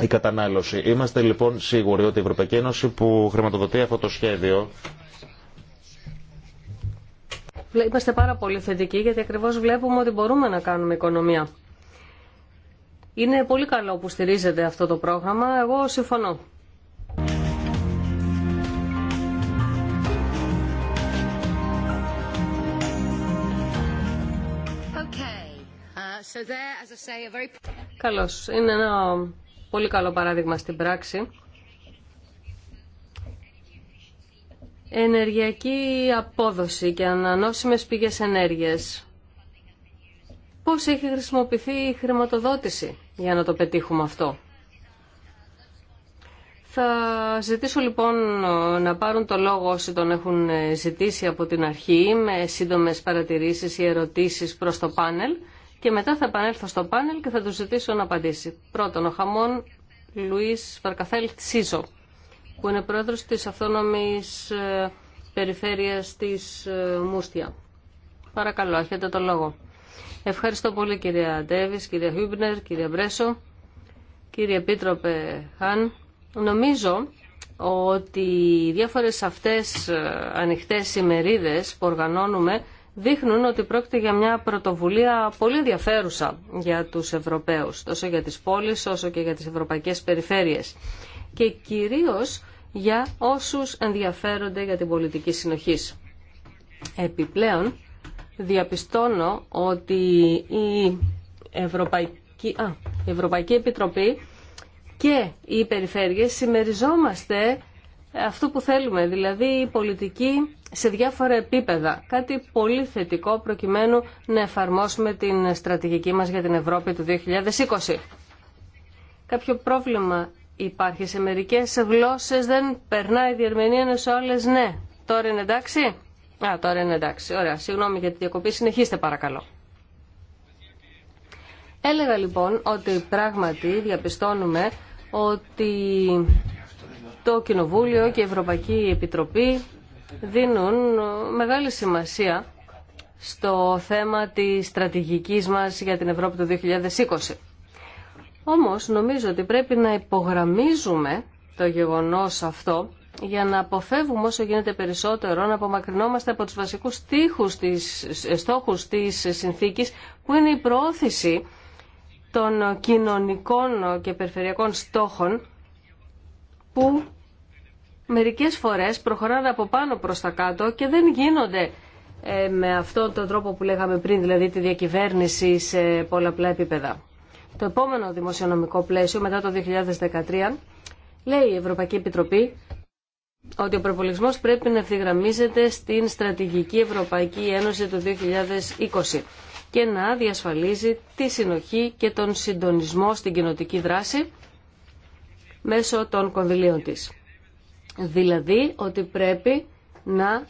η κατανάλωση. Είμαστε λοιπόν σίγουροι ότι η Ευρωπαϊκή Ένωση που χρηματοδοτεί αυτό το σχέδιο Είμαστε πάρα πολύ θετικοί γιατί ακριβώς βλέπουμε ότι μπορούμε να κάνουμε οικονομία. Είναι πολύ καλό που στηρίζετε αυτό το πρόγραμμα. Εγώ συμφωνώ. Uh, Καλώς. Είναι ένα πολύ καλό παράδειγμα στην πράξη. Ενεργειακή απόδοση και ανανόσιμες πηγές ενέργειας πώς έχει χρησιμοποιηθεί η χρηματοδότηση για να το πετύχουμε αυτό. Θα ζητήσω λοιπόν να πάρουν το λόγο όσοι τον έχουν ζητήσει από την αρχή με σύντομες παρατηρήσεις ή ερωτήσεις προς το πάνελ και μετά θα επανέλθω στο πάνελ και θα τους ζητήσω να απαντήσει. Πρώτον, ο Χαμόν Λουίς Βαρκαθέλ Τσίζο που είναι πρόεδρος της αυτόνομης ε, περιφέρειας της ε, Μούστια. Παρακαλώ, έχετε το λόγο. Ευχαριστώ πολύ κυρία Ντέβης, κυρία Χιούμπνερ, κυρία Μπρέσο, κύριε Επίτροπε Χάν. Νομίζω ότι οι διάφορες αυτές ε, ανοιχτές ημερίδες που οργανώνουμε δείχνουν ότι πρόκειται για μια πρωτοβουλία πολύ ενδιαφέρουσα για τους Ευρωπαίους, τόσο για τις πόλεις όσο και για τις ευρωπαϊκές περιφέρειες και κυρίως για όσους ενδιαφέρονται για την πολιτική συνοχής. Επιπλέον, διαπιστώνω ότι η Ευρωπαϊκή, α, η Ευρωπαϊκή Επιτροπή και οι περιφέρειες συμμεριζόμαστε αυτό που θέλουμε, δηλαδή η πολιτική σε διάφορα επίπεδα. Κάτι πολύ θετικό προκειμένου να εφαρμόσουμε την στρατηγική μας για την Ευρώπη του 2020. Κάποιο πρόβλημα υπάρχει σε μερικές γλώσσες, δεν περνάει η διερμηνία, σε όλες ναι. Τώρα είναι εντάξει. Α, τώρα είναι εντάξει. Ωραία. Συγγνώμη για τη διακοπή. Συνεχίστε παρακαλώ. Έλεγα λοιπόν ότι πράγματι διαπιστώνουμε ότι το Κοινοβούλιο και η Ευρωπαϊκή Επιτροπή δίνουν μεγάλη σημασία στο θέμα της στρατηγικής μας για την Ευρώπη του 2020. Όμως νομίζω ότι πρέπει να υπογραμμίζουμε το γεγονός αυτό για να αποφεύγουμε όσο γίνεται περισσότερο να απομακρυνόμαστε από τους βασικούς στόχου της, στόχους της συνθήκης που είναι η προώθηση των κοινωνικών και περιφερειακών στόχων που μερικές φορές προχωράνε από πάνω προς τα κάτω και δεν γίνονται ε, με αυτόν τον τρόπο που λέγαμε πριν, δηλαδή τη διακυβέρνηση σε πολλαπλά επίπεδα. Το επόμενο δημοσιονομικό πλαίσιο μετά το 2013 λέει η Ευρωπαϊκή Επιτροπή ότι ο προπολογισμό πρέπει να ευθυγραμμίζεται στην Στρατηγική Ευρωπαϊκή Ένωση του 2020 και να διασφαλίζει τη συνοχή και τον συντονισμό στην κοινοτική δράση μέσω των κονδυλίων της. Δηλαδή ότι πρέπει να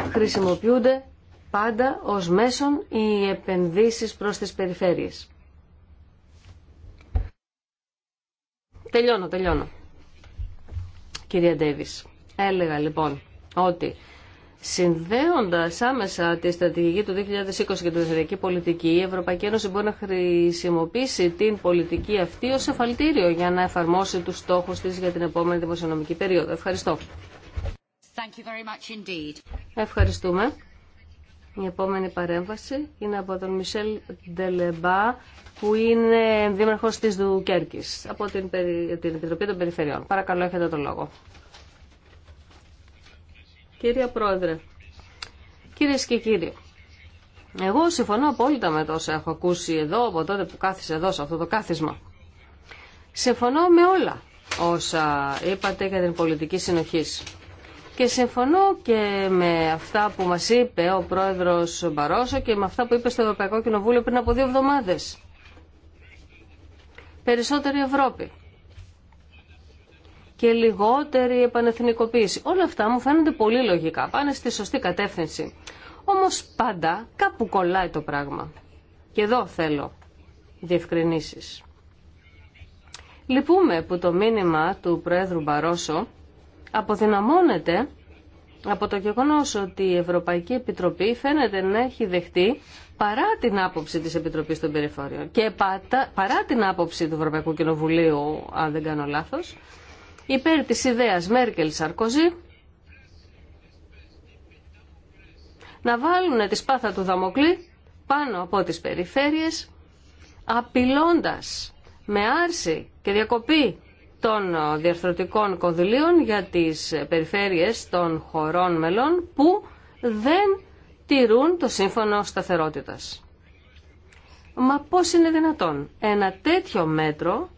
χρησιμοποιούνται πάντα ως μέσον οι επενδύσεις προς τις περιφέρειες. Τελειώνω, τελειώνω κυρία Ντέβις. Έλεγα λοιπόν ότι συνδέοντας άμεσα τη στρατηγική του 2020 και την εθνική πολιτική, η Ευρωπαϊκή Ένωση μπορεί να χρησιμοποιήσει την πολιτική αυτή ως εφαλτήριο για να εφαρμόσει τους στόχους της για την επόμενη δημοσιονομική περίοδο. Ευχαριστώ. Thank you very much indeed. Ευχαριστούμε. Η επόμενη παρέμβαση είναι από τον Μισελ Ντελεμπά, που είναι δήμαρχος της Δουκέρκης, από την, την Επιτροπή των Περιφερειών. Παρακαλώ, έχετε το λόγο. Κύριε Πρόεδρε, κύριε και κύριοι, εγώ συμφωνώ απόλυτα με τόσα έχω ακούσει εδώ από τότε που κάθισε εδώ σε αυτό το κάθισμα. Συμφωνώ με όλα όσα είπατε για την πολιτική συνοχής. Και συμφωνώ και με αυτά που μας είπε ο πρόεδρος Μπαρόσο και με αυτά που είπε στο Ευρωπαϊκό Κοινοβούλιο πριν από δύο εβδομάδες. Περισσότερη Ευρώπη και λιγότερη επανεθνικοποίηση. Όλα αυτά μου φαίνονται πολύ λογικά, πάνε στη σωστή κατεύθυνση. Όμως πάντα κάπου κολλάει το πράγμα. Και εδώ θέλω διευκρινήσεις. Λυπούμε που το μήνυμα του Πρόεδρου Μπαρόσο αποδυναμώνεται από το γεγονός ότι η Ευρωπαϊκή Επιτροπή φαίνεται να έχει δεχτεί παρά την άποψη της Επιτροπής των Περιφόρειων και παρά την άποψη του Ευρωπαϊκού Κοινοβουλίου, αν δεν κάνω λάθος, υπέρ της ιδέας Μέρκελ-Σαρκοζή να βάλουν τη σπάθα του Δαμοκλή πάνω από τις περιφέρειες απειλώντας με άρση και διακοπή των ε, διαρθρωτικών κονδυλίων για τις περιφέρειες των χωρών μελών που δεν τηρούν το σύμφωνο σταθερότητας. Μα πώς είναι δυνατόν ένα τέτοιο μέτρο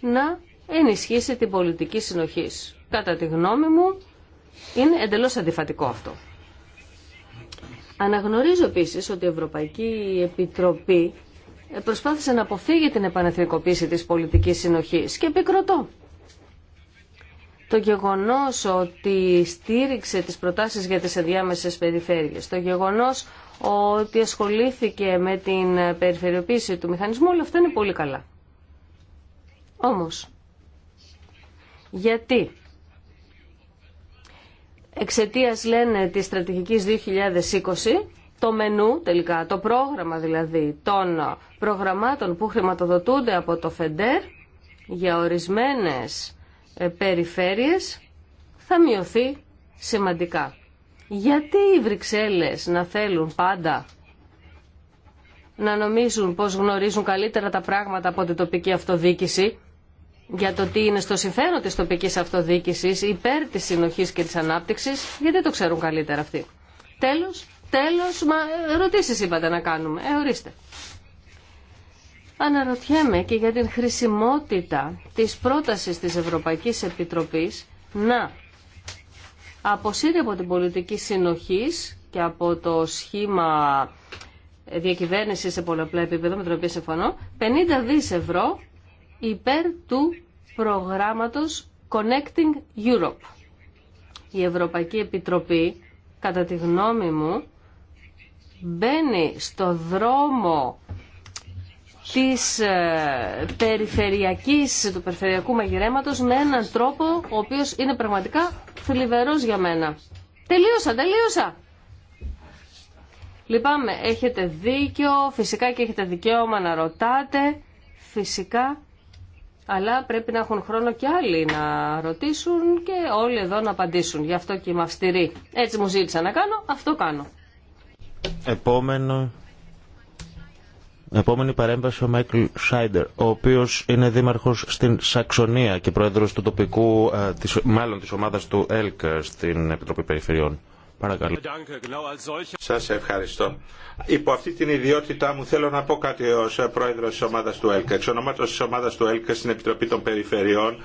να ενισχύσει την πολιτική συνοχής. Κατά τη γνώμη μου είναι εντελώς αντιφατικό αυτό. Αναγνωρίζω επίσης ότι η Ευρωπαϊκή Επιτροπή προσπάθησε να αποφύγει την επανεθνικοποίηση της πολιτικής συνοχής και επικροτώ. Το γεγονός ότι στήριξε τις προτάσεις για τις ενδιάμεσες περιφέρειες, το γεγονός ότι ασχολήθηκε με την περιφερειοποίηση του μηχανισμού, όλα αυτά είναι πολύ καλά. Όμως, γιατί εξαιτίας λένε τη στρατηγικής 2020 το μενού τελικά, το πρόγραμμα δηλαδή των προγραμμάτων που χρηματοδοτούνται από το ΦΕΝΤΕΡ για ορισμένες ε, περιφέρειες θα μειωθεί σημαντικά. Γιατί οι Βρυξέλλες να θέλουν πάντα να νομίζουν πως γνωρίζουν καλύτερα τα πράγματα από την τοπική αυτοδίκηση για το τι είναι στο συμφέρον της τοπικής αυτοδίκησης υπέρ της συνοχής και της ανάπτυξης, γιατί το ξέρουν καλύτερα αυτοί. Τέλος, Τέλος, μα ε, ρωτήσεις είπατε να κάνουμε. Ε, ορίστε. Αναρωτιέμαι και για την χρησιμότητα της πρότασης της Ευρωπαϊκής Επιτροπής να αποσύρει από την πολιτική συνοχής και από το σχήμα διακυβέρνηση σε πολλαπλά επίπεδα, με τον οποίο συμφωνώ, 50 δις ευρώ υπέρ του προγράμματος Connecting Europe. Η Ευρωπαϊκή Επιτροπή, κατά τη γνώμη μου, μπαίνει στο δρόμο της ε, περιφερειακής, του περιφερειακού μαγειρέματος με έναν τρόπο ο οποίος είναι πραγματικά θλιβερός για μένα. Τελείωσα, τελείωσα! Λυπάμαι, έχετε δίκιο, φυσικά και έχετε δικαίωμα να ρωτάτε, φυσικά, αλλά πρέπει να έχουν χρόνο και άλλοι να ρωτήσουν και όλοι εδώ να απαντήσουν. Γι' αυτό και είμαι αυστηρή. Έτσι μου ζήτησα να κάνω, αυτό κάνω. Επόμενο... Επόμενη παρέμβαση ο Μάικλ Σάιντερ, ο οποίος είναι δήμαρχος στην Σαξονία και πρόεδρος του τοπικού, ε, της, μάλλον της ομάδας του ΕΛΚ ε, στην Επιτροπή Περιφερειών. Παρακαλώ. Σας ευχαριστώ. Υπό αυτή την ιδιότητά μου θέλω να πω κάτι ως πρόεδρος της ομάδας του ΕΛΚ. Εξ ονόματος της ομάδας του ΕΛΚ στην Επιτροπή των Περιφερειών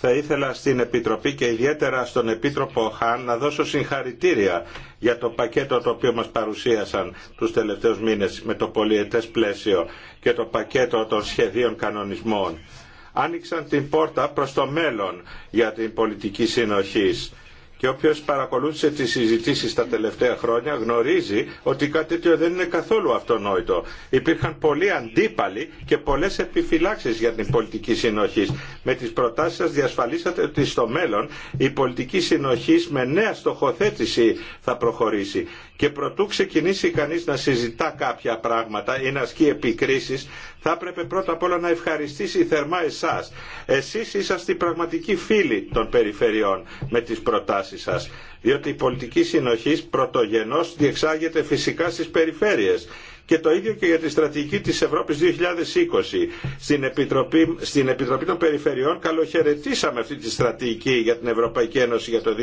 θα ήθελα στην Επιτροπή και ιδιαίτερα στον Επίτροπο Χάν να δώσω συγχαρητήρια για το πακέτο το οποίο μας παρουσίασαν τους τελευταίους μήνες με το πολιετές πλαίσιο και το πακέτο των σχεδίων κανονισμών. Άνοιξαν την πόρτα προς το μέλλον για την πολιτική συνοχής και οποίο παρακολούθησε τις συζητήσει τα τελευταία χρόνια γνωρίζει ότι κάτι τέτοιο δεν είναι καθόλου αυτονόητο. Υπήρχαν πολλοί αντίπαλοι και πολλέ επιφυλάξεις για την πολιτική συνοχή. Με τις προτάσεις σα διασφαλίσατε ότι στο μέλλον η πολιτική συνοχή με νέα στοχοθέτηση θα προχωρήσει. Και προτού ξεκινήσει κανείς να συζητά κάποια πράγματα ή να ασκεί επικρίσεις, θα έπρεπε πρώτα απ' όλα να ευχαριστήσει θερμά εσάς. Εσείς είσαστε οι πραγματικοί φίλοι των περιφερειών με τις προτάσεις σας, διότι η πολιτική συνοχής πρωτογενώς διεξάγεται φυσικά στις περιφέρειες και το ίδιο και για τη στρατηγική της Ευρώπης 2020. Στην Επιτροπή, στην Επιτροπή των Περιφερειών καλοχαιρετήσαμε αυτή τη στρατηγική για την Ευρωπαϊκή Ένωση για το 2020.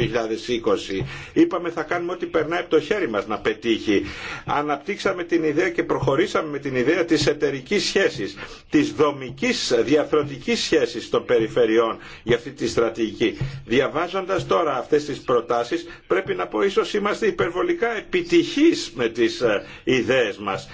Είπαμε θα κάνουμε ό,τι περνάει από το χέρι μας να πετύχει. Αναπτύξαμε την ιδέα και προχωρήσαμε με την ιδέα της εταιρικής σχέσης, της δομικής διαφροντικής σχέσης των περιφερειών για αυτή τη στρατηγική. Διαβάζοντας τώρα αυτές τις προτάσεις πρέπει να πω ίσως είμαστε υπερβολικά επιτυχείς με τις ε, ιδέες μας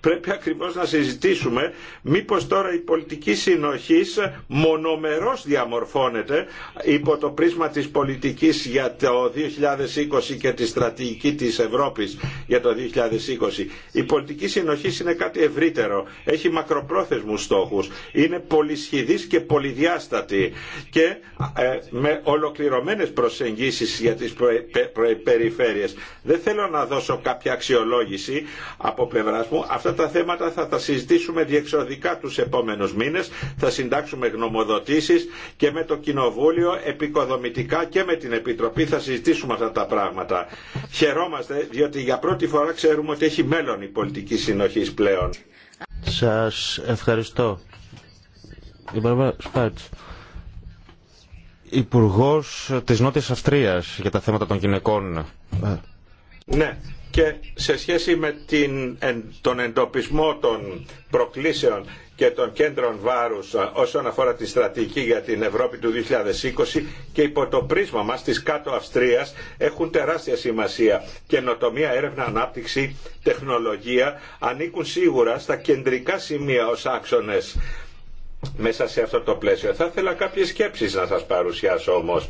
πρέπει ακριβώς να συζητήσουμε μήπως τώρα η πολιτική συνοχής μονομερός διαμορφώνεται υπό το πρίσμα της πολιτικής για το 2020 και τη στρατηγική της Ευρώπης για το 2020. Η πολιτική συνοχή είναι κάτι ευρύτερο, έχει μακροπρόθεσμους στόχους, είναι πολυσχηδής και πολυδιάστατη και ε, με ολοκληρωμένες προσεγγίσεις για τις περιφέρειες. Δεν θέλω να δώσω κάποια αξιολόγηση από πλευράς μου, τα θέματα θα τα συζητήσουμε διεξοδικά τους επόμενους μήνες, θα συντάξουμε γνωμοδοτήσεις και με το Κοινοβούλιο επικοδομητικά και με την Επιτροπή θα συζητήσουμε αυτά τα πράγματα. Χαιρόμαστε διότι για πρώτη φορά ξέρουμε ότι έχει μέλλον η πολιτική συνοχή πλέον. Σας ευχαριστώ. Υπουργός της Νότιας Αυστρίας για τα θέματα των γυναικών. Ναι, και σε σχέση με την, τον εντοπισμό των προκλήσεων και των κέντρων βάρους όσον αφορά τη στρατηγική για την Ευρώπη του 2020 και υπό το πρίσμα μας της κάτω Αυστρίας έχουν τεράστια σημασία. Καινοτομία, έρευνα, ανάπτυξη, τεχνολογία ανήκουν σίγουρα στα κεντρικά σημεία ως άξονες μέσα σε αυτό το πλαίσιο. Θα ήθελα κάποιες σκέψεις να σας παρουσιάσω όμως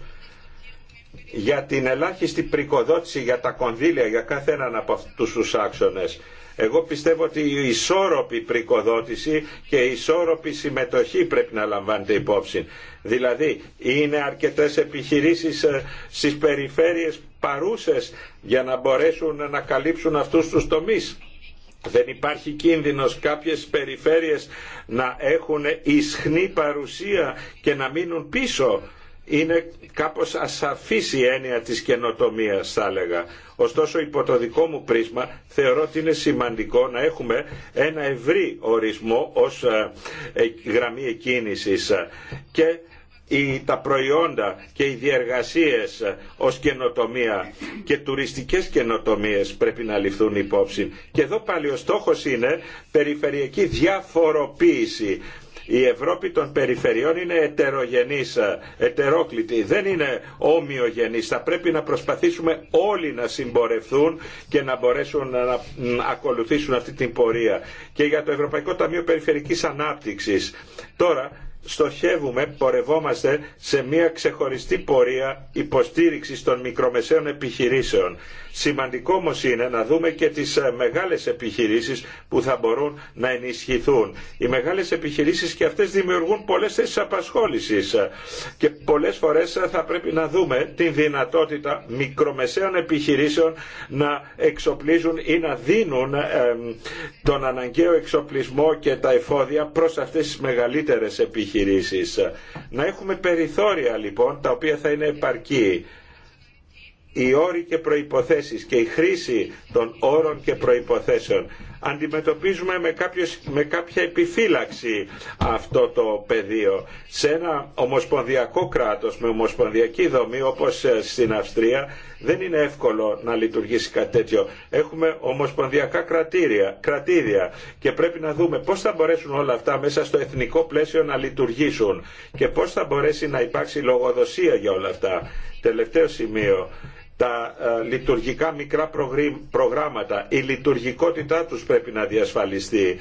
για την ελάχιστη πρικοδότηση για τα κονδύλια για κάθε έναν από αυτούς τους άξονες. Εγώ πιστεύω ότι η ισόρροπη πρικοδότηση και η ισόρροπη συμμετοχή πρέπει να λαμβάνεται υπόψη. Δηλαδή είναι αρκετές επιχειρήσεις ε, στις περιφέρειες παρούσες για να μπορέσουν να καλύψουν αυτούς τους τομείς. Δεν υπάρχει κίνδυνος κάποιες περιφέρειες να έχουν ισχνή παρουσία και να μείνουν πίσω είναι κάπως ασαφής η έννοια της καινοτομίας θα έλεγα. Ωστόσο υπό το δικό μου πρίσμα θεωρώ ότι είναι σημαντικό να έχουμε ένα ευρύ ορισμό ως ε, ε, γραμμή εκκίνησης και τα προϊόντα και οι διεργασίες ε, ως καινοτομία και τουριστικές καινοτομίες πρέπει να ληφθούν υπόψη. Και εδώ πάλι ο στόχος είναι περιφερειακή διαφοροποίηση η Ευρώπη των περιφερειών είναι ετερογενής, ε, ετερόκλητη, δεν είναι ομοιογενής. Θα πρέπει να προσπαθήσουμε όλοι να συμπορευθούν και να μπορέσουν να ακολουθήσουν αυτή την πορεία. Και για το Ευρωπαϊκό Ταμείο Περιφερικής Ανάπτυξης. Τώρα στοχεύουμε, πορευόμαστε σε μια ξεχωριστή πορεία υποστήριξης των μικρομεσαίων επιχειρήσεων. Σημαντικό όμω είναι να δούμε και τις ε, μεγάλες επιχειρήσεις που θα μπορούν να ενισχυθούν. Οι μεγάλες επιχειρήσεις και αυτές δημιουργούν πολλές θέσεις απασχόλησης ε, και πολλές φορές ε, θα πρέπει να δούμε την δυνατότητα μικρομεσαίων επιχειρήσεων να εξοπλίζουν ή να δίνουν τον αναγκαίο εξοπλισμό και τα εφόδια προς αυτές τις μεγαλύτερες επιχειρήσεις να έχουμε περιθώρια λοιπόν τα οποία θα είναι επαρκή οι όροι και προϋποθέσεις και η χρήση των όρων και προϋποθέσεων αντιμετωπίζουμε με, με κάποια επιφύλαξη αυτό το πεδίο. Σε ένα ομοσπονδιακό κράτος με ομοσπονδιακή δομή όπως ε, στην Αυστρία δεν είναι εύκολο να λειτουργήσει κάτι τέτοιο. Έχουμε ομοσπονδιακά κρατήρια, κρατήρια και πρέπει να δούμε πώς θα μπορέσουν όλα αυτά μέσα στο εθνικό πλαίσιο να λειτουργήσουν και πώς θα μπορέσει να υπάρξει λογοδοσία για όλα αυτά. Τελευταίο σημείο τα ε, λειτουργικά μικρά προγράμματα, η λειτουργικότητά τους πρέπει να διασφαλιστεί.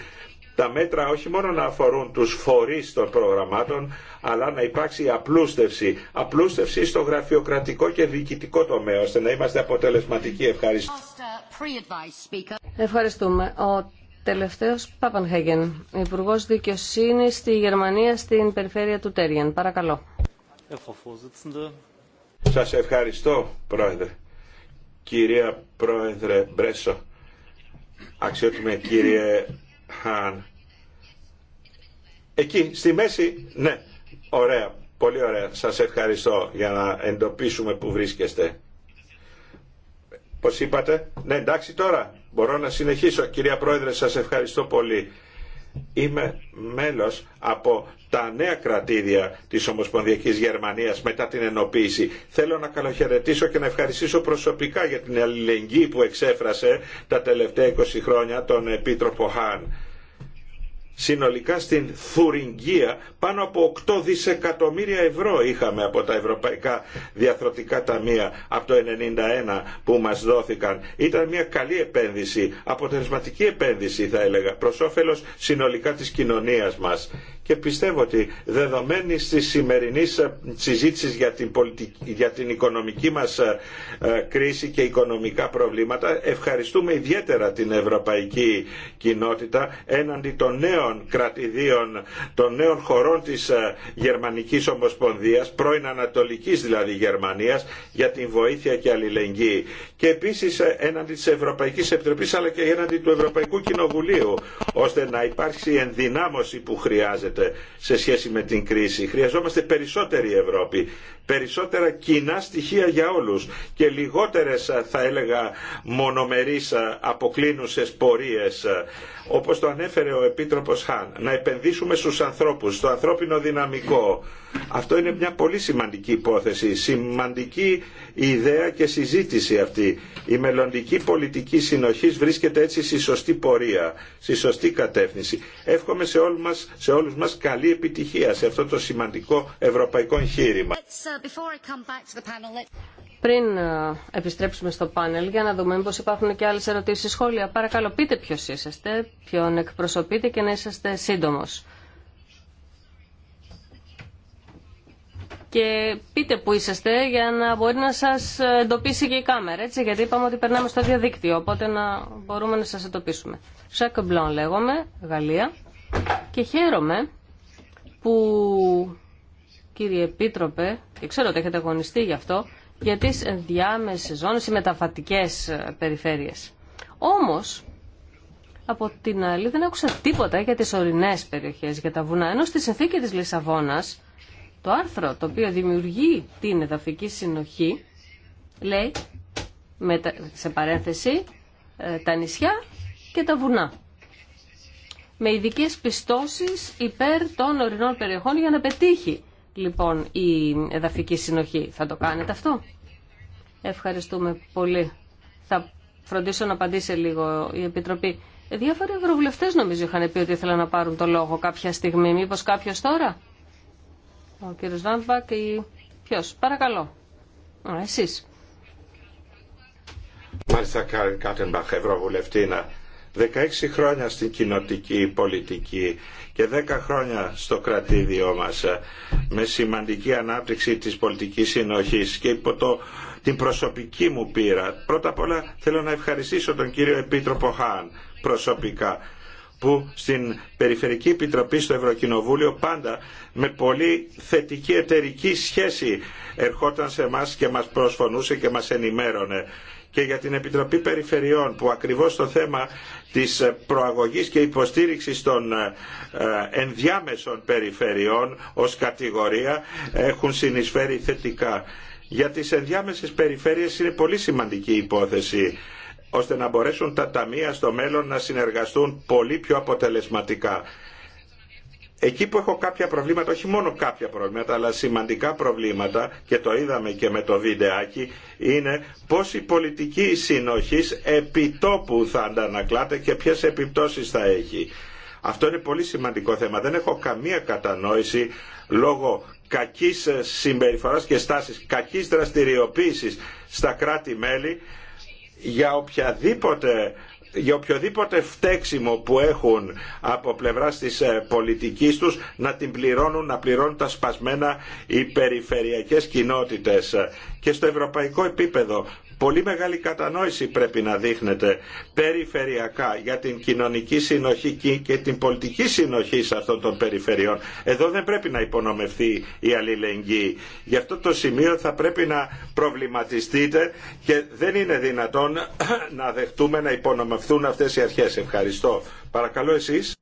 Τα μέτρα όχι μόνο να αφορούν τους φορείς των προγραμμάτων, αλλά να υπάρξει απλούστευση. Απλούστευση στο γραφειοκρατικό και διοικητικό τομέα, ώστε να είμαστε αποτελεσματικοί. Ευχαριστούμε. Ο τελευταίος Χέγγεν, υπουργό Δικαιοσύνη στη Γερμανία, στην περιφέρεια του Τέριεν. Παρακαλώ. Σας ευχαριστώ, Πρόεδρε. Κυρία Πρόεδρε Μπρέσο, αξιότιμε κύριε Χάν. Εκεί, στη μέση, ναι, ωραία, πολύ ωραία. Σας ευχαριστώ για να εντοπίσουμε που βρίσκεστε. Πώς είπατε, ναι εντάξει τώρα, μπορώ να συνεχίσω. Κυρία Πρόεδρε, σας ευχαριστώ πολύ. Είμαι μέλος από τα νέα κρατήδια της Ομοσπονδιακής Γερμανίας μετά την ενοποίηση. Θέλω να καλοχαιρετήσω και να ευχαριστήσω προσωπικά για την αλληλεγγύη που εξέφρασε τα τελευταία 20 χρόνια τον Επίτροπο Χάν. Συνολικά στην Θουριγγία πάνω από 8 δισεκατομμύρια ευρώ είχαμε από τα Ευρωπαϊκά Διαθροτικά Ταμεία από το 1991 που μας δόθηκαν. Ήταν μια καλή επένδυση, αποτελεσματική επένδυση θα έλεγα, προς όφελος συνολικά της κοινωνίας μας και πιστεύω ότι δεδομένη της σημερινή ε, συζήτηση για την, οικονομική μας ε, ε, κρίση και οικονομικά προβλήματα ευχαριστούμε ιδιαίτερα την ευρωπαϊκή κοινότητα έναντι των νέων κρατηδίων, των νέων χωρών της Γερμανικής Ομοσπονδίας, πρώην Ανατολικής δηλαδή Γερμανίας, για την βοήθεια και αλληλεγγύη. Και επίσης έναντι της Ευρωπαϊκής Επιτροπής αλλά και έναντι του Ευρωπαϊκού Κοινοβουλίου, ώστε να υπάρξει ενδυνάμωση που χρειάζεται σε σχέση με την κρίση. Χρειαζόμαστε περισσότερη Ευρώπη, περισσότερα κοινά στοιχεία για όλους και λιγότερες θα έλεγα μονομερείς αποκλίνουσες πορείες όπως το ανέφερε ο Επίτροπος Χάν, να επενδύσουμε στους ανθρώπους, στο ανθρώπινο δυναμικό. Αυτό είναι μια πολύ σημαντική υπόθεση, σημαντική ιδέα και συζήτηση αυτή. Η μελλοντική πολιτική συνοχής βρίσκεται έτσι στη σωστή πορεία, στη σωστή κατεύθυνση. Εύχομαι σε, όλους μας, σε μας καλή επιτυχία σε αυτό το σημαντικό ευρωπαϊκό εγχείρημα. Uh, Πριν uh, επιστρέψουμε στο πάνελ για να δούμε μήπως υπάρχουν και άλλες ερωτήσεις σχόλια. Παρακαλώ πείτε ποιος είσαστε, ποιον εκπροσωπείτε και να είσαστε σύντομος. και πείτε που είσαστε για να μπορεί να σας εντοπίσει και η κάμερα, έτσι, γιατί είπαμε ότι περνάμε στο διαδίκτυο, οπότε να μπορούμε να σας εντοπίσουμε. Σάκ Μπλον λέγομαι, Γαλλία, και χαίρομαι που κύριε Επίτροπε, και ξέρω ότι έχετε αγωνιστεί γι' αυτό, για τις διάμεσες ζώνες ή περιφέρειες. Όμως, από την άλλη δεν άκουσα τίποτα για τις ορεινές περιοχές, για τα βουνά. Ενώ στη συνθήκη της Λισαβόνας, το άρθρο το οποίο δημιουργεί την εδαφική συνοχή, λέει, σε παρένθεση, ε, τα νησιά και τα βουνά με ειδικέ πιστώσει υπέρ των ορεινών περιοχών για να πετύχει λοιπόν η εδαφική συνοχή. Θα το κάνετε αυτό. Ευχαριστούμε πολύ. Θα φροντίσω να απαντήσει λίγο η Επιτροπή. Διάφοροι ευρωβουλευτές νομίζω είχαν πει ότι ήθελαν να πάρουν το λόγο κάποια στιγμή. Μήπως κάποιος τώρα. Ο κύριος Βάμπακ ή ποιος. Παρακαλώ. Εσεί. εσείς. Κάτεμπαχ, 16 χρόνια στην κοινοτική πολιτική και 10 χρόνια στο κρατήδιό μας ε, με σημαντική ανάπτυξη της πολιτικής συνοχής και υπό το, την προσωπική μου πείρα. Πρώτα απ' όλα θέλω να ευχαριστήσω τον κύριο Επίτροπο Χάν προσωπικά που στην Περιφερική Επιτροπή στο Ευρωκοινοβούλιο πάντα με πολύ θετική εταιρική σχέση ερχόταν σε εμά και μας προσφωνούσε και μας ενημέρωνε και για την Επιτροπή Περιφερειών που ακριβώς το θέμα της προαγωγής και υποστήριξης των ε, ε, ενδιάμεσων περιφερειών ως κατηγορία έχουν συνεισφέρει θετικά. Για τις ενδιάμεσες περιφέρειες είναι πολύ σημαντική υπόθεση ώστε να μπορέσουν τα ταμεία στο μέλλον να συνεργαστούν πολύ πιο αποτελεσματικά εκεί που έχω κάποια προβλήματα, όχι μόνο κάποια προβλήματα, αλλά σημαντικά προβλήματα και το είδαμε και με το βιντεάκι, είναι πώς η πολιτική συνοχής επιτόπου θα αντανακλάται και ποιες επιπτώσεις θα έχει. Αυτό είναι πολύ σημαντικό θέμα. Δεν έχω καμία κατανόηση λόγω κακής συμπεριφοράς και στάσης, κακής δραστηριοποίησης στα κράτη-μέλη για οποιαδήποτε για οποιοδήποτε φταίξιμο που έχουν από πλευράς της ε, πολιτικής τους να την πληρώνουν, να πληρώνουν τα σπασμένα οι περιφερειακές κοινότητες. Και στο ευρωπαϊκό επίπεδο πολύ μεγάλη κατανόηση πρέπει να δείχνεται περιφερειακά για την κοινωνική συνοχή και την πολιτική συνοχή σε αυτών των περιφερειών. Εδώ δεν πρέπει να υπονομευθεί η αλληλεγγύη. Γι' αυτό το σημείο θα πρέπει να προβληματιστείτε και δεν είναι δυνατόν να δεχτούμε να υπονομευθούν αυτές οι αρχές. Ευχαριστώ. Παρακαλώ εσείς.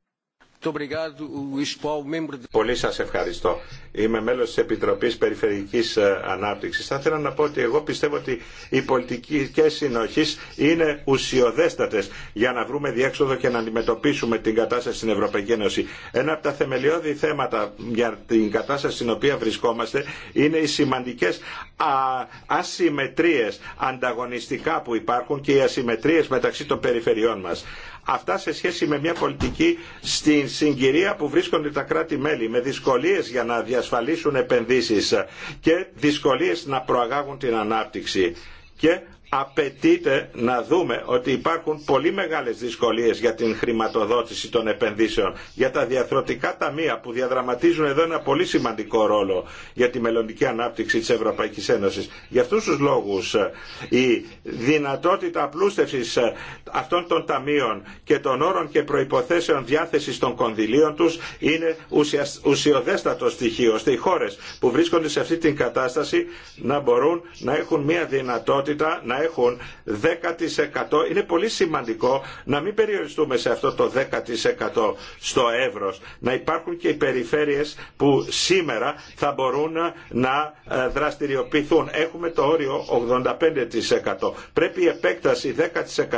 Πολύ σα ευχαριστώ. Είμαι μέλο τη Επιτροπή Περιφερειακή ε, ανάπτυξη. Θα ήθελα να πω ότι εγώ πιστεύω ότι οι πολιτικέ συνοχή είναι ουσιοδέστατε για να βρούμε διέξοδο και να αντιμετωπίσουμε την κατάσταση στην Ευρωπαϊκή Ένωση. Ένα από τα θεμελιώδη θέματα για την κατάσταση στην οποία βρισκόμαστε είναι οι σημαντικέ ασυμμετρίε ανταγωνιστικά που υπάρχουν και οι ασυμμετρίε μεταξύ των περιφερειών μα. Αυτά σε σχέση με μια πολιτική στην συγκυρία που βρίσκονται τα κράτη-μέλη με δυσκολίες για να διασφαλίσουν επενδύσεις και δυσκολίες να προαγάγουν την ανάπτυξη. Και απαιτείται να δούμε ότι υπάρχουν πολύ μεγάλες δυσκολίες για την χρηματοδότηση των επενδύσεων, για τα διαθροτικά ταμεία που διαδραματίζουν εδώ ένα πολύ σημαντικό ρόλο για τη μελλοντική ανάπτυξη της Ευρωπαϊκής Ένωσης. Γι' αυτούς τους λόγους η δυνατότητα απλούστευσης αυτών των ταμείων και των όρων και προϋποθέσεων διάθεσης των κονδυλίων τους είναι ουσιοδέστατο στοιχείο ώστε οι χώρες που βρίσκονται σε αυτή την κατάσταση να μπορούν να έχουν μια δυνατότητα να έχουν 10% είναι πολύ σημαντικό να μην περιοριστούμε σε αυτό το 10% στο εύρος. Να υπάρχουν και οι περιφέρειες που σήμερα θα μπορούν να ε, δραστηριοποιηθούν. Έχουμε το όριο 85%. Πρέπει η επέκταση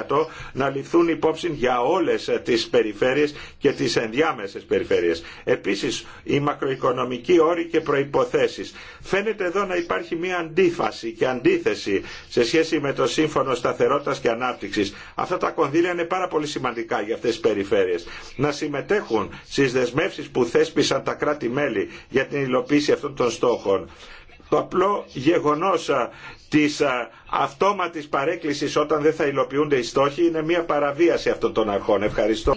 10% να ληφθούν υπόψη για όλες ε, τις περιφέρειες και τις ενδιάμεσες περιφέρειες. Επίσης, οι μακροοικονομικοί όροι και προϋποθέσεις. Φαίνεται εδώ να υπάρχει μια αντίφαση και αντίθεση σε σχέση με το Σύμφωνο Σταθερότητα και Ανάπτυξη. Αυτά τα κονδύλια είναι πάρα πολύ σημαντικά για αυτέ τι περιφέρειε. Να συμμετέχουν στι δεσμεύσει που θέσπισαν τα κράτη-μέλη για την υλοποίηση αυτών των στόχων. Το απλό γεγονός της αυτόματης παρέκκλησης όταν δεν θα υλοποιούνται οι στόχοι είναι μια παραβίαση αυτών των αρχών. Ευχαριστώ.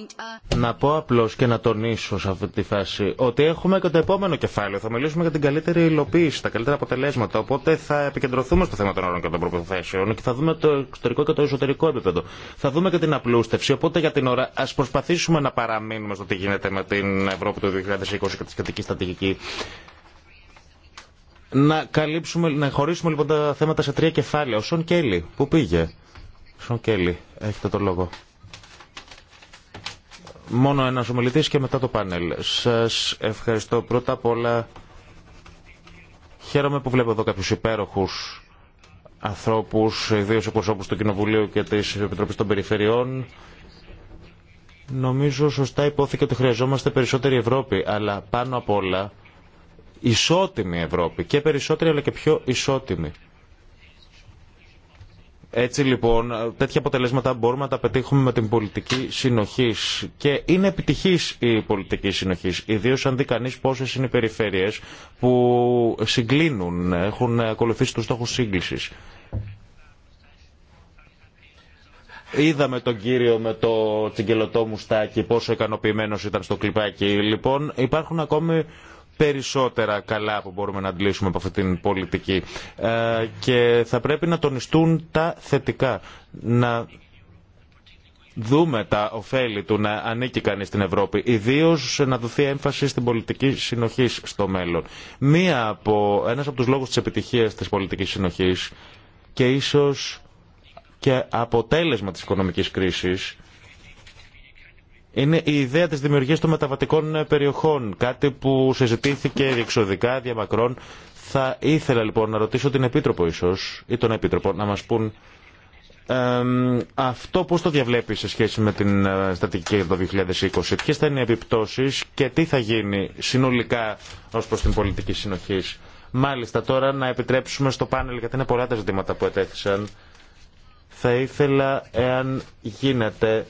Να πω απλώς και να τονίσω σε αυτή τη φάση ότι έχουμε και το επόμενο κεφάλαιο. Θα μιλήσουμε για την καλύτερη υλοποίηση, τα καλύτερα αποτελέσματα. Οπότε θα επικεντρωθούμε στο θέμα των όρων και των προποθέσεων και θα δούμε το εξωτερικό και το εσωτερικό επίπεδο. Θα δούμε και την απλούστευση. Οπότε για την ώρα ας προσπαθήσουμε να παραμείνουμε στο τι γίνεται με την Ευρώπη του 2020 και τη σχετική στρατηγική να, καλύψουμε, να χωρίσουμε λοιπόν τα θέματα σε τρία κεφάλαια. Ο Σον Κέλλη, πού πήγε. Σον Κέλλη, έχετε το λόγο. Μόνο ένας ομιλητής και μετά το πάνελ. Σας ευχαριστώ πρώτα απ' όλα. Χαίρομαι που βλέπω εδώ κάποιους υπέροχους ανθρώπους, ιδίως εκπροσώπους του Κοινοβουλίου και της Επιτροπής των Περιφερειών. Νομίζω σωστά υπόθηκε ότι χρειαζόμαστε περισσότερη Ευρώπη, αλλά πάνω απ' όλα ισότιμη Ευρώπη και περισσότερη αλλά και πιο ισότιμη. Έτσι λοιπόν, τέτοια αποτελέσματα μπορούμε να τα πετύχουμε με την πολιτική συνοχή. Και είναι επιτυχής η πολιτική συνοχή, ιδίω αν δει κανεί πόσε είναι οι περιφέρειε που συγκλίνουν, έχουν ακολουθήσει του στόχου σύγκληση. Είδαμε τον κύριο με το τσιγκελωτό μουστάκι πόσο ικανοποιημένο ήταν στο κλειπάκι. Λοιπόν, υπάρχουν ακόμη περισσότερα καλά που μπορούμε να αντλήσουμε από αυτή την πολιτική. Ε, και θα πρέπει να τονιστούν τα θετικά. Να δούμε τα ωφέλη του να ανήκει κανείς στην Ευρώπη, ιδίω να δοθεί έμφαση στην πολιτική συνοχή στο μέλλον. Μία από, ένας από τους λόγους της επιτυχίας της πολιτικής συνοχής και ίσως και αποτέλεσμα της οικονομικής κρίσης είναι η ιδέα της δημιουργίας των μεταβατικών περιοχών, κάτι που συζητήθηκε διεξοδικά, διαμακρών. Θα ήθελα λοιπόν να ρωτήσω την Επίτροπο ίσως, ή τον Επίτροπο, να μας πούν αυτό πώς το διαβλέπει σε σχέση με την ε, στατική το 2020, ποιες θα είναι οι επιπτώσεις και τι θα γίνει συνολικά ως προς την πολιτική συνοχή. Μάλιστα τώρα να επιτρέψουμε στο πάνελ, γιατί είναι πολλά τα ζητήματα που ετέθησαν, θα ήθελα εάν γίνεται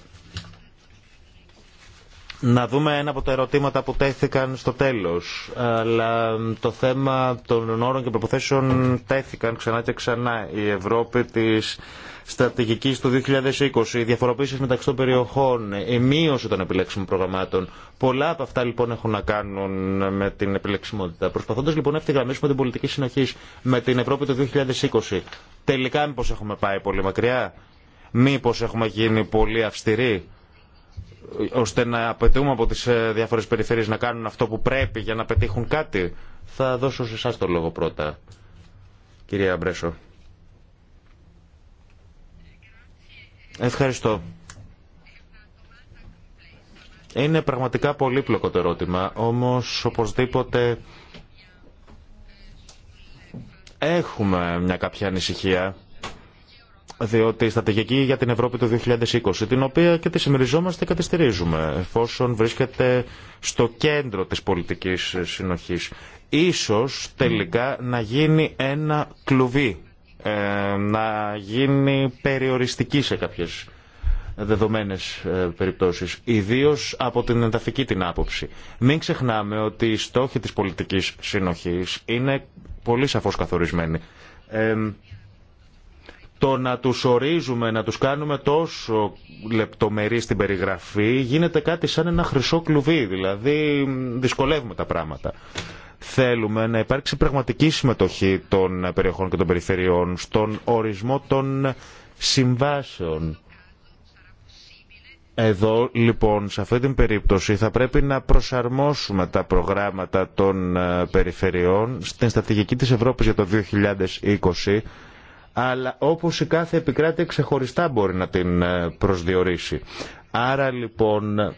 να δούμε ένα από τα ερωτήματα που τέθηκαν στο τέλος. Αλλά το θέμα των όρων και προποθέσεων τέθηκαν ξανά και ξανά. Η Ευρώπη της στρατηγικής του 2020, οι διαφοροποίησεις μεταξύ των περιοχών, η μείωση των επιλέξιμων προγραμμάτων. Πολλά από αυτά λοιπόν έχουν να κάνουν με την επιλεξιμότητα. Προσπαθώντας λοιπόν να ευθυγραμμίσουμε την πολιτική συνοχή με την Ευρώπη του 2020, τελικά μήπως έχουμε πάει πολύ μακριά, μήπως έχουμε γίνει πολύ αυστηροί ώστε να απαιτούμε από τις ε, διάφορες περιφέρειες να κάνουν αυτό που πρέπει για να πετύχουν κάτι. Θα δώσω σε εσάς το λόγο πρώτα, κυρία Μπρέσο. Ευχαριστώ. Είναι πραγματικά πολύπλοκο το ερώτημα, όμως οπωσδήποτε έχουμε μια κάποια ανησυχία διότι η στρατηγική για την Ευρώπη του 2020, την οποία και τη συμμεριζόμαστε και εφόσον βρίσκεται στο κέντρο της πολιτικής συνοχής, ίσως τελικά να γίνει ένα κλουβί, ε, να γίνει περιοριστική σε κάποιες δεδομένες ε, περιπτώσεις, ιδίως από την ενταφική την άποψη. Μην ξεχνάμε ότι οι στόχοι της πολιτικής συνοχής είναι πολύ σαφώς καθορισμένοι ε, το να τους ορίζουμε, να τους κάνουμε τόσο λεπτομερή στην περιγραφή γίνεται κάτι σαν ένα χρυσό κλουβί, δηλαδή δυσκολεύουμε τα πράγματα. Θέλουμε να υπάρξει πραγματική συμμετοχή των περιοχών και των περιφερειών στον ορισμό των συμβάσεων. Εδώ λοιπόν σε αυτή την περίπτωση θα πρέπει να προσαρμόσουμε τα προγράμματα των ε, περιφερειών στην στρατηγική της Ευρώπης για το 2020 αλλά όπως η κάθε επικράτεια ξεχωριστά μπορεί να την ε, προσδιορίσει. Άρα λοιπόν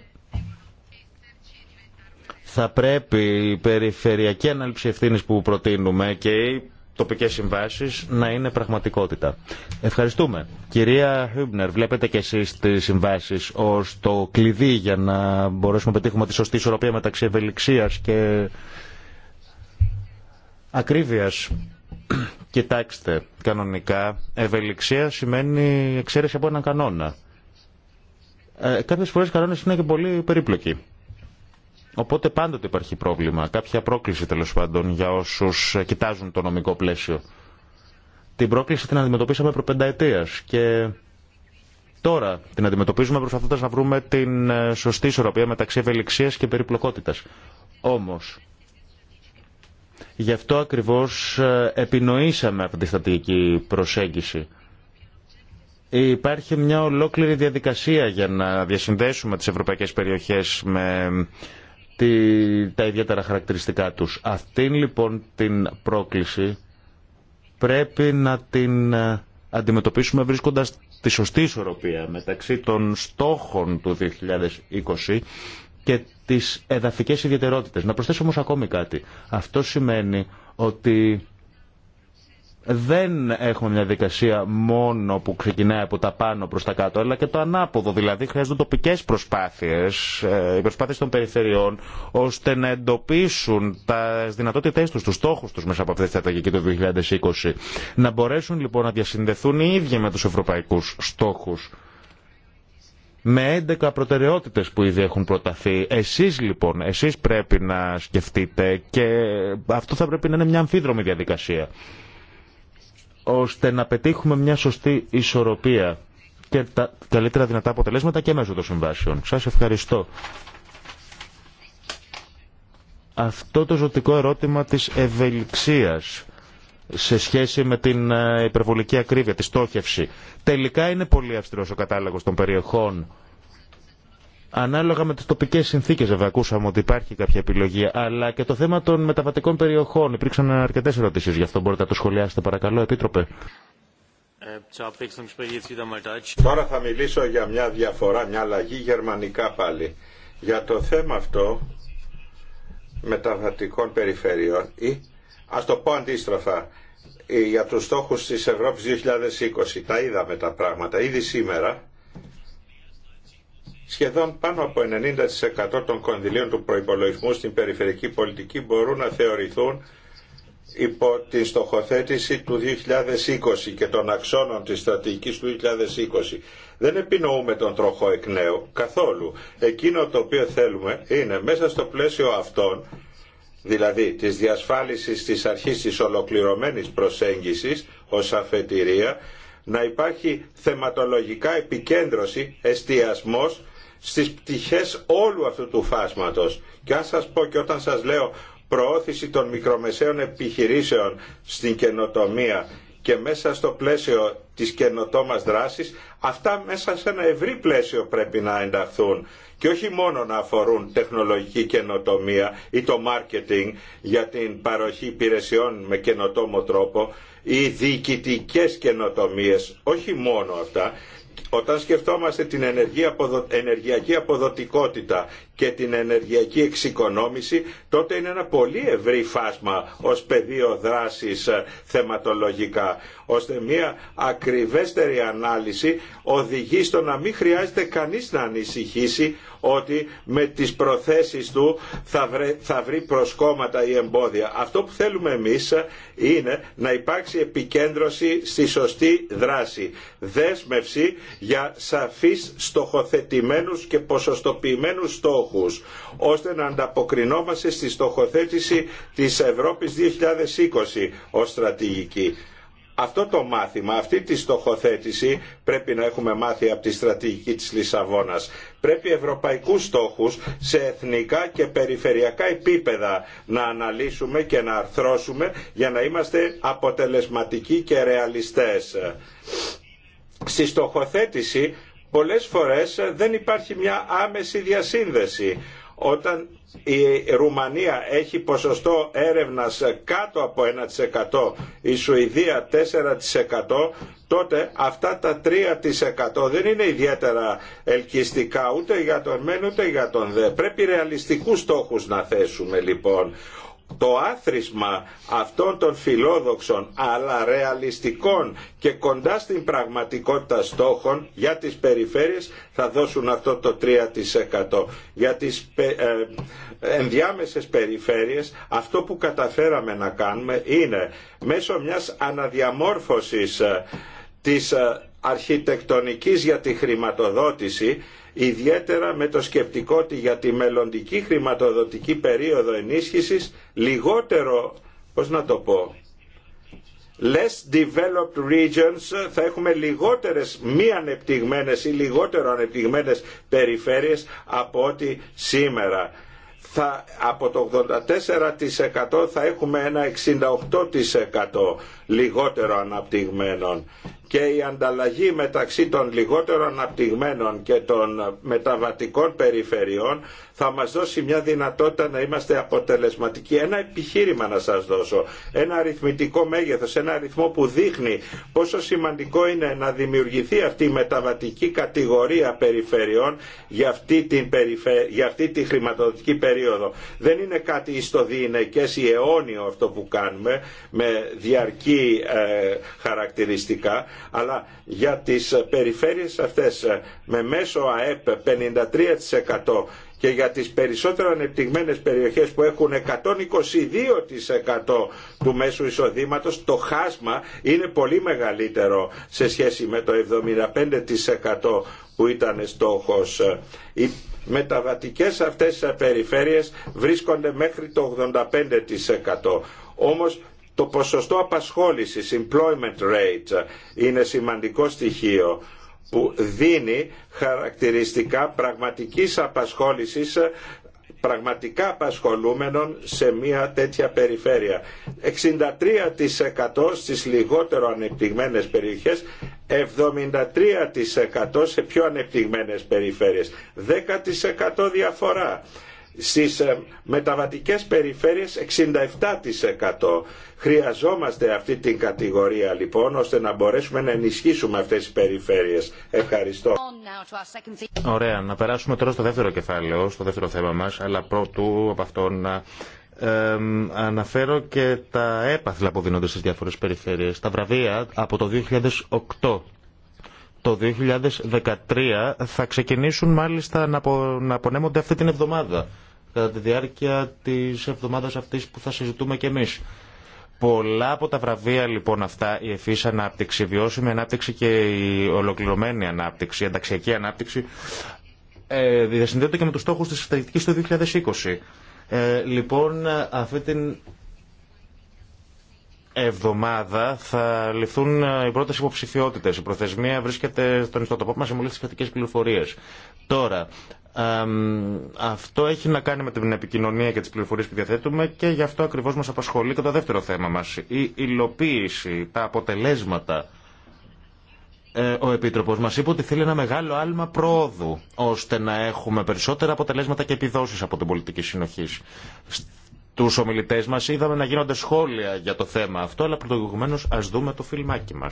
θα πρέπει η περιφερειακή ανάληψη ευθύνη που προτείνουμε και οι τοπικές συμβάσεις να είναι πραγματικότητα. Ευχαριστούμε. Κυρία Χούμπνερ, βλέπετε και εσείς τις συμβάσεις ως το κλειδί για να μπορέσουμε να πετύχουμε τη σωστή ισορροπία μεταξύ ευελιξίας και ακρίβειας. [CLEARS THROAT] Κοιτάξτε, κανονικά ευελιξία σημαίνει εξαίρεση από έναν κανόνα. Ε, Κάποιε φορέ οι κανόνε είναι και πολύ περίπλοκοι. Οπότε πάντοτε υπάρχει πρόβλημα, κάποια πρόκληση τέλο πάντων για όσου ε, κοιτάζουν το νομικό πλαίσιο. Την πρόκληση την αντιμετωπίσαμε προ πενταετία και τώρα την αντιμετωπίζουμε προσπαθώντα να βρούμε την ε, σωστή ισορροπία μεταξύ ευελιξία και περιπλοκότητα. Όμω, Γι' αυτό ακριβώς ε, επινοήσαμε αυτή τη στατική προσέγγιση. Υπάρχει μια ολόκληρη διαδικασία για να διασυνδέσουμε τις ευρωπαϊκές περιοχές με τα ιδιαίτερα χαρακτηριστικά τους. Αυτήν λοιπόν την πρόκληση πρέπει να την ε, αντιμετωπίσουμε βρίσκοντας τη σωστή ισορροπία μεταξύ των στόχων του 2020 και τι εδαφικές ιδιαιτερότητε. Να προσθέσω όμω ακόμη κάτι. Αυτό σημαίνει ότι δεν έχουμε μια δικασία μόνο που ξεκινάει από τα πάνω προς τα κάτω, αλλά και το ανάποδο. Δηλαδή χρειάζονται τοπικές προσπάθειες, ε, οι προσπάθειες των περιφερειών, ώστε να εντοπίσουν τα δυνατότητές τους, τους στόχους τους μέσα από αυτή τη στρατηγική του 2020. Να μπορέσουν λοιπόν να διασυνδεθούν οι ίδιοι με τους ευρωπαϊκούς στόχους με 11 προτεραιότητες που ήδη έχουν προταθεί. Εσείς λοιπόν, εσείς πρέπει να σκεφτείτε και αυτό θα πρέπει να είναι μια αμφίδρομη διαδικασία ώστε να πετύχουμε μια σωστή ισορροπία και τα καλύτερα δυνατά αποτελέσματα και μέσω των συμβάσεων. Σας ευχαριστώ. Αυτό το ζωτικό ερώτημα της ευελιξίας σε σχέση με την ε, υπερβολική ακρίβεια, τη στόχευση. Τελικά είναι πολύ αυστηρός ο κατάλογος των περιοχών. Ανάλογα με τις τοπικές συνθήκες βέβαια ακούσαμε ότι υπάρχει κάποια επιλογή, αλλά και το θέμα των μεταβατικών περιοχών. Υπήρξαν αρκετές ερωτήσεις γι' αυτό. Μπορείτε να το σχολιάσετε παρακαλώ, Επίτροπε. Τώρα θα μιλήσω για μια διαφορά, μια αλλαγή γερμανικά πάλι. Για το θέμα αυτό μεταβατικών περιφερειών ή ας το πω αντίστροφα ε, για τους στόχους της Ευρώπης 2020. Τα είδαμε τα πράγματα ήδη σήμερα. Σχεδόν πάνω από 90% των κονδυλίων του προϋπολογισμού στην περιφερειακή πολιτική μπορούν να θεωρηθούν υπό την στοχοθέτηση του 2020 και των αξώνων της στρατηγικής του 2020. Δεν επινοούμε τον τροχό εκ νέου καθόλου. Εκείνο το οποίο θέλουμε είναι μέσα στο πλαίσιο αυτών δηλαδή της διασφάλισης της αρχής της ολοκληρωμένης προσέγγισης ως αφετηρία, να υπάρχει θεματολογικά επικέντρωση, εστιασμός στις πτυχές όλου αυτού του φάσματος. Και αν σας πω και όταν σας λέω προώθηση των μικρομεσαίων επιχειρήσεων στην καινοτομία και μέσα στο πλαίσιο της καινοτόμας δράσης, αυτά μέσα σε ένα ευρύ πλαίσιο πρέπει να ενταχθούν και όχι μόνο να αφορούν τεχνολογική καινοτομία ή το μάρκετινγκ για την παροχή υπηρεσιών με καινοτόμο τρόπο ή διοικητικέ καινοτομίε, όχι μόνο αυτά. Όταν σκεφτόμαστε την ενεργειακή αποδοτικότητα και την ενεργειακή εξοικονόμηση, τότε είναι ένα πολύ ευρύ φάσμα ως πεδίο δράσης ε, θεματολογικά, ώστε μια ακριβέστερη ανάλυση οδηγεί στο να μην χρειάζεται κανείς να ανησυχήσει ότι με τις προθέσεις του θα, θα βρει προσκόμματα ή εμπόδια. Αυτό που θέλουμε εμείς ε, είναι να υπάρξει επικέντρωση στη σωστή δράση. Δέσμευση για σαφείς στοχοθετημένους και ποσοστοποιημένους στόχους στόχους ώστε να ανταποκρινόμαστε στη στοχοθέτηση της Ευρώπης 2020 ως στρατηγική. Αυτό το μάθημα, αυτή τη στοχοθέτηση πρέπει να έχουμε μάθει από τη στρατηγική της Λισαβόνας. Πρέπει ευρωπαϊκούς στόχους σε εθνικά και περιφερειακά επίπεδα να αναλύσουμε και να αρθρώσουμε για να είμαστε αποτελεσματικοί και ρεαλιστές. Στη στοχοθέτηση πολλές φορές δεν υπάρχει μια άμεση διασύνδεση. Όταν η Ρουμανία έχει ποσοστό έρευνας κάτω από 1%, η Σουηδία 4%, τότε αυτά τα 3% δεν είναι ιδιαίτερα ελκυστικά ούτε για τον μεν ούτε για τον δε. Πρέπει ρεαλιστικούς στόχους να θέσουμε λοιπόν το άθροισμα αυτών των φιλόδοξων αλλά ρεαλιστικών και κοντά στην πραγματικότητα στόχων για τις περιφέρειες θα δώσουν αυτό το 3%. Για τις ε, ενδιάμεσες περιφέρειες αυτό που καταφέραμε να κάνουμε είναι μέσω μιας αναδιαμόρφωσης ε, της ε, αρχιτεκτονικής για τη χρηματοδότηση ιδιαίτερα με το σκεπτικό ότι για τη μελλοντική χρηματοδοτική περίοδο ενίσχυσης λιγότερο, πώς να το πω, less developed regions θα έχουμε λιγότερες μη ανεπτυγμένες ή λιγότερο ανεπτυγμένες περιφέρειες από ό,τι σήμερα θα, από το 84% θα έχουμε ένα 68% λιγότερο αναπτυγμένων και η ανταλλαγή μεταξύ των λιγότερων αναπτυγμένων και των μεταβατικών περιφερειών θα μας δώσει μια δυνατότητα να είμαστε αποτελεσματικοί. Ένα επιχείρημα να σας δώσω, ένα αριθμητικό μέγεθος, ένα αριθμό που δείχνει πόσο σημαντικό είναι να δημιουργηθεί αυτή η μεταβατική κατηγορία περιφερειών για αυτή, την για αυτή τη χρηματοδοτική περίοδο. Δεν είναι κάτι ιστοδιεινεκές ή αιώνιο αυτό που κάνουμε με διαρκή ε, χαρακτηριστικά, αλλά για τις περιφέρειες αυτές ε, με μέσο ΑΕΠ 53% και για τις περισσότερο ανεπτυγμένες περιοχές που έχουν 122% του μέσου εισοδήματος το χάσμα είναι πολύ μεγαλύτερο σε σχέση με το 75% που ήταν στόχος. Οι μεταβατικές αυτές περιφέρειες βρίσκονται μέχρι το 85%. Όμως το ποσοστό απασχόλησης, employment rate, είναι σημαντικό στοιχείο που δίνει χαρακτηριστικά πραγματικής απασχόλησης πραγματικά απασχολούμενων σε μια τέτοια περιφέρεια. 63% στις λιγότερο ανεπτυγμένες περιοχές, 73% σε πιο ανεπτυγμένες περιφέρειες. 10% διαφορά στις ε, μεταβατικές περιφέρειες 67%. Χρειαζόμαστε αυτή την κατηγορία λοιπόν ώστε να μπορέσουμε να ενισχύσουμε αυτές τις περιφέρειες. Ευχαριστώ. Ωραία, να περάσουμε τώρα στο δεύτερο κεφάλαιο, στο δεύτερο θέμα μας, αλλά πρώτου από αυτό να ε, αναφέρω και τα έπαθλα που δίνονται στις διάφορες περιφέρειες. Τα βραβεία από το 2008 το 2013 θα ξεκινήσουν μάλιστα να, απο, να απονέμονται αυτή την εβδομάδα, κατά τη διάρκεια της εβδομάδας αυτής που θα συζητούμε και εμείς. Πολλά από τα βραβεία λοιπόν αυτά, η ευφύ ανάπτυξη, η βιώσιμη ανάπτυξη και η ολοκληρωμένη ανάπτυξη, η ενταξιακή ανάπτυξη, ε, διασυνδέονται και με τους στόχους της στρατηγικής του 2020. Ε, λοιπόν, αυτή την εβδομάδα θα ληφθούν ε, οι πρώτε υποψηφιότητε. Η προθεσμία βρίσκεται στον ιστοτοπό μα σε μόλι τι σχετικέ πληροφορίε. Τώρα, αυτό έχει να κάνει με την επικοινωνία και τι πληροφορίε που διαθέτουμε και γι' αυτό ακριβώ μα απασχολεί και το δεύτερο θέμα μα. Η υλοποίηση, τα αποτελέσματα. Ε, ο Επίτροπος μας είπε ότι θέλει ένα μεγάλο άλμα πρόοδου ώστε να έχουμε περισσότερα αποτελέσματα και επιδόσεις από την πολιτική συνοχή του ομιλητέ μα. Είδαμε να γίνονται σχόλια για το θέμα αυτό, αλλά πρωτοηγουμένω α δούμε το φιλμάκι μα.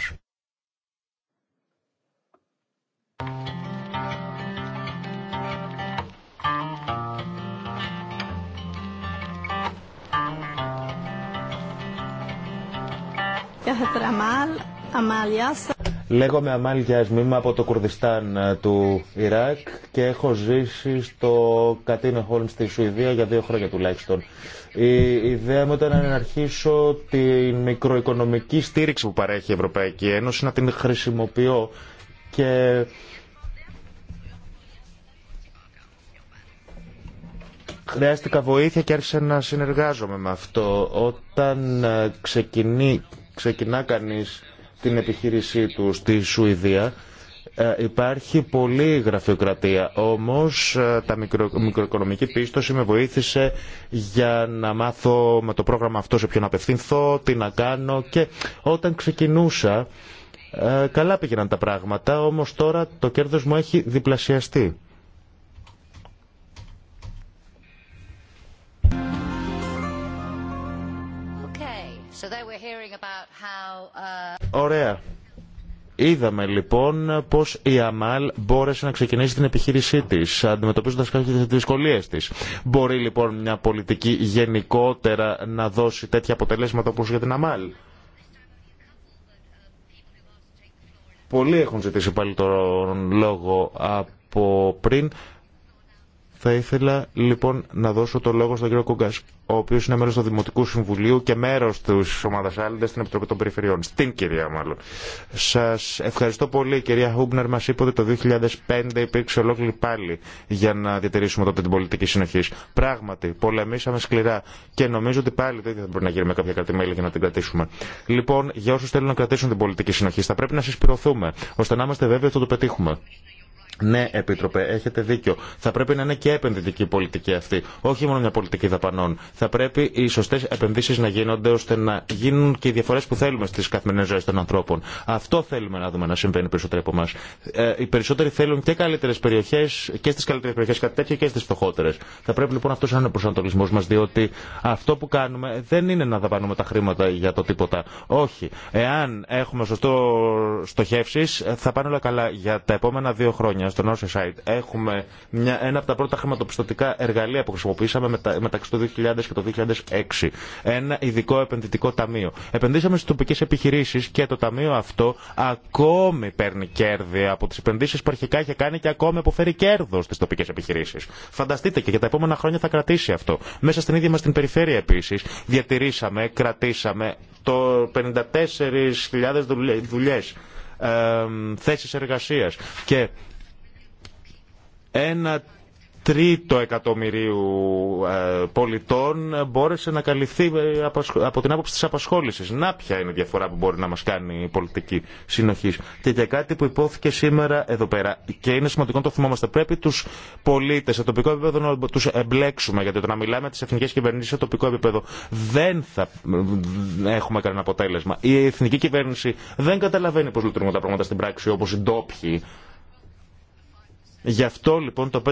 Amal, Amalia. Λέγομαι Αμάλ Γιασμίμα από το Κουρδιστάν ε, του Ιράκ και έχω ζήσει στο Κατίνα Χόλμ στη Σουηδία για δύο χρόνια τουλάχιστον. Η ιδέα μου ήταν να αρχίσω τη μικροοικονομική στήριξη που παρέχει η Ευρωπαϊκή Ένωση, να την χρησιμοποιώ και χρειάστηκα βοήθεια και άρχισα να συνεργάζομαι με αυτό. Όταν ε, ξεκινεί, ξεκινά κανείς την επιχείρησή του στη Σουηδία ε, υπάρχει πολλή γραφειοκρατία. Όμως ε, τα μικρο, μικροοικονομική πίστοση με βοήθησε για να μάθω με το πρόγραμμα αυτό σε ποιον απευθυνθώ, τι να κάνω και όταν ξεκινούσα ε, καλά πήγαιναν τα πράγματα, όμως τώρα το κέρδος μου έχει διπλασιαστεί. Uh, Ωραία. Είδαμε λοιπόν πώ η ΑΜΑΛ μπόρεσε να ξεκινήσει την επιχείρησή τη, αντιμετωπίζοντα κάποιε δυσκολίε τη. Μπορεί λοιπόν μια πολιτική γενικότερα να δώσει τέτοια αποτελέσματα όπω για την ΑΜΑΛ. Πολλοί έχουν ζητήσει πάλι τον λόγο από πριν. Θα ήθελα λοιπόν να δώσω το λόγο στον κύριο Κούγκα, ο οποίο είναι μέρο του Δημοτικού Συμβουλίου και μέρο τη ομάδα Άλντε στην Επιτροπή των Περιφερειών. Στην κυρία, μάλλον. Σα ευχαριστώ πολύ. Η κυρία Χούμπνερ μα είπε ότι το 2005 υπήρξε ολόκληρη πάλι για να διατηρήσουμε τότε την πολιτική συνοχή. Πράγματι, πολεμήσαμε σκληρά και νομίζω ότι πάλι δεν θα μπορεί να γίνει με κάποια κρατημέλη για να την κρατήσουμε. Λοιπόν, για όσου θέλουν να κρατήσουν την πολιτική συνοχή, θα πρέπει να συσπηρωθούμε, ώστε να είμαστε βέβαιοι ότι το πετύχουμε. Ναι, Επίτροπε, έχετε δίκιο. Θα πρέπει να είναι και επενδυτική πολιτική αυτή. Όχι μόνο μια πολιτική δαπανών. Θα πρέπει οι σωστέ επενδύσει να γίνονται ώστε να γίνουν και οι διαφορέ που θέλουμε στι καθημερινέ ζωέ των ανθρώπων. Αυτό θέλουμε να δούμε να συμβαίνει περισσότερο από εμά. Ε, οι περισσότεροι θέλουν και καλύτερε περιοχέ και στι καλύτερε περιοχέ κάτι τέτοιο και στι φτωχότερε. Θα πρέπει λοιπόν αυτό να είναι ο προσανατολισμό μα, διότι αυτό που κάνουμε δεν είναι να δαπανούμε τα χρήματα για το τίποτα. Όχι. Εάν έχουμε σωστό στοχεύσει, θα πάνε όλα καλά για τα επόμενα δύο χρόνια στο North έχουμε μια, ένα από τα πρώτα χρηματοπιστωτικά εργαλεία που χρησιμοποιήσαμε μεταξύ του 2000 και το 2006. Ένα ειδικό επενδυτικό ταμείο. Επενδύσαμε στι τοπικέ επιχειρήσει και το ταμείο αυτό ακόμη παίρνει κέρδη από τι επενδύσει που αρχικά είχε κάνει και ακόμη αποφέρει κέρδο στι τοπικέ επιχειρήσει. Φανταστείτε και για τα επόμενα χρόνια θα κρατήσει αυτό. Μέσα στην ίδια μα την περιφέρεια επίση διατηρήσαμε, κρατήσαμε το 54.000 δουλειέ θέσεις εργασίας και ένα τρίτο εκατομμυρίου ε, πολιτών μπόρεσε να καλυφθεί ε, από την άποψη της απασχόλησης. Να ποια είναι η διαφορά που μπορεί να μας κάνει η πολιτική συνοχής. Και για κάτι που υπόθηκε σήμερα εδώ πέρα και είναι σημαντικό να το θυμόμαστε. Πρέπει τους πολίτες σε τοπικό επίπεδο να τους εμπλέξουμε γιατί το να μιλάμε τις εθνικές κυβερνήσεις σε τοπικό επίπεδο δεν θα έχουμε κανένα αποτέλεσμα. Η εθνική κυβέρνηση δεν καταλαβαίνει πώς λειτουργούν τα πράγματα στην πράξη όπως οι ντόπιοι Γι' αυτό λοιπόν το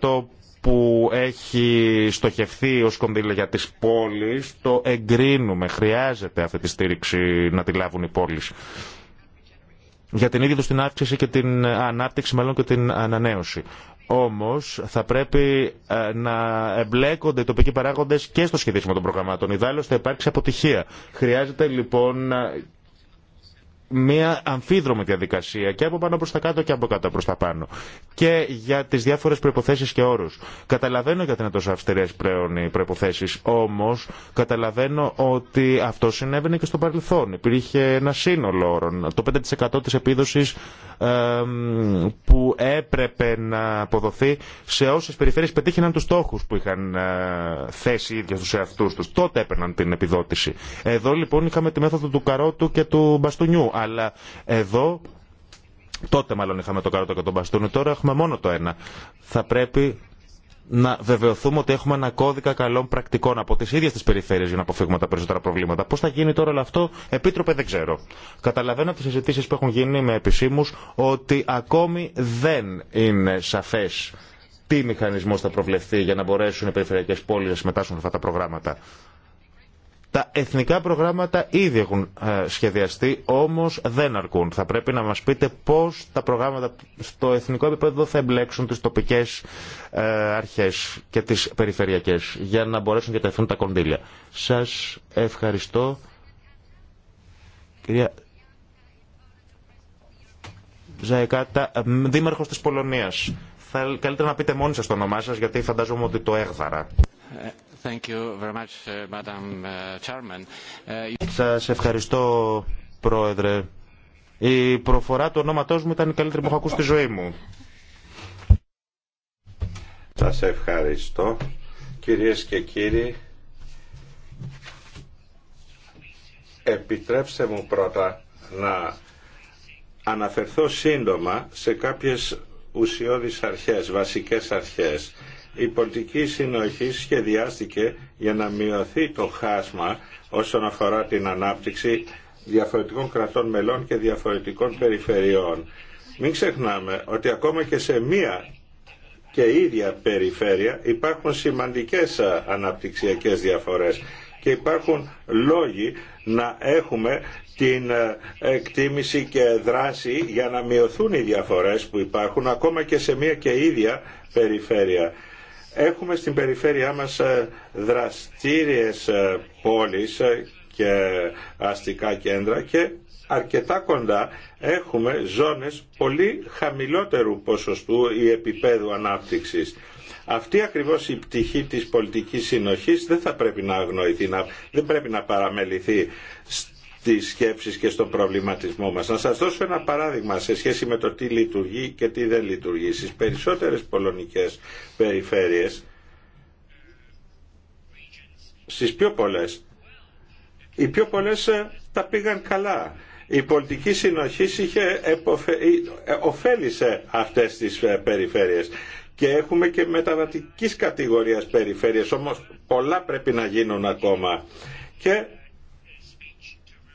5% που έχει στοχευθεί ως κονδύλια για τις πόλεις, το εγκρίνουμε. Χρειάζεται αυτή τη στήριξη να τη λάβουν οι πόλεις. Για την ίδια του την αύξηση και την ανάπτυξη, μάλλον και την ανανέωση. Όμως θα πρέπει ε, να εμπλέκονται οι τοπικοί παράγοντες και στο σχεδίσμα των προγραμμάτων. Ιδάλλως θα υπάρξει αποτυχία. Χρειάζεται λοιπόν μια αμφίδρομη διαδικασία και από πάνω προς τα κάτω και από κάτω προς τα πάνω και για τις διάφορες προϋποθέσεις και όρους. Καταλαβαίνω γιατί είναι τόσο αυστηρές πλέον οι προϋποθέσεις, όμως καταλαβαίνω ότι αυτό συνέβαινε και στο παρελθόν. Υπήρχε ένα σύνολο όρων, το 5% της επίδοσης που έπρεπε να αποδοθεί σε όσες περιφέρειες πετύχαιναν τους στόχους που είχαν ε, θέσει οι ίδιοι του εαυτούς τους. Τότε έπαιρναν την επιδότηση. Εδώ λοιπόν είχαμε τη μέθοδο του καρότου και του μπαστούνιου αλλά εδώ τότε μάλλον είχαμε το καρότο και τον μπαστούνι, τώρα έχουμε μόνο το ένα. Θα πρέπει να βεβαιωθούμε ότι έχουμε ένα κώδικα καλών πρακτικών από τι ίδιε τι περιφέρειες για να αποφύγουμε τα περισσότερα προβλήματα. Πώ θα γίνει τώρα όλο αυτό, Επίτροπε, δεν ξέρω. Καταλαβαίνω από τι συζητήσει που έχουν γίνει με επισήμου ότι ακόμη δεν είναι σαφέ τι μηχανισμό θα προβλεφθεί για να μπορέσουν οι περιφερειακέ πόλει να συμμετάσχουν σε αυτά τα προγράμματα. Τα εθνικά προγράμματα ήδη έχουν ε, σχεδιαστεί, όμως δεν αρκούν. Θα πρέπει να μας πείτε πώς τα προγράμματα στο εθνικό επίπεδο θα εμπλέξουν τις τοπικές ε, αρχές και τις περιφερειακές για να μπορέσουν να διατεθούν τα κονδύλια. Σας ευχαριστώ. Κυρία Ζαϊκάτα, ε, δήμαρχος της Πολωνίας. Θα, καλύτερα να πείτε μόνοι σας το όνομά σας, γιατί φαντάζομαι ότι το έγδαρα. Σας ευχαριστώ, Πρόεδρε. Η προφορά του ονόματός μου ήταν η καλύτερη που έχω ακούσει στη ζωή μου. Σας ευχαριστώ, κυρίες και κύριοι. Επιτρέψτε μου πρώτα να αναφερθώ σύντομα σε κάποιες ουσιώδεις αρχές, βασικές αρχές η πολιτική συνοχή σχεδιάστηκε για να μειωθεί το χάσμα όσον αφορά την ανάπτυξη διαφορετικών κρατών μελών και διαφορετικών περιφερειών. Μην ξεχνάμε ότι ακόμα και σε μία και ίδια περιφέρεια υπάρχουν σημαντικές αναπτυξιακές διαφορές και υπάρχουν λόγοι να έχουμε την εκτίμηση και δράση για να μειωθούν οι διαφορές που υπάρχουν ακόμα και σε μία και ίδια περιφέρεια. Έχουμε στην περιφέρειά μας ε, δραστήριες ε, πόλεις ε, και αστικά κέντρα και αρκετά κοντά έχουμε ζώνες πολύ χαμηλότερου ποσοστού ή επίπεδου ανάπτυξης. Αυτή ακριβώς η πτυχή της πολιτικής συνοχής δεν θα πρέπει να αγνοηθεί, να, δεν πρέπει να παραμεληθεί στις σκέψεις και στον προβληματισμό μας. Να σας δώσω ένα παράδειγμα σε σχέση με το τι λειτουργεί και τι δεν λειτουργεί. Στις περισσότερες πολωνικές περιφέρειες, στις πιο πολλές, οι πιο πολλές ε, τα πήγαν καλά. Η πολιτική συνοχή είχε εποφε... Ε, ε, ωφέλησε αυτές τις περιφέρειες και έχουμε και μεταβατικής κατηγορίας περιφέρειες, όμως πολλά πρέπει να γίνουν ακόμα. Και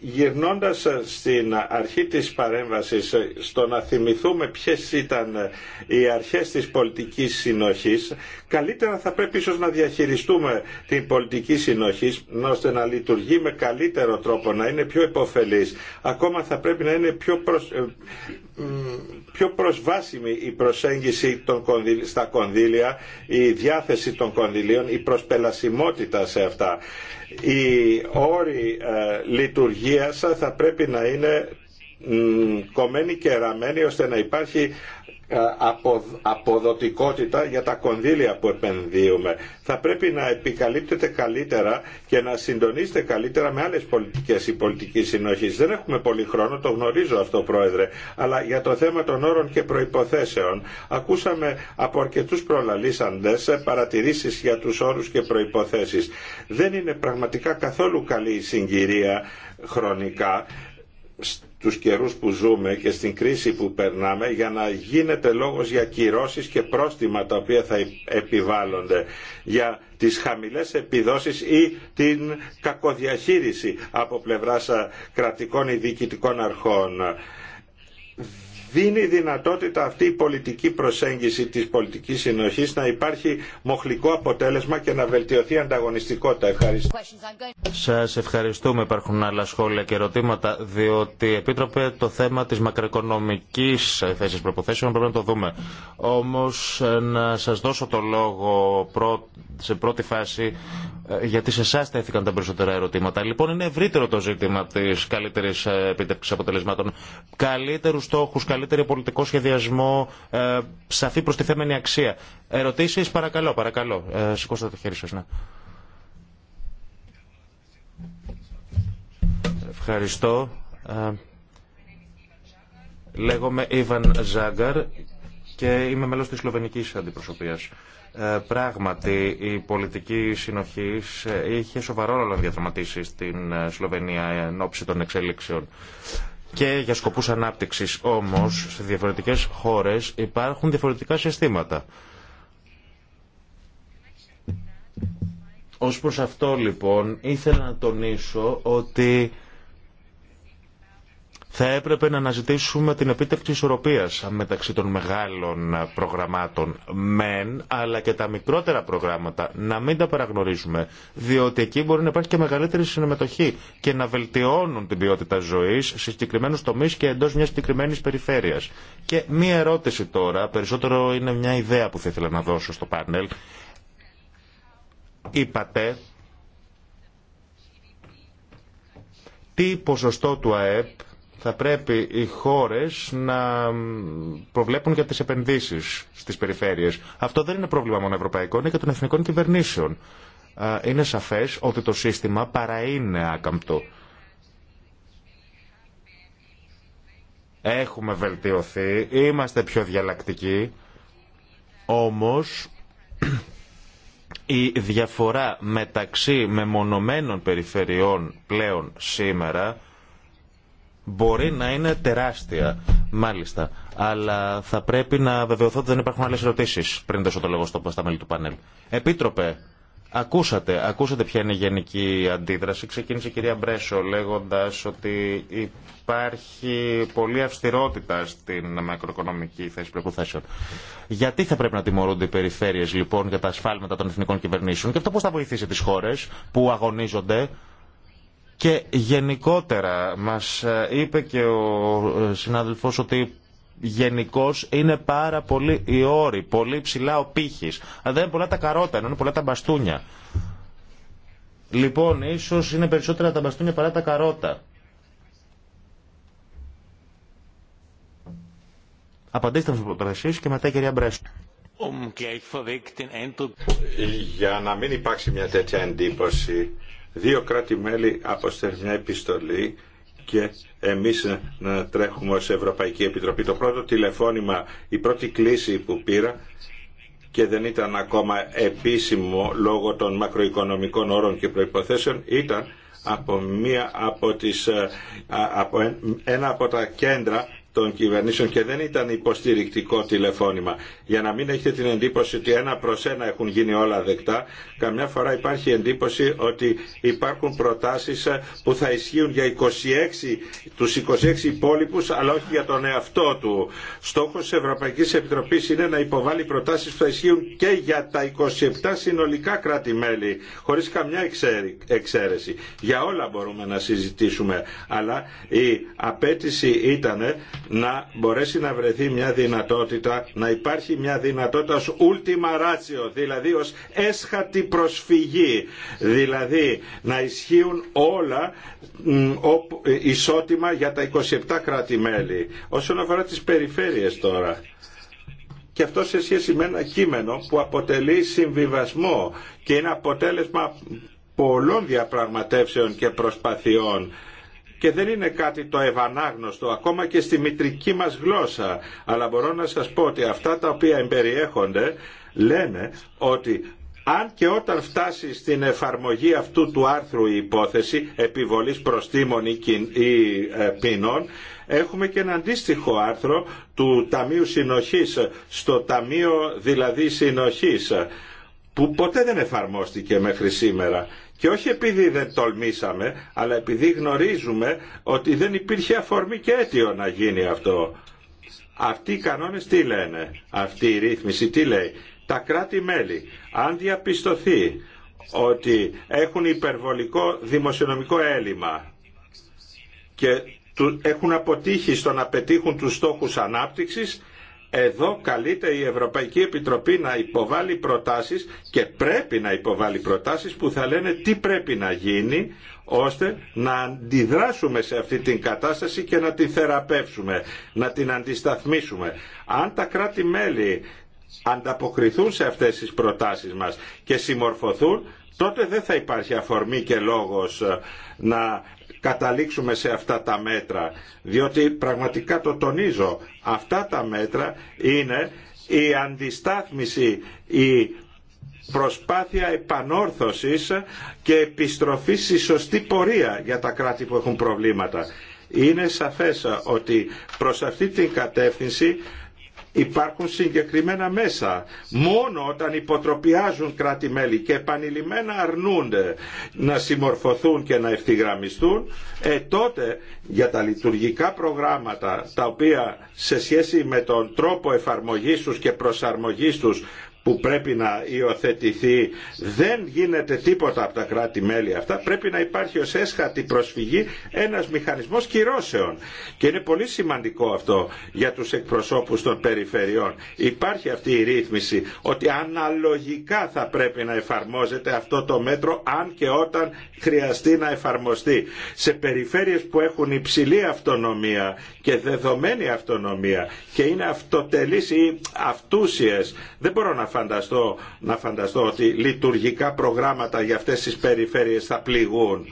Γυρνώντας στην αρχή της παρέμβασης στο να θυμηθούμε ποιες ήταν οι αρχές της πολιτικής συνοχής, καλύτερα θα πρέπει ίσως να διαχειριστούμε την πολιτική συνοχή ώστε να λειτουργεί με καλύτερο τρόπο, να είναι πιο υποφελής Ακόμα θα πρέπει να είναι πιο, ε, προσβάσιμη η προσέγγιση των στα κονδύλια, η διάθεση των κονδυλίων, η προσπελασιμότητα σε αυτά οι όροι ε, λειτουργίας θα πρέπει να είναι κομμένοι και ραμμένοι ώστε να υπάρχει ε, αποδοτικότητα για τα κονδύλια που επενδύουμε. Θα πρέπει να επικαλύπτεται καλύτερα και να συντονίζεται καλύτερα με άλλες πολιτικές ή πολιτική συνοχή. Δεν έχουμε πολύ χρόνο, το γνωρίζω αυτό Πρόεδρε, αλλά για το θέμα των όρων και προϋποθέσεων ακούσαμε από αρκετού προλαλήσαντες παρατηρήσεις για τους όρους και προϋποθέσεις. Δεν είναι πραγματικά καθόλου καλή η συγκυρία χρονικά τους καιρούς που ζούμε και στην κρίση που περνάμε για να γίνεται λόγος για κυρώσεις και πρόστιμα τα οποία θα επιβάλλονται για τις χαμηλές επιδόσεις ή την κακοδιαχείριση από πλευράς κρατικών ή διοικητικών αρχών δίνει δυνατότητα αυτή η πολιτική προσέγγιση της πολιτικής συνοχής να υπάρχει μοχλικό αποτέλεσμα και να βελτιωθεί η ανταγωνιστικότητα. Ευχαριστώ. Σας ευχαριστούμε. Υπάρχουν άλλα σχόλια και ερωτήματα, διότι επίτροπε το θέμα της μακροοικονομικής θέσης προποθέσεων πρέπει να το δούμε. Όμως να σας δώσω το λόγο σε πρώτη φάση, ε, γιατί σε εσά τέθηκαν τα περισσότερα ερωτήματα. Λοιπόν, είναι ευρύτερο το ζήτημα τη καλύτερη ε, επίτευξη αποτελεσμάτων. καλύτερου στόχου καλύτερο πολιτικό σχεδιασμό, ε, σαφή προστιθέμενη αξία. Ερωτήσεις, παρακαλώ, παρακαλώ. Ε, σηκώστε το χέρι σας, ναι. Ευχαριστώ. Ε, λέγομαι Ιβαν Ζάγκαρ και είμαι μέλος της Σλοβενικής Αντιπροσωπείας. Ε, πράγματι, η πολιτική συνοχή είχε σοβαρό ρόλο να διαδραματίσει στην ε, Σλοβενία εν των εξέλιξεων και για σκοπούς ανάπτυξης. Όμως, σε διαφορετικές χώρες υπάρχουν διαφορετικά συστήματα. Ως προς αυτό, λοιπόν, ήθελα να τονίσω ότι θα έπρεπε να αναζητήσουμε την επίτευξη ισορροπίας μεταξύ των μεγάλων προγραμμάτων μεν, αλλά και τα μικρότερα προγράμματα να μην τα παραγνωρίζουμε, διότι εκεί μπορεί να υπάρχει και μεγαλύτερη συμμετοχή και να βελτιώνουν την ποιότητα ζωής σε συγκεκριμένου τομεί και εντό μια συγκεκριμένη περιφέρεια. Και μία ερώτηση τώρα, περισσότερο είναι μια ιδέα που θα ήθελα να δώσω στο πάνελ. Είπατε τι ποσοστό του ΑΕΠ θα πρέπει οι χώρες να προβλέπουν για τις επενδύσεις στις περιφέρειες. Αυτό δεν είναι πρόβλημα μόνο ευρωπαϊκό, είναι και των εθνικών κυβερνήσεων. Είναι σαφές ότι το σύστημα παρά είναι άκαμπτο. Έχουμε βελτιωθεί, είμαστε πιο διαλλακτικοί, όμως η διαφορά μεταξύ μεμονωμένων περιφερειών πλέον σήμερα μπορεί να είναι τεράστια, μάλιστα. Αλλά θα πρέπει να βεβαιωθώ ότι δεν υπάρχουν άλλε ερωτήσει πριν δώσω το λόγο στα μέλη του πανέλ. Επίτροπε, ακούσατε, ακούσατε ποια είναι η γενική αντίδραση. Ξεκίνησε η κυρία Μπρέσο λέγοντα ότι υπάρχει πολλή αυστηρότητα στην μακροοικονομική θέση προποθέσεων. Γιατί θα πρέπει να τιμωρούνται οι περιφέρειε λοιπόν για τα ασφάλματα των εθνικών κυβερνήσεων και αυτό πώ θα βοηθήσει τι χώρε που αγωνίζονται και γενικότερα μας ε, είπε και ο ε, συνάδελφος ότι γενικώ είναι πάρα πολύ οι όροι, πολύ ψηλά ο πύχης. Αλλά δεν είναι πολλά τα καρότα, είναι πολλά τα μπαστούνια. Λοιπόν, ίσως είναι περισσότερα τα μπαστούνια παρά τα καρότα. Απαντήστε μου εσείς και μετά η κυρία Μπρέσου. Um Για να μην υπάρξει μια τέτοια εντύπωση, δύο κράτη-μέλη αποστέλουν μια επιστολή και εμείς ε, να τρέχουμε ως Ευρωπαϊκή Επιτροπή. Το πρώτο τηλεφώνημα, η πρώτη κλίση που πήρα και δεν ήταν ακόμα επίσημο λόγω των μακροοικονομικών όρων και προϋποθέσεων ήταν από, μία από τις, ε, από ένα από τα κέντρα των κυβερνήσεων και δεν ήταν υποστηρικτικό τηλεφώνημα. Για να μην έχετε την εντύπωση ότι ένα προ ένα έχουν γίνει όλα δεκτά, καμιά φορά υπάρχει εντύπωση ότι υπάρχουν προτάσει ε, που θα ισχύουν για 26, 26 υπόλοιπου, αλλά όχι για τον εαυτό του. Στοχο της Ευρωπαϊκής Επιτροπής είναι να υποβάλει προτάσει που θα ισχύουν και για τα 27 συνολικά κράτη-μέλη, χωρίς καμιά εξαίρεση. Για όλα μπορούμε να συζητήσουμε, αλλά η απέτηση ήταν να μπορέσει να βρεθεί μια δυνατότητα, να υπάρχει μια δυνατότητα ως ultima ratio, δηλαδή ως έσχατη προσφυγή, δηλαδή να ισχύουν όλα ισότιμα για τα 27 κράτη-μέλη. Όσον αφορά τις περιφέρειες τώρα, και αυτό σε σχέση με ένα κείμενο που αποτελεί συμβιβασμό και είναι αποτέλεσμα πολλών διαπραγματεύσεων και προσπαθειών και δεν είναι κάτι το ευανάγνωστο ακόμα και στη μητρική μας γλώσσα. Αλλά μπορώ να σας πω ότι αυτά τα οποία εμπεριέχονται λένε ότι αν και όταν φτάσει στην εφαρμογή αυτού του άρθρου η υπόθεση επιβολής προστήμων ή πίνων ε, έχουμε και ένα αντίστοιχο άρθρο του Ταμείου Συνοχής, στο Ταμείο δηλαδή Συνοχής, που ποτέ δεν εφαρμόστηκε μέχρι σήμερα και όχι επειδή δεν τολμήσαμε, αλλά επειδή γνωρίζουμε ότι δεν υπήρχε αφορμή και αίτιο να γίνει αυτό. Αυτοί οι κανόνες τι λένε, αυτή η ρύθμιση τι λέει. Τα κράτη-μέλη, αν διαπιστωθεί ότι έχουν υπερβολικό δημοσιονομικό έλλειμμα και έχουν αποτύχει στο να πετύχουν τους στόχους ανάπτυξης, εδώ καλείται η Ευρωπαϊκή Επιτροπή να υποβάλει προτάσεις και πρέπει να υποβάλει προτάσεις που θα λένε τι πρέπει να γίνει ώστε να αντιδράσουμε σε αυτή την κατάσταση και να την θεραπεύσουμε, να την αντισταθμίσουμε. Αν τα κράτη-μέλη ανταποκριθούν σε αυτές τις προτάσεις μας και συμμορφωθούν, τότε δεν θα υπάρχει αφορμή και λόγος να καταλήξουμε σε αυτά τα μέτρα. Διότι πραγματικά το τονίζω, αυτά τα μέτρα είναι η αντιστάθμιση, η προσπάθεια επανόρθωσης και επιστροφής στη σωστή πορεία για τα κράτη που έχουν προβλήματα. Είναι σαφές ότι προς αυτή την κατεύθυνση υπάρχουν συγκεκριμένα μέσα. Μόνο όταν υποτροπιάζουν κράτη-μέλη και επανειλημμένα αρνούνται να συμμορφωθούν και να ευθυγραμμιστούν, ε, τότε για τα λειτουργικά προγράμματα τα οποία σε σχέση με τον τρόπο εφαρμογής τους και προσαρμογής τους που πρέπει να υιοθετηθεί δεν γίνεται τίποτα από τα κράτη-μέλη αυτά πρέπει να υπάρχει ως έσχατη προσφυγή ένας μηχανισμός κυρώσεων και είναι πολύ σημαντικό αυτό για τους εκπροσώπους των περιφερειών υπάρχει αυτή η ρύθμιση ότι αναλογικά θα πρέπει να εφαρμόζεται αυτό το μέτρο αν και όταν χρειαστεί να εφαρμοστεί σε περιφέρειες που έχουν υψηλή αυτονομία και δεδομένη αυτονομία και είναι αυτοτελείς ή αυτούσιες δεν να φανταστώ, να φανταστώ ότι λειτουργικά προγράμματα για αυτές τις περιφέρειες θα πληγούν.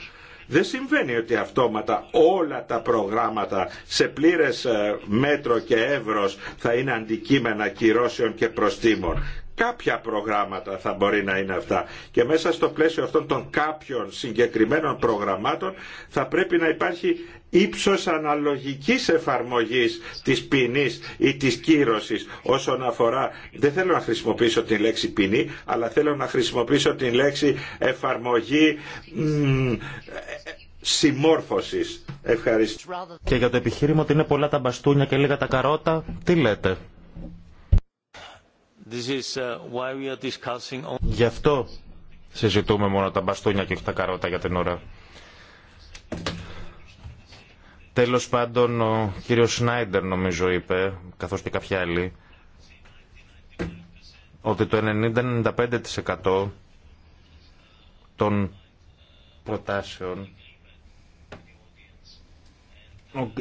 Δεν συμβαίνει ότι αυτόματα όλα τα προγράμματα σε πλήρες ε, μέτρο και εύρος θα είναι αντικείμενα κυρώσεων και προστήμων κάποια προγράμματα θα μπορεί να είναι αυτά. Και μέσα στο πλαίσιο αυτών των κάποιων συγκεκριμένων προγραμμάτων θα πρέπει να υπάρχει ύψος αναλογικής εφαρμογής της ποινή ή της κύρωσης όσον αφορά, δεν θέλω να χρησιμοποιήσω την λέξη ποινή, αλλά θέλω να χρησιμοποιήσω την λέξη εφαρμογή μ, συμμόρφωσης. Ευχαριστώ. Και για το επιχείρημα ότι είναι πολλά τα μπαστούνια και λίγα τα καρότα, τι λέτε. Uh, Γι' αυτό συζητούμε μόνο τα μπαστούνια και τα καρότα για την ώρα. Τέλος πάντων, ο κύριος Σνάιντερ νομίζω είπε, καθώς και κάποιοι άλλοι, ότι το 90-95% των προτάσεων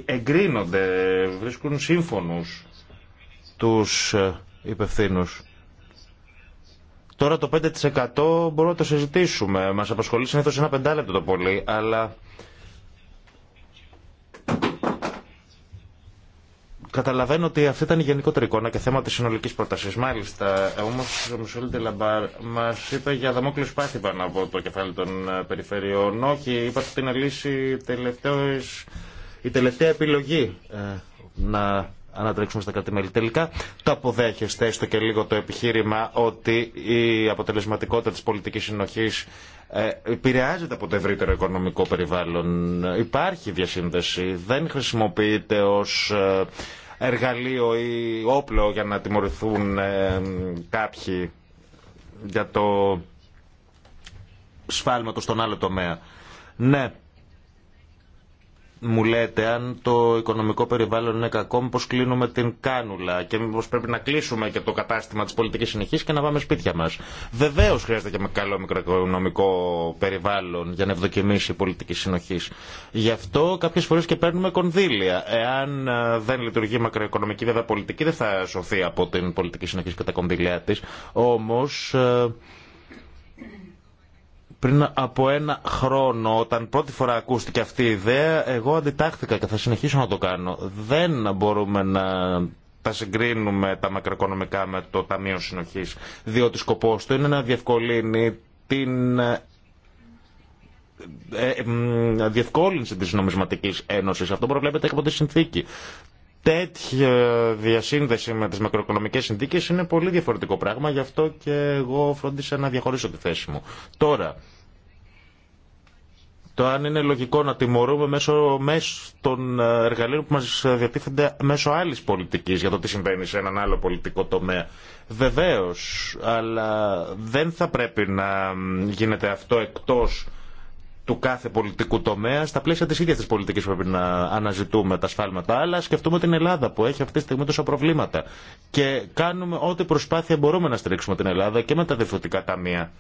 εγκρίνονται, βρίσκουν σύμφωνους τους ε, υπευθύνου. Τώρα το 5% μπορούμε να το συζητήσουμε. Μας απασχολεί συνήθως ένα πεντάλεπτο το πολύ, αλλά καταλαβαίνω ότι αυτή ήταν η γενικότερη εικόνα και θέμα τη συνολική πρόταση. Μάλιστα, ε, όμω ο Μισελ Τελαμπάρ μα είπε για δαμόκλειο σπάθη πάνω από το κεφάλι των ε, περιφερειών. Όχι, είπατε ότι είναι λύση η τελευταία επιλογή ε, να ανατρέξουμε στα κράτη-μέλη. Τελικά το αποδέχεστε έστω και λίγο το επιχείρημα ότι η αποτελεσματικότητα της πολιτικής συνοχής ε, επηρεάζεται από το ευρύτερο οικονομικό περιβάλλον. Υπάρχει διασύνδεση, δεν χρησιμοποιείται ως ε, εργαλείο ή όπλο για να τιμωρηθούν ε, κάποιοι για το σφάλματο στον άλλο τομέα. Ναι, μου λέτε αν το οικονομικό περιβάλλον είναι κακό, μήπως κλείνουμε την κάνουλα και μήπως πρέπει να κλείσουμε και το κατάστημα της πολιτικής συνεχής και να πάμε σπίτια μας. Βεβαίως χρειάζεται και με καλό μικροοικονομικό περιβάλλον για να ευδοκιμήσει η πολιτική συνοχής. Γι' αυτό κάποιες φορές και παίρνουμε κονδύλια. Εάν ε, δεν λειτουργεί μακροοικονομική βέβαια πολιτική δεν θα σωθεί από την πολιτική συνοχής και τα κονδύλια της. Όμως ε, πριν από ένα χρόνο, όταν πρώτη φορά ακούστηκε αυτή η ιδέα, εγώ αντιτάχθηκα και θα συνεχίσω να το κάνω. Δεν μπορούμε να τα συγκρίνουμε τα μακροοικονομικά με το Ταμείο Συνοχής, διότι σκοπός του είναι να διευκολύνει την ε, ε, διευκόλυνση της νομισματικής ένωσης. Αυτό προβλέπεται από τη συνθήκη τέτοια διασύνδεση με τις μακροοικονομικές συνθήκες είναι πολύ διαφορετικό πράγμα, γι' αυτό και εγώ φρόντισα να διαχωρίσω τη θέση μου. Τώρα, το αν είναι λογικό να τιμωρούμε μέσω, μέσω των εργαλείων που μας διατίθενται μέσω άλλης πολιτικής για το τι συμβαίνει σε έναν άλλο πολιτικό τομέα. Βεβαίως, αλλά δεν θα πρέπει να γίνεται αυτό εκτός του κάθε πολιτικού τομέα, στα πλαίσια τη ίδια τη πολιτική πρέπει να αναζητούμε τα σφάλματα. Αλλά σκεφτούμε την Ελλάδα που έχει αυτή τη στιγμή τόσα προβλήματα. Και κάνουμε ό,τι προσπάθεια μπορούμε να στηρίξουμε την Ελλάδα και με τα διευθυντικά ταμεία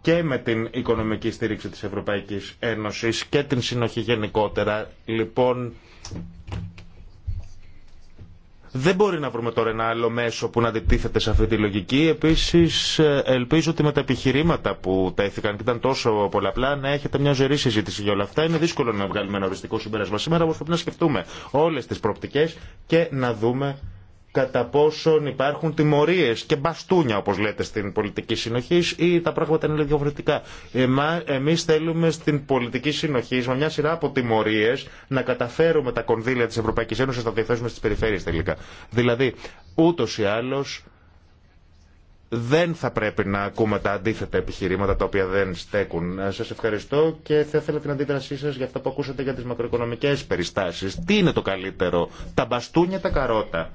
και με την οικονομική στήριξη της Ευρωπαϊκής Ένωσης και την συνοχή γενικότερα. Λοιπόν, δεν μπορεί να βρούμε τώρα ένα άλλο μέσο που να αντιτίθεται σε αυτή τη λογική. Επίση, ε, ελπίζω ότι με τα επιχειρήματα που τέθηκαν και ήταν τόσο πολλαπλά να έχετε μια ζωή συζήτηση για όλα αυτά. Είναι δύσκολο να βγάλουμε ένα οριστικό συμπέρασμα σήμερα, όμω πρέπει να σκεφτούμε όλε τι προοπτικέ και να δούμε κατά πόσον υπάρχουν τιμωρίε και μπαστούνια, όπω λέτε, στην πολιτική συνοχή ή τα πράγματα είναι διαφορετικά. Εμεί θέλουμε στην πολιτική συνοχή, με μια σειρά από τιμωρίε, να καταφέρουμε τα κονδύλια τη Ευρωπαϊκή Ένωση να τα διαθέσουμε στι περιφέρειε τελικά. Δηλαδή, ούτω ή άλλω. Δεν θα πρέπει να ακούμε τα αντίθετα επιχειρήματα τα οποία δεν στέκουν. Ε, σα ευχαριστώ και θα ήθελα την αντίδρασή σα για αυτά που ακούσατε για τι μακροοικονομικέ περιστάσει. Τι είναι το καλύτερο, τα μπαστούνια, τα καρότα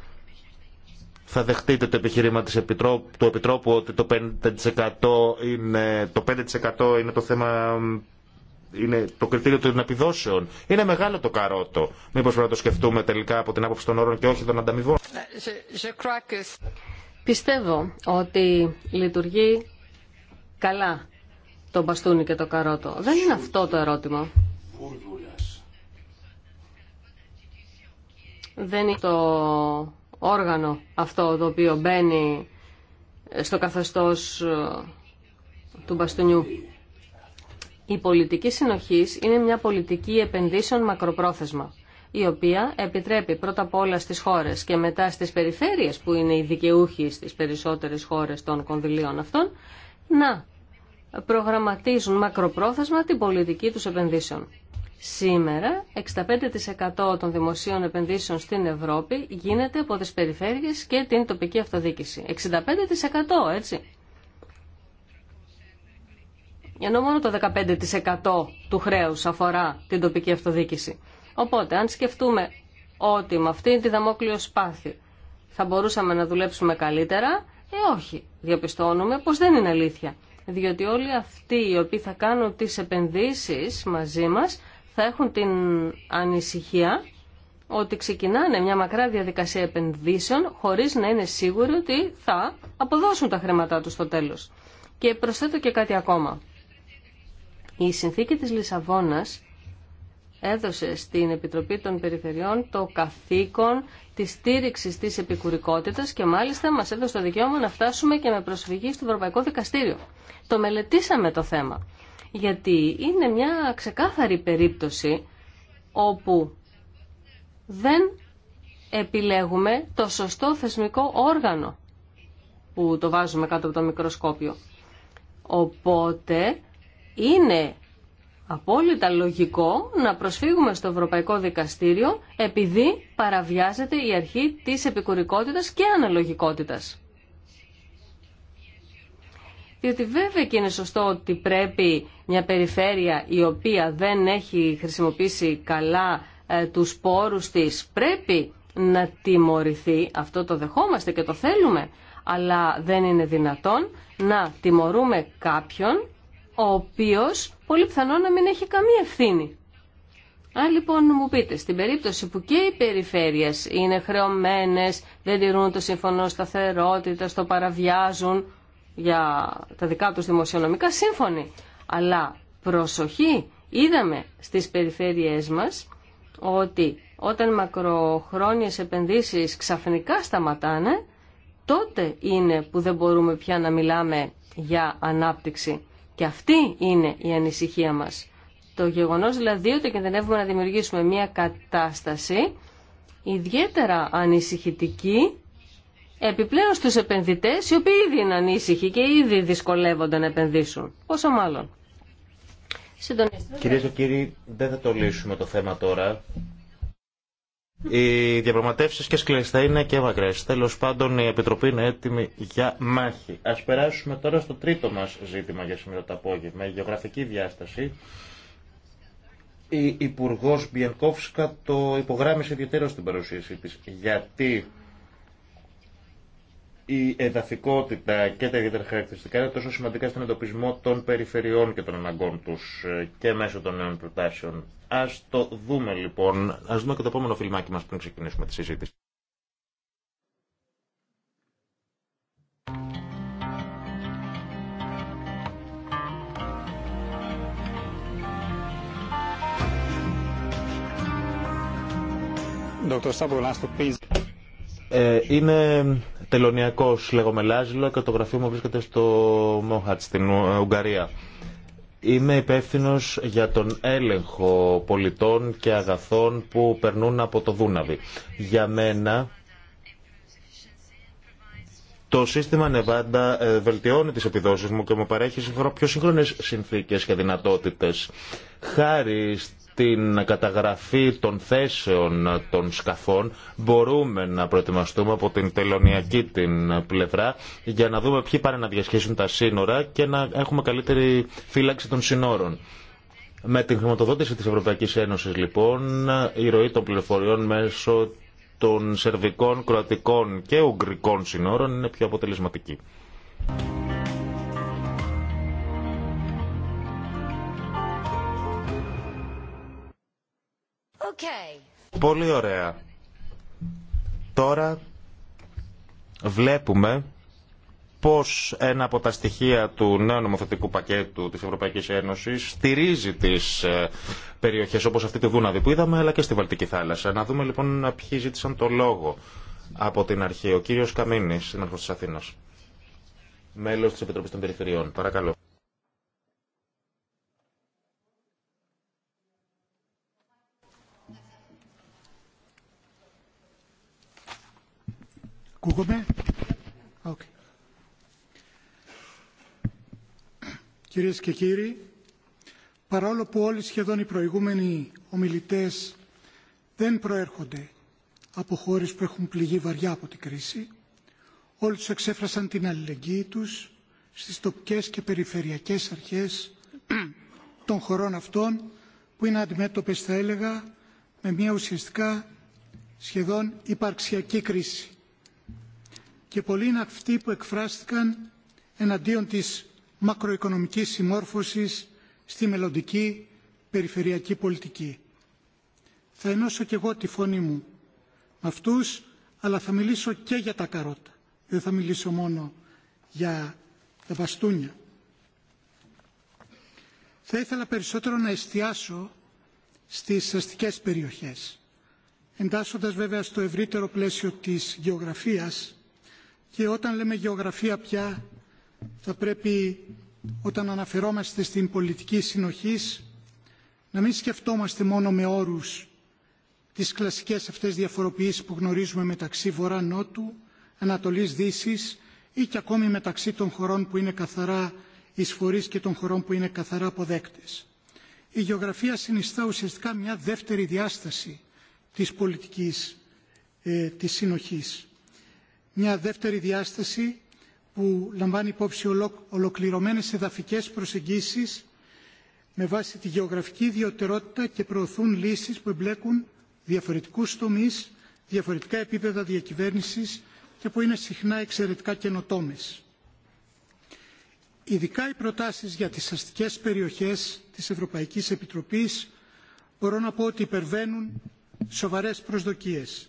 θα δεχτείτε το επιχειρήμα της Επιτρόπου, του Επιτρόπου ότι το 5%, είναι, το 5 είναι το θέμα είναι το κριτήριο των επιδόσεων. Είναι μεγάλο το καρότο. Μήπω πρέπει να το σκεφτούμε τελικά από την άποψη των όρων και όχι των ανταμοιβών. Πιστεύω ότι λειτουργεί καλά το μπαστούνι και το καρότο. Δεν είναι αυτό το ερώτημα. Δεν είναι το όργανο αυτό το οποίο μπαίνει στο καθεστώς ε, του μπαστούνιου. Η πολιτική συνοχής είναι μια πολιτική επενδύσεων μακροπρόθεσμα, η οποία επιτρέπει πρώτα απ' όλα στις χώρες και μετά στις περιφέρειες που είναι οι δικαιούχοι στις περισσότερες χώρες των κονδυλίων αυτών, να προγραμματίζουν μακροπρόθεσμα την πολιτική τους επενδύσεων. Σήμερα 65% των δημοσίων επενδύσεων στην Ευρώπη γίνεται από τις περιφέρειες και την τοπική αυτοδίκηση. 65% έτσι. Ενώ μόνο το 15% του χρέους αφορά την τοπική αυτοδίκηση. Οπότε αν σκεφτούμε ότι με αυτή τη δαμόκλειο σπάθη θα μπορούσαμε να δουλέψουμε καλύτερα, ε όχι, διαπιστώνουμε πως δεν είναι αλήθεια. Διότι όλοι αυτοί οι οποίοι θα κάνουν τις επενδύσεις μαζί μας θα έχουν την ανησυχία ότι ξεκινάνε μια μακρά διαδικασία επενδύσεων χωρίς να είναι σίγουροι ότι θα αποδώσουν τα χρήματά τους στο τέλος. Και προσθέτω και κάτι ακόμα. Η συνθήκη της Λισαβόνας έδωσε στην Επιτροπή των Περιφερειών το καθήκον της στήριξη της επικουρικότητας και μάλιστα μας έδωσε το δικαίωμα να φτάσουμε και με προσφυγή στο Ευρωπαϊκό Δικαστήριο. Το μελετήσαμε το θέμα γιατί είναι μια ξεκάθαρη περίπτωση όπου δεν επιλέγουμε το σωστό θεσμικό όργανο που το βάζουμε κάτω από το μικροσκόπιο. Οπότε είναι απόλυτα λογικό να προσφύγουμε στο Ευρωπαϊκό Δικαστήριο επειδή παραβιάζεται η αρχή της επικουρικότητας και αναλογικότητας. Διότι βέβαια και είναι σωστό ότι πρέπει μια περιφέρεια η οποία δεν έχει χρησιμοποιήσει καλά ε, τους πόρους της πρέπει να τιμωρηθεί. Αυτό το δεχόμαστε και το θέλουμε. Αλλά δεν είναι δυνατόν να τιμωρούμε κάποιον ο οποίος πολύ πιθανό να μην έχει καμία ευθύνη. Αν λοιπόν μου πείτε, στην περίπτωση που και οι περιφέρειες είναι χρεωμένες, δεν τηρούν το συμφωνό σταθερότητα, το παραβιάζουν, για τα δικά τους δημοσιονομικά σύμφωνοι. Αλλά προσοχή, είδαμε στις περιφέρειές μας ότι όταν μακροχρόνιες επενδύσεις ξαφνικά σταματάνε, τότε είναι που δεν μπορούμε πια να μιλάμε για ανάπτυξη. Και αυτή είναι η ανησυχία μας. Το γεγονός δηλαδή ότι κινδυνεύουμε να δημιουργήσουμε μια κατάσταση ιδιαίτερα ανησυχητική επιπλέον στους επενδυτές οι οποίοι ήδη είναι ανήσυχοι και ήδη δυσκολεύονται να επενδύσουν. Πόσο μάλλον. Κυρίε και κύριοι, δεν θα το λύσουμε το θέμα τώρα. Οι διαπραγματεύσει και σκληρέ θα είναι και μακρέ. Τέλο πάντων, η Επιτροπή είναι έτοιμη για μάχη. Α περάσουμε τώρα στο τρίτο μα ζήτημα για σήμερα το απόγευμα, η γεωγραφική διάσταση. Η Υπουργό Μπιενκόφσκα το υπογράμμισε ιδιαίτερα στην παρουσίαση τη. Γιατί η εδαφικότητα και τα ιδιαίτερα χαρακτηριστικά είναι τόσο σημαντικά στον εντοπισμό των περιφερειών και των αναγκών τους ε, και μέσω των νέων προτάσεων. Α το δούμε λοιπόν, ας δούμε και το επόμενο φιλμάκι μας πριν ξεκινήσουμε τη συζήτηση. Dr. Sabo, please. Ε, είναι τελωνιακό, λέγομαι Λάζιλο και το γραφείο μου βρίσκεται στο Μόχατ στην Ουγγαρία. Είμαι υπεύθυνο για τον έλεγχο πολιτών και αγαθών που περνούν από το Δούναβι. Για μένα το σύστημα Νεβάντα ε, βελτιώνει τις επιδόσεις μου και μου παρέχει πιο σύγχρονες συνθήκες και δυνατότητες. Χάρη την καταγραφή των θέσεων των σκαφών μπορούμε να προετοιμαστούμε από την τελωνιακή την πλευρά για να δούμε ποιοι πάνε να διασχίσουν τα σύνορα και να έχουμε καλύτερη φύλαξη των σύνορων. Με την χρηματοδότηση της Ευρωπαϊκής Ένωσης λοιπόν η ροή των πληροφοριών μέσω των σερβικών, κροατικών και ουγγρικών σύνορων είναι πιο αποτελεσματική. Okay. Πολύ ωραία. Τώρα βλέπουμε πώς ένα από τα στοιχεία του νέου νομοθετικού πακέτου της Ευρωπαϊκής Ένωσης στηρίζει τις ε, περιοχές όπως αυτή τη Δούναδη που είδαμε αλλά και στη Βαλτική θάλασσα. Να δούμε λοιπόν ποιοι ζήτησαν το λόγο από την αρχή. Ο κύριος Καμίνης, σύνορχος της Αθήνας, μέλος της Επιτροπής των Περιφερειών. Παρακαλώ. Ακούγομαι. Κυρίες και κύριοι, παρόλο που όλοι σχεδόν οι προηγούμενοι ομιλητές δεν προέρχονται από χώρες που έχουν πληγεί βαριά από την κρίση, όλοι τους εξέφρασαν την αλληλεγγύη τους στις τοπικές και περιφερειακές αρχές των χωρών αυτών που είναι αντιμέτωπες, θα έλεγα, με μια ουσιαστικά σχεδόν υπαρξιακή κρίση και πολλοί είναι αυτοί που εκφράστηκαν εναντίον της μακροοικονομικής συμμόρφωσης στη μελλοντική περιφερειακή πολιτική. Θα ενώσω και εγώ τη φωνή μου με αυτούς, αλλά θα μιλήσω και για τα καρότα. Δεν θα μιλήσω μόνο για τα βαστούνια. Θα ήθελα περισσότερο να εστιάσω στις αστικές περιοχές, εντάσσοντας βέβαια στο ευρύτερο πλαίσιο της γεωγραφίας και όταν λέμε γεωγραφία πια θα πρέπει όταν αναφερόμαστε στην πολιτική συνοχής να μην σκεφτόμαστε μόνο με όρους της κλασικές αυτές διαφοροποιήσεις που γνωρίζουμε μεταξύ Βορρά-Νότου, Ανατολής-Δύσης ή και ακόμη μεταξύ των χωρών που είναι καθαρά εισφορείς και των χωρών που είναι καθαρά αποδέκτες. Η γεωγραφία συνιστά ουσιαστικά μια δεύτερη διάσταση της πολιτικής ε, της συνοχής μια δεύτερη διάσταση που λαμβάνει υπόψη ολοκληρωμένες εδαφικές προσεγγίσεις με βάση τη γεωγραφική ιδιωτερότητα και προωθούν λύσεις που εμπλέκουν διαφορετικούς τομείς, διαφορετικά επίπεδα διακυβέρνησης και που είναι συχνά εξαιρετικά καινοτόμες. Ειδικά οι προτάσεις για τις αστικές περιοχές της Ευρωπαϊκής Επιτροπής μπορώ να πω ότι υπερβαίνουν σοβαρές προσδοκίες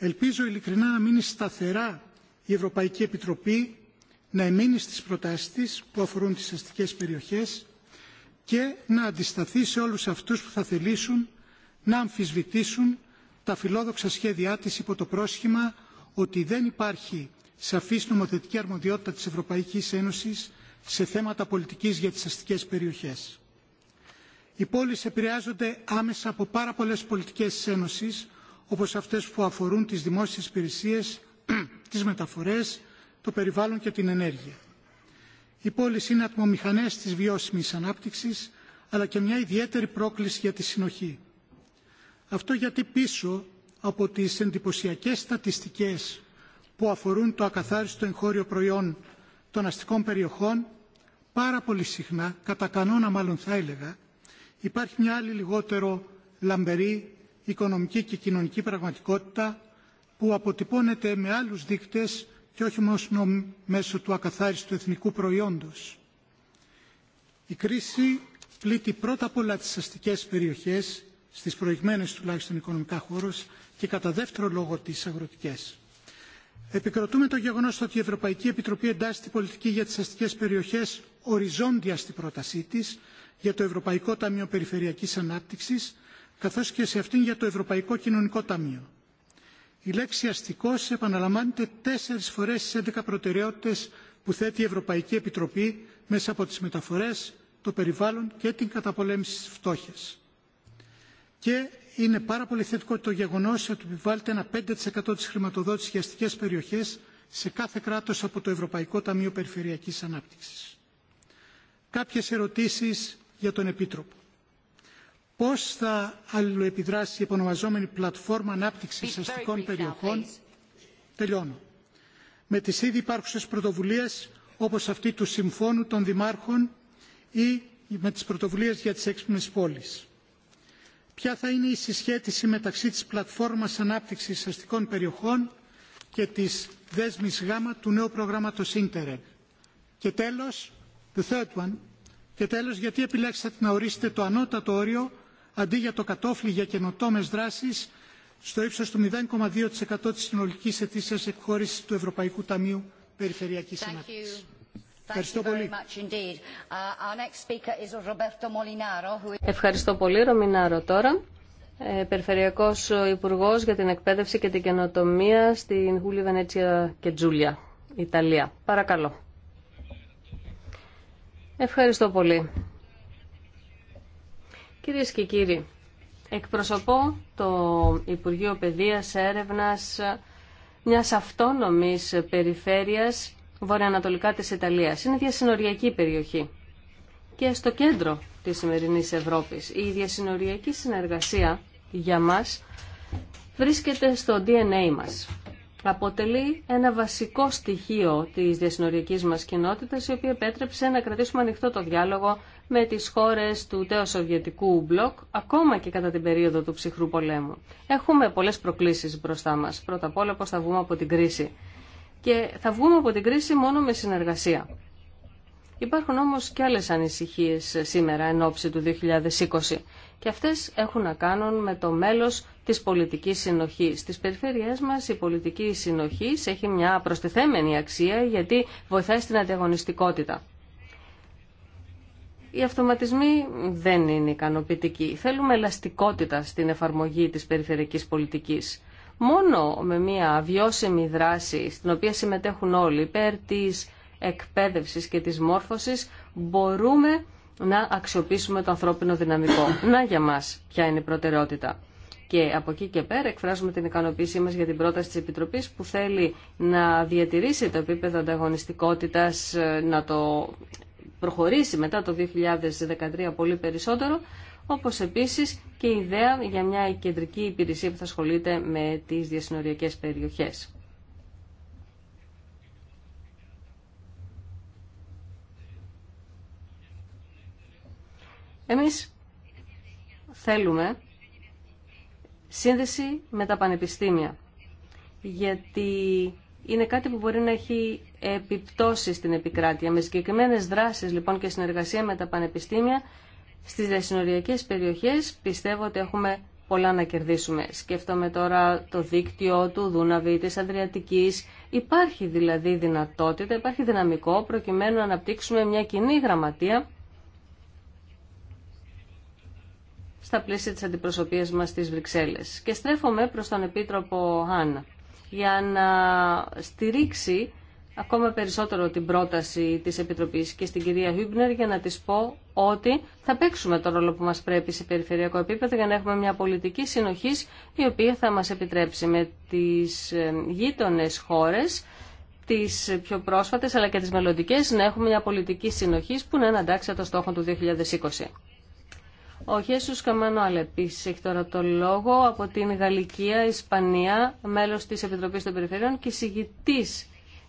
Ελπίζω ειλικρινά να μείνει σταθερά η Ευρωπαϊκή Επιτροπή να εμείνει στις προτάσεις της που αφορούν τις αστικές περιοχές και να αντισταθεί σε όλους αυτούς που θα θελήσουν να αμφισβητήσουν τα φιλόδοξα σχέδιά της υπό το πρόσχημα ότι δεν υπάρχει σαφής νομοθετική αρμοδιότητα της Ευρωπαϊκής Ένωσης σε θέματα πολιτικής για τις αστικές περιοχές. Οι πόλεις επηρεάζονται άμεσα από πάρα πολλές πολιτικές της Ένωσης όπως αυτές που αφορούν τις δημόσιες υπηρεσίες, [CLEARS THROAT] τις μεταφορές, το περιβάλλον και την ενέργεια. Οι πόλεις είναι ατμομηχανές της βιώσιμης ανάπτυξης, αλλά και μια ιδιαίτερη πρόκληση για τη συνοχή. Αυτό γιατί πίσω από τις εντυπωσιακέ στατιστικές που αφορούν το ακαθάριστο εγχώριο προϊόν των αστικών περιοχών, πάρα πολύ συχνά, κατά κανόνα μάλλον θα έλεγα, υπάρχει μια άλλη λιγότερο λαμπερή οικονομική και κοινωνική πραγματικότητα που αποτυπώνεται με άλλους δείκτες και όχι μόνο μέσω του ακαθάριστου εθνικού προϊόντος. Η κρίση πλήττει πρώτα απ' όλα τις αστικές περιοχές, στις προηγμένες τουλάχιστον οικονομικά χώρους και κατά δεύτερο λόγο τις αγροτικές. Επικροτούμε το γεγονός ότι η Ευρωπαϊκή Επιτροπή εντάσσει την πολιτική για τις αστικές περιοχές οριζόντια στην πρότασή της για το Ευρωπαϊκό Ταμείο Περιφερειακής Ανάπτυξης καθώς και σε αυτήν για το Ευρωπαϊκό Κοινωνικό Ταμείο. Η λέξη αστικός επαναλαμβάνεται τέσσερις φορές στις 11 προτεραιότητες που θέτει η Ευρωπαϊκή Επιτροπή μέσα από τις μεταφορές, το περιβάλλον και την καταπολέμηση της φτώχειας. Και είναι πάρα πολύ θετικό το γεγονός ότι επιβάλλεται ένα 5% της χρηματοδότησης για αστικές περιοχές σε κάθε κράτος από το Ευρωπαϊκό Ταμείο Περιφερειακής Ανάπτυξης. Κάποιες ερωτήσεις για τον Επίτροπο πώς θα αλληλοεπιδράσει η επωνομαζόμενη πλατφόρμα ανάπτυξης αστικών περιοχών τελειώνω με τις ήδη υπάρχουσες πρωτοβουλίες όπως αυτή του Συμφώνου των Δημάρχων ή με τις πρωτοβουλίες για τις έξυπνες πόλεις. Ποια θα είναι η συσχέτιση μεταξύ της πλατφόρμας ανάπτυξης αστικών περιοχών και της δέσμης γάμα του νέου προγράμματος Ίντερεγ. Και τέλος, the και τέλος γιατί επιλέξατε να ορίσετε το ανώτατο όριο αντί για το κατόφλι για καινοτόμε δράσει στο ύψο του 0,2 τη συνολική ετήσια εκχώρηση του Ευρωπαϊκού Ταμείου Περιφερειακή Ανάπτυξη. Uh, Ευχαριστώ πολύ. Ευχαριστώ πολύ, Ρομινάρο. Τώρα, περιφερειακό Περιφερειακός Υπουργός για την Εκπαίδευση και την Καινοτομία στην Γουλή Βενέτσια και Τζούλια, Ιταλία. Παρακαλώ. Ευχαριστώ πολύ. Κυρίες και κύριοι, εκπροσωπώ το Υπουργείο Παιδείας Έρευνας μιας αυτόνομης περιφέρειας βορειοανατολικά της Ιταλίας. Είναι διασυνοριακή περιοχή και στο κέντρο της σημερινής Ευρώπης. Η διασυνοριακή συνεργασία για μας βρίσκεται στο DNA μας. Αποτελεί ένα βασικό στοιχείο της διασυνοριακής μας κοινότητας, η οποία επέτρεψε να κρατήσουμε ανοιχτό το διάλογο με τις χώρες του τέο μπλοκ, ακόμα και κατά την περίοδο του ψυχρού πολέμου. Έχουμε πολλές προκλήσεις μπροστά μας. Πρώτα απ' όλα πώς θα βγούμε από την κρίση. Και θα βγούμε από την κρίση μόνο με συνεργασία. Υπάρχουν όμως και άλλες ανησυχίες σήμερα εν ώψη του 2020 και αυτές έχουν να κάνουν με το μέλος της πολιτικής συνοχής. Στις περιφέρειές μας η πολιτική συνοχής έχει μια προστιθέμενη αξία γιατί βοηθάει στην ανταγωνιστικότητα. Οι αυτοματισμοί δεν είναι ικανοποιητικοί. Θέλουμε ελαστικότητα στην εφαρμογή της περιφερειακής πολιτικής. Μόνο με μια βιώσιμη δράση στην οποία συμμετέχουν όλοι υπέρ της εκπαίδευσης και της μόρφωσης μπορούμε να αξιοποιήσουμε το ανθρώπινο δυναμικό. Να για μας ποια είναι η προτεραιότητα. Και από εκεί και πέρα εκφράζουμε την ικανοποίησή μας για την πρόταση της Επιτροπής που θέλει να διατηρήσει το επίπεδο ανταγωνιστικότητας, ε, να το προχωρήσει μετά το 2013 πολύ περισσότερο, όπως επίσης και η ιδέα για μια κεντρική υπηρεσία που θα ασχολείται με τις διασυνοριακές περιοχές. Εμείς θέλουμε σύνδεση με τα πανεπιστήμια, γιατί είναι κάτι που μπορεί να έχει Επιπτώσει στην επικράτεια. Με συγκεκριμένε δράσεις λοιπόν και συνεργασία με τα πανεπιστήμια στις διασυνοριακέ περιοχές πιστεύω ότι έχουμε πολλά να κερδίσουμε. Σκέφτομαι τώρα το δίκτυο του Δούναβη, της Αδριατική. Υπάρχει δηλαδή δυνατότητα, υπάρχει δυναμικό προκειμένου να αναπτύξουμε μια κοινή γραμματεία στα πλαίσια της αντιπροσωπείας μας στις Βρυξέλλες. Και στρέφομαι προς τον Επίτροπο για να στηρίξει ακόμα περισσότερο την πρόταση της Επιτροπής και στην κυρία Χίμπνερ για να της πω ότι θα παίξουμε το ρόλο που μας πρέπει σε περιφερειακό επίπεδο για να έχουμε μια πολιτική συνοχής η οποία θα μας επιτρέψει με τις ε, γείτονες χώρες τις πιο πρόσφατες αλλά και τις μελλοντικές, να έχουμε μια πολιτική συνοχής που να είναι αντάξια των στόχων του 2020. Ο Χέσους Καμάνο Αλεπίσης έχει τώρα το λόγο από την Γαλλικία, Ισπανία, μέλος της Επιτροπής των Περιφερειών και συγητής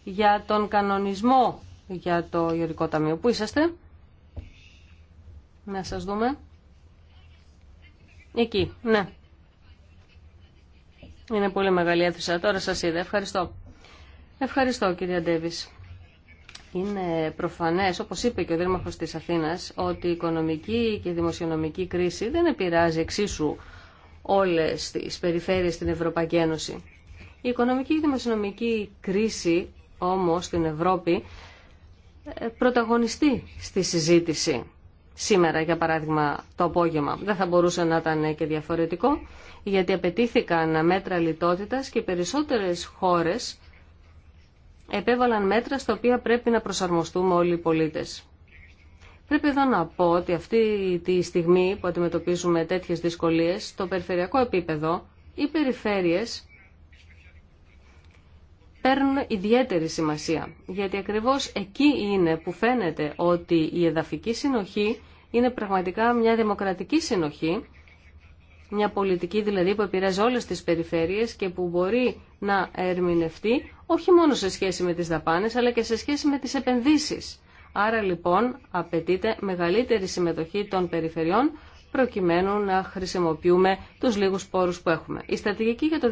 για τον κανονισμό για το Ιωρικό Ταμείο. Πού είσαστε? Να σας δούμε. Εκεί, ναι. Είναι πολύ μεγάλη αίθουσα. Τώρα σας είδα. Ευχαριστώ. Ευχαριστώ κυρία Ντέβης. Είναι προφανές, όπως είπε και ο Δήμαρχος της Αθήνας, ότι η οικονομική και η δημοσιονομική κρίση δεν επηρεάζει εξίσου όλες τις περιφέρειες στην Ευρωπαϊκή Ένωση. Η οικονομική και η δημοσιονομική κρίση όμως στην Ευρώπη ε, πρωταγωνιστεί στη συζήτηση σήμερα για παράδειγμα το απόγευμα. Δεν θα μπορούσε να ήταν και διαφορετικό γιατί απαιτήθηκαν μέτρα λιτότητας και οι περισσότερες χώρες επέβαλαν μέτρα στα οποία πρέπει να προσαρμοστούμε όλοι οι πολίτες. Πρέπει εδώ να πω ότι αυτή τη στιγμή που αντιμετωπίζουμε τέτοιες δυσκολίες, το περιφερειακό επίπεδο, οι περιφέρειες παίρνουν ιδιαίτερη σημασία, γιατί ακριβώς εκεί είναι που φαίνεται ότι η εδαφική συνοχή είναι πραγματικά μια δημοκρατική συνοχή, μια πολιτική δηλαδή που επηρεάζει όλες τις περιφέρειες και που μπορεί να ερμηνευτεί όχι μόνο σε σχέση με τις δαπάνες αλλά και σε σχέση με τις επενδύσεις. Άρα λοιπόν απαιτείται μεγαλύτερη συμμετοχή των περιφερειών προκειμένου να χρησιμοποιούμε τους λίγους πόρους που έχουμε. Η στρατηγική για το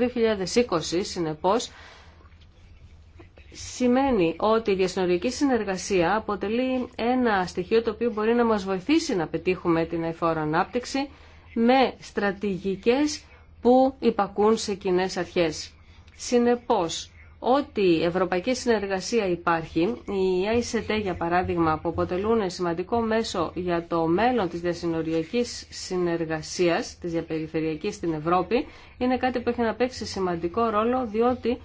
2020 συνεπώς σημαίνει ότι η διασυνοριακή συνεργασία αποτελεί ένα στοιχείο το οποίο μπορεί να μας βοηθήσει να πετύχουμε την αηφόρο ανάπτυξη με στρατηγικές που υπακούν σε κοινέ αρχές. Συνεπώς, ό,τι ευρωπαϊκή συνεργασία υπάρχει, η ICT, για παράδειγμα που αποτελούν σημαντικό μέσο για το μέλλον της διασυνοριακής συνεργασίας, της διαπεριφερειακής στην Ευρώπη, είναι κάτι που έχει να παίξει σημαντικό ρόλο διότι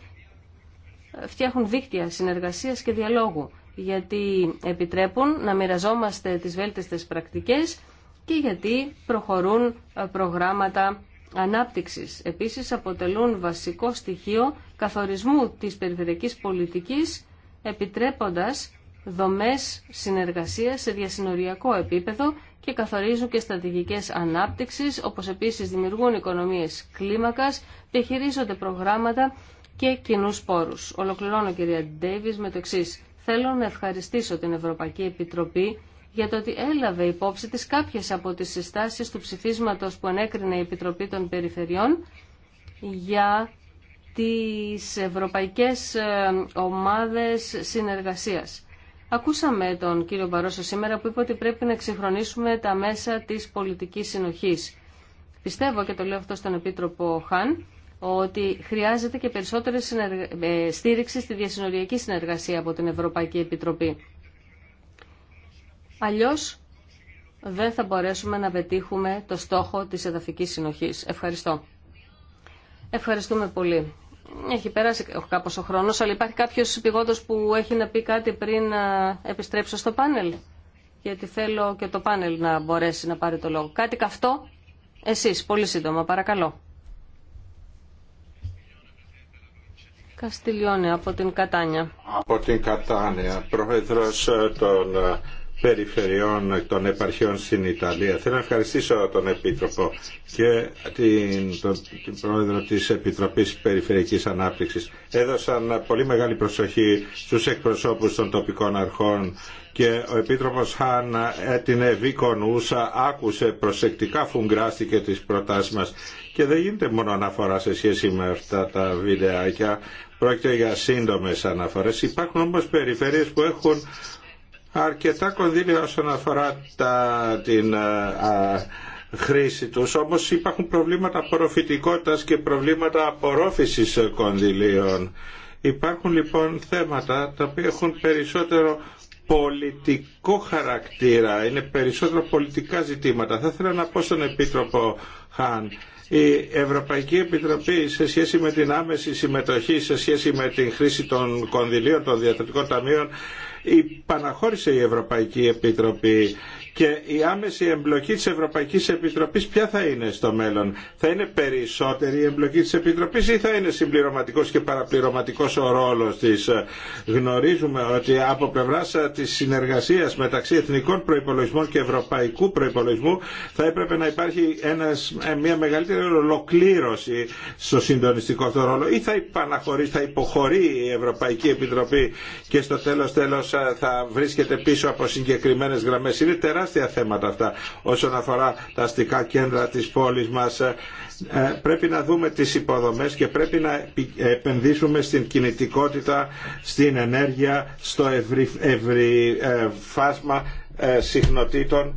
φτιάχνουν δίκτυα συνεργασίας και διαλόγου γιατί επιτρέπουν να μοιραζόμαστε τις βέλτιστες πρακτικές και γιατί προχωρούν ε, προγράμματα ανάπτυξης. Επίσης αποτελούν βασικό στοιχείο καθορισμού της περιφερειακής πολιτικής επιτρέποντας δομές συνεργασίας σε διασυνοριακό επίπεδο και καθορίζουν και στρατηγικές ανάπτυξης, όπως επίσης δημιουργούν οικονομίες κλίμακας, διαχειρίζονται προγράμματα και κοινού πόρους. Ολοκληρώνω κυρία Ντέιβις με το εξή. Θέλω να ευχαριστήσω την Ευρωπαϊκή Επιτροπή για το ότι έλαβε υπόψη της κάποιες από τις συστάσεις του ψηφίσματος που ενέκρινε η Επιτροπή των Περιφερειών για τις Ευρωπαϊκές ε, Ομάδες Συνεργασίας. Ακούσαμε τον κύριο Μπαρόσο σήμερα που είπε ότι πρέπει να εξυγχρονίσουμε τα μέσα της πολιτικής συνοχής. Πιστεύω και το λέω αυτό στον Επίτροπο Χαν ότι χρειάζεται και περισσότερη ε, στήριξη στη διασυνοριακή συνεργασία από την Ευρωπαϊκή Επιτροπή. Αλλιώς δεν θα μπορέσουμε να πετύχουμε το στόχο της εδαφικής συνοχής. Ευχαριστώ. Ευχαριστούμε πολύ. Έχει περάσει κάπως ο χρόνος, αλλά υπάρχει κάποιος πηγόντος που έχει να πει κάτι πριν να επιστρέψω στο πάνελ. Γιατί θέλω και το πάνελ να μπορέσει να πάρει το λόγο. Κάτι καυτό. Εσείς, πολύ σύντομα, παρακαλώ. Καστιλιώνη από την Κατάνια. Από την Κατάνια, πρόεδρος ε, των ε, περιφερειών των επαρχιών στην Ιταλία. Θέλω να ευχαριστήσω τον Επίτροπο και την, τον, την Πρόεδρο της Επιτροπής Περιφερειακής Ανάπτυξης. Έδωσαν πολύ μεγάλη προσοχή στους εκπροσώπους των τοπικών αρχών και ο Επίτροπος Χάν έτεινε βίκονούσα, άκουσε προσεκτικά φουγκράστηκε τις προτάσεις μας και δεν γίνεται μόνο αναφορά σε σχέση με αυτά τα βιντεάκια, πρόκειται για σύντομες αναφορές. Υπάρχουν όμως περιφέρειες που έχουν αρκετά κονδύλια όσον αφορά τα, την α, χρήση τους, όμως υπάρχουν προβλήματα απορροφητικότητας και προβλήματα απορρόφησης κονδυλίων. Υπάρχουν λοιπόν θέματα τα οποία έχουν περισσότερο πολιτικό χαρακτήρα, είναι περισσότερο πολιτικά ζητήματα. Θα ήθελα να πω στον Επίτροπο Χάν, η Ευρωπαϊκή Επιτροπή σε σχέση με την άμεση συμμετοχή, σε σχέση με την χρήση των κονδυλίων των διαθετικών ταμείων, υπαναχώρησε η Ευρωπαϊκή Επιτροπή και η άμεση εμπλοκή της Ευρωπαϊκής Επιτροπής ποια θα είναι στο μέλλον. Θα είναι περισσότερη η εμπλοκή της Επιτροπής ή θα είναι συμπληρωματικός και παραπληρωματικός ο ρόλος της. Γνωρίζουμε ότι από πλευράς ε, της συνεργασίας μεταξύ εθνικών προϋπολογισμών και ευρωπαϊκού προϋπολογισμού θα έπρεπε να υπάρχει ένας, ε, μια μεγαλύτερη ολοκλήρωση στο συντονιστικό αυτό ρόλο ή θα, υπαναχωρεί, θα υποχωρεί η θα ειναι συμπληρωματικος και παραπληρωματικος ο ρολος της γνωριζουμε οτι απο πλευρα της συνεργασιας μεταξυ εθνικων προυπολογισμων και ευρωπαικου προυπολογισμου Επιτροπή και στο τέλος τέλος ε, θα βρίσκεται πίσω από συγκεκριμένες γραμμές τεράστια θέματα αυτά όσον αφορά τα αστικά κέντρα της πόλης μας. Ε, πρέπει να δούμε τις υποδομές και πρέπει να επενδύσουμε στην κινητικότητα, στην ενέργεια, στο ευρύ, ε, φάσμα ε, συχνοτήτων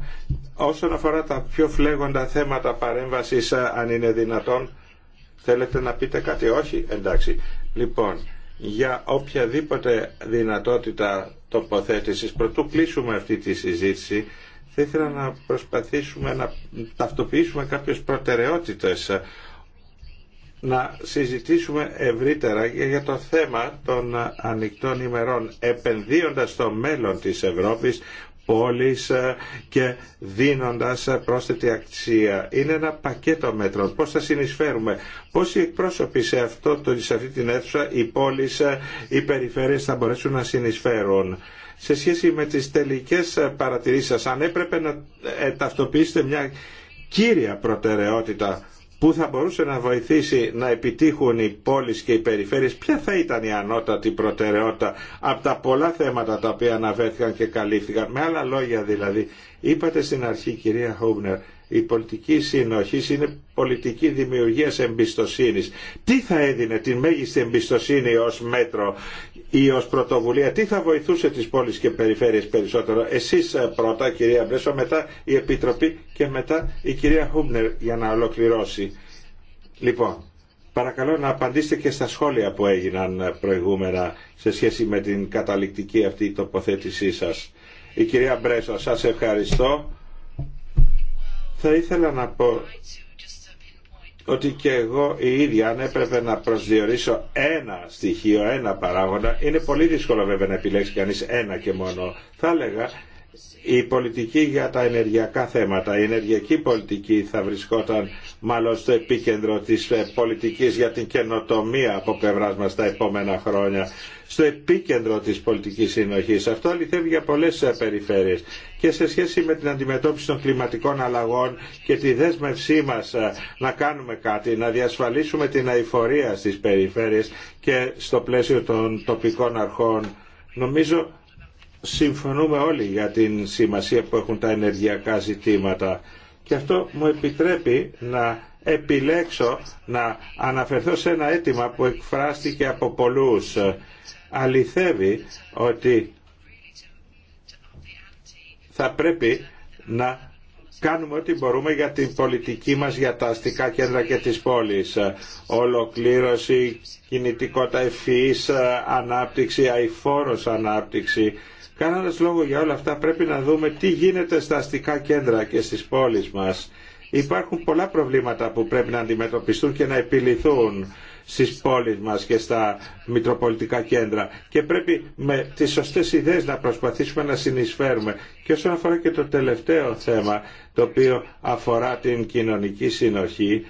όσον αφορά τα πιο φλέγοντα θέματα παρέμβασης ε, αν είναι δυνατόν θέλετε να πείτε κάτι όχι εντάξει λοιπόν για οποιαδήποτε δυνατότητα τοποθέτησης πρωτού κλείσουμε αυτή τη συζήτηση θα ήθελα να προσπαθήσουμε να ταυτοποιήσουμε κάποιες προτεραιότητες να συζητήσουμε ευρύτερα για το θέμα των ανοιχτών ημερών επενδύοντας το μέλλον της Ευρώπης πόλεις και δίνοντας πρόσθετη αξία. Είναι ένα πακέτο μέτρων. Πώς θα συνεισφέρουμε, πώς οι εκπρόσωποι σε, αυτό, σε αυτή την αίθουσα, οι πόλεις, οι περιφέρειες θα μπορέσουν να συνεισφέρουν σε σχέση με τις τελικές ε, παρατηρήσεις σας. Αν έπρεπε να ε, ταυτοποιήσετε μια κύρια προτεραιότητα που θα μπορούσε να βοηθήσει να επιτύχουν οι πόλεις και οι περιφέρειες, ποια θα ήταν η ανώτατη προτεραιότητα από τα πολλά θέματα τα οποία αναβέθηκαν και καλύφθηκαν. Με άλλα λόγια δηλαδή, είπατε στην αρχή κυρία Χούμπνερ, η πολιτική συνοχή είναι πολιτική δημιουργία εμπιστοσύνη. Τι θα έδινε την μέγιστη εμπιστοσύνη ω μέτρο ή ω πρωτοβουλία, τι θα βοηθούσε τι πόλει και περιφέρειε περισσότερο. Εσεί ε, πρώτα, κυρία Μπρέσο, μετά η Επιτροπή και μετά η κυρία Χούμπνερ για να ολοκληρώσει. Λοιπόν, παρακαλώ να απαντήσετε και στα σχόλια που έγιναν ε, προηγούμενα σε σχέση με την καταληκτική αυτή τοποθέτησή σας. Η κυρία Μπρέσο, σας ευχαριστώ. Θα ήθελα να πω ότι και εγώ η ίδια αν έπρεπε να προσδιορίσω ένα στοιχείο, ένα παράγοντα, είναι πολύ δύσκολο βέβαια να επιλέξει κανείς ένα και μόνο. Θα έλεγα η πολιτική για τα ενεργειακά θέματα, η ενεργειακή πολιτική θα βρισκόταν μάλλον στο επίκεντρο της ε, πολιτικής για την καινοτομία από πλευρά μας τα επόμενα χρόνια, στο επίκεντρο της πολιτικής συνοχής. Αυτό αληθεύει για πολλές ε, περιφέρειες και σε σχέση με την αντιμετώπιση των κλιματικών αλλαγών και τη δέσμευσή μας ε, να κάνουμε κάτι, να διασφαλίσουμε την αηφορία στις περιφέρειες και στο πλαίσιο των τοπικών αρχών. Νομίζω συμφωνούμε όλοι για την σημασία που έχουν τα ενεργειακά ζητήματα και αυτό μου επιτρέπει να επιλέξω να αναφερθώ σε ένα αίτημα που εκφράστηκε από πολλούς. Αληθεύει ότι θα πρέπει να κάνουμε ό,τι μπορούμε για την πολιτική μας για τα αστικά κέντρα και τις πόλεις. Ολοκλήρωση, κινητικότητα ευφυής, ε, ανάπτυξη, αηφόρος ανάπτυξη Κάνοντας λόγο για όλα αυτά πρέπει να δούμε τι γίνεται στα αστικά κέντρα και στις πόλεις μας. Υπάρχουν πολλά προβλήματα που πρέπει να αντιμετωπιστούν και να επιληθούν στις πόλεις μας και στα μητροπολιτικά κέντρα και πρέπει με τις σωστές ιδέες να προσπαθήσουμε να συνεισφέρουμε. Και όσον αφορά και το τελευταίο θέμα το οποίο αφορά την κοινωνική συνοχή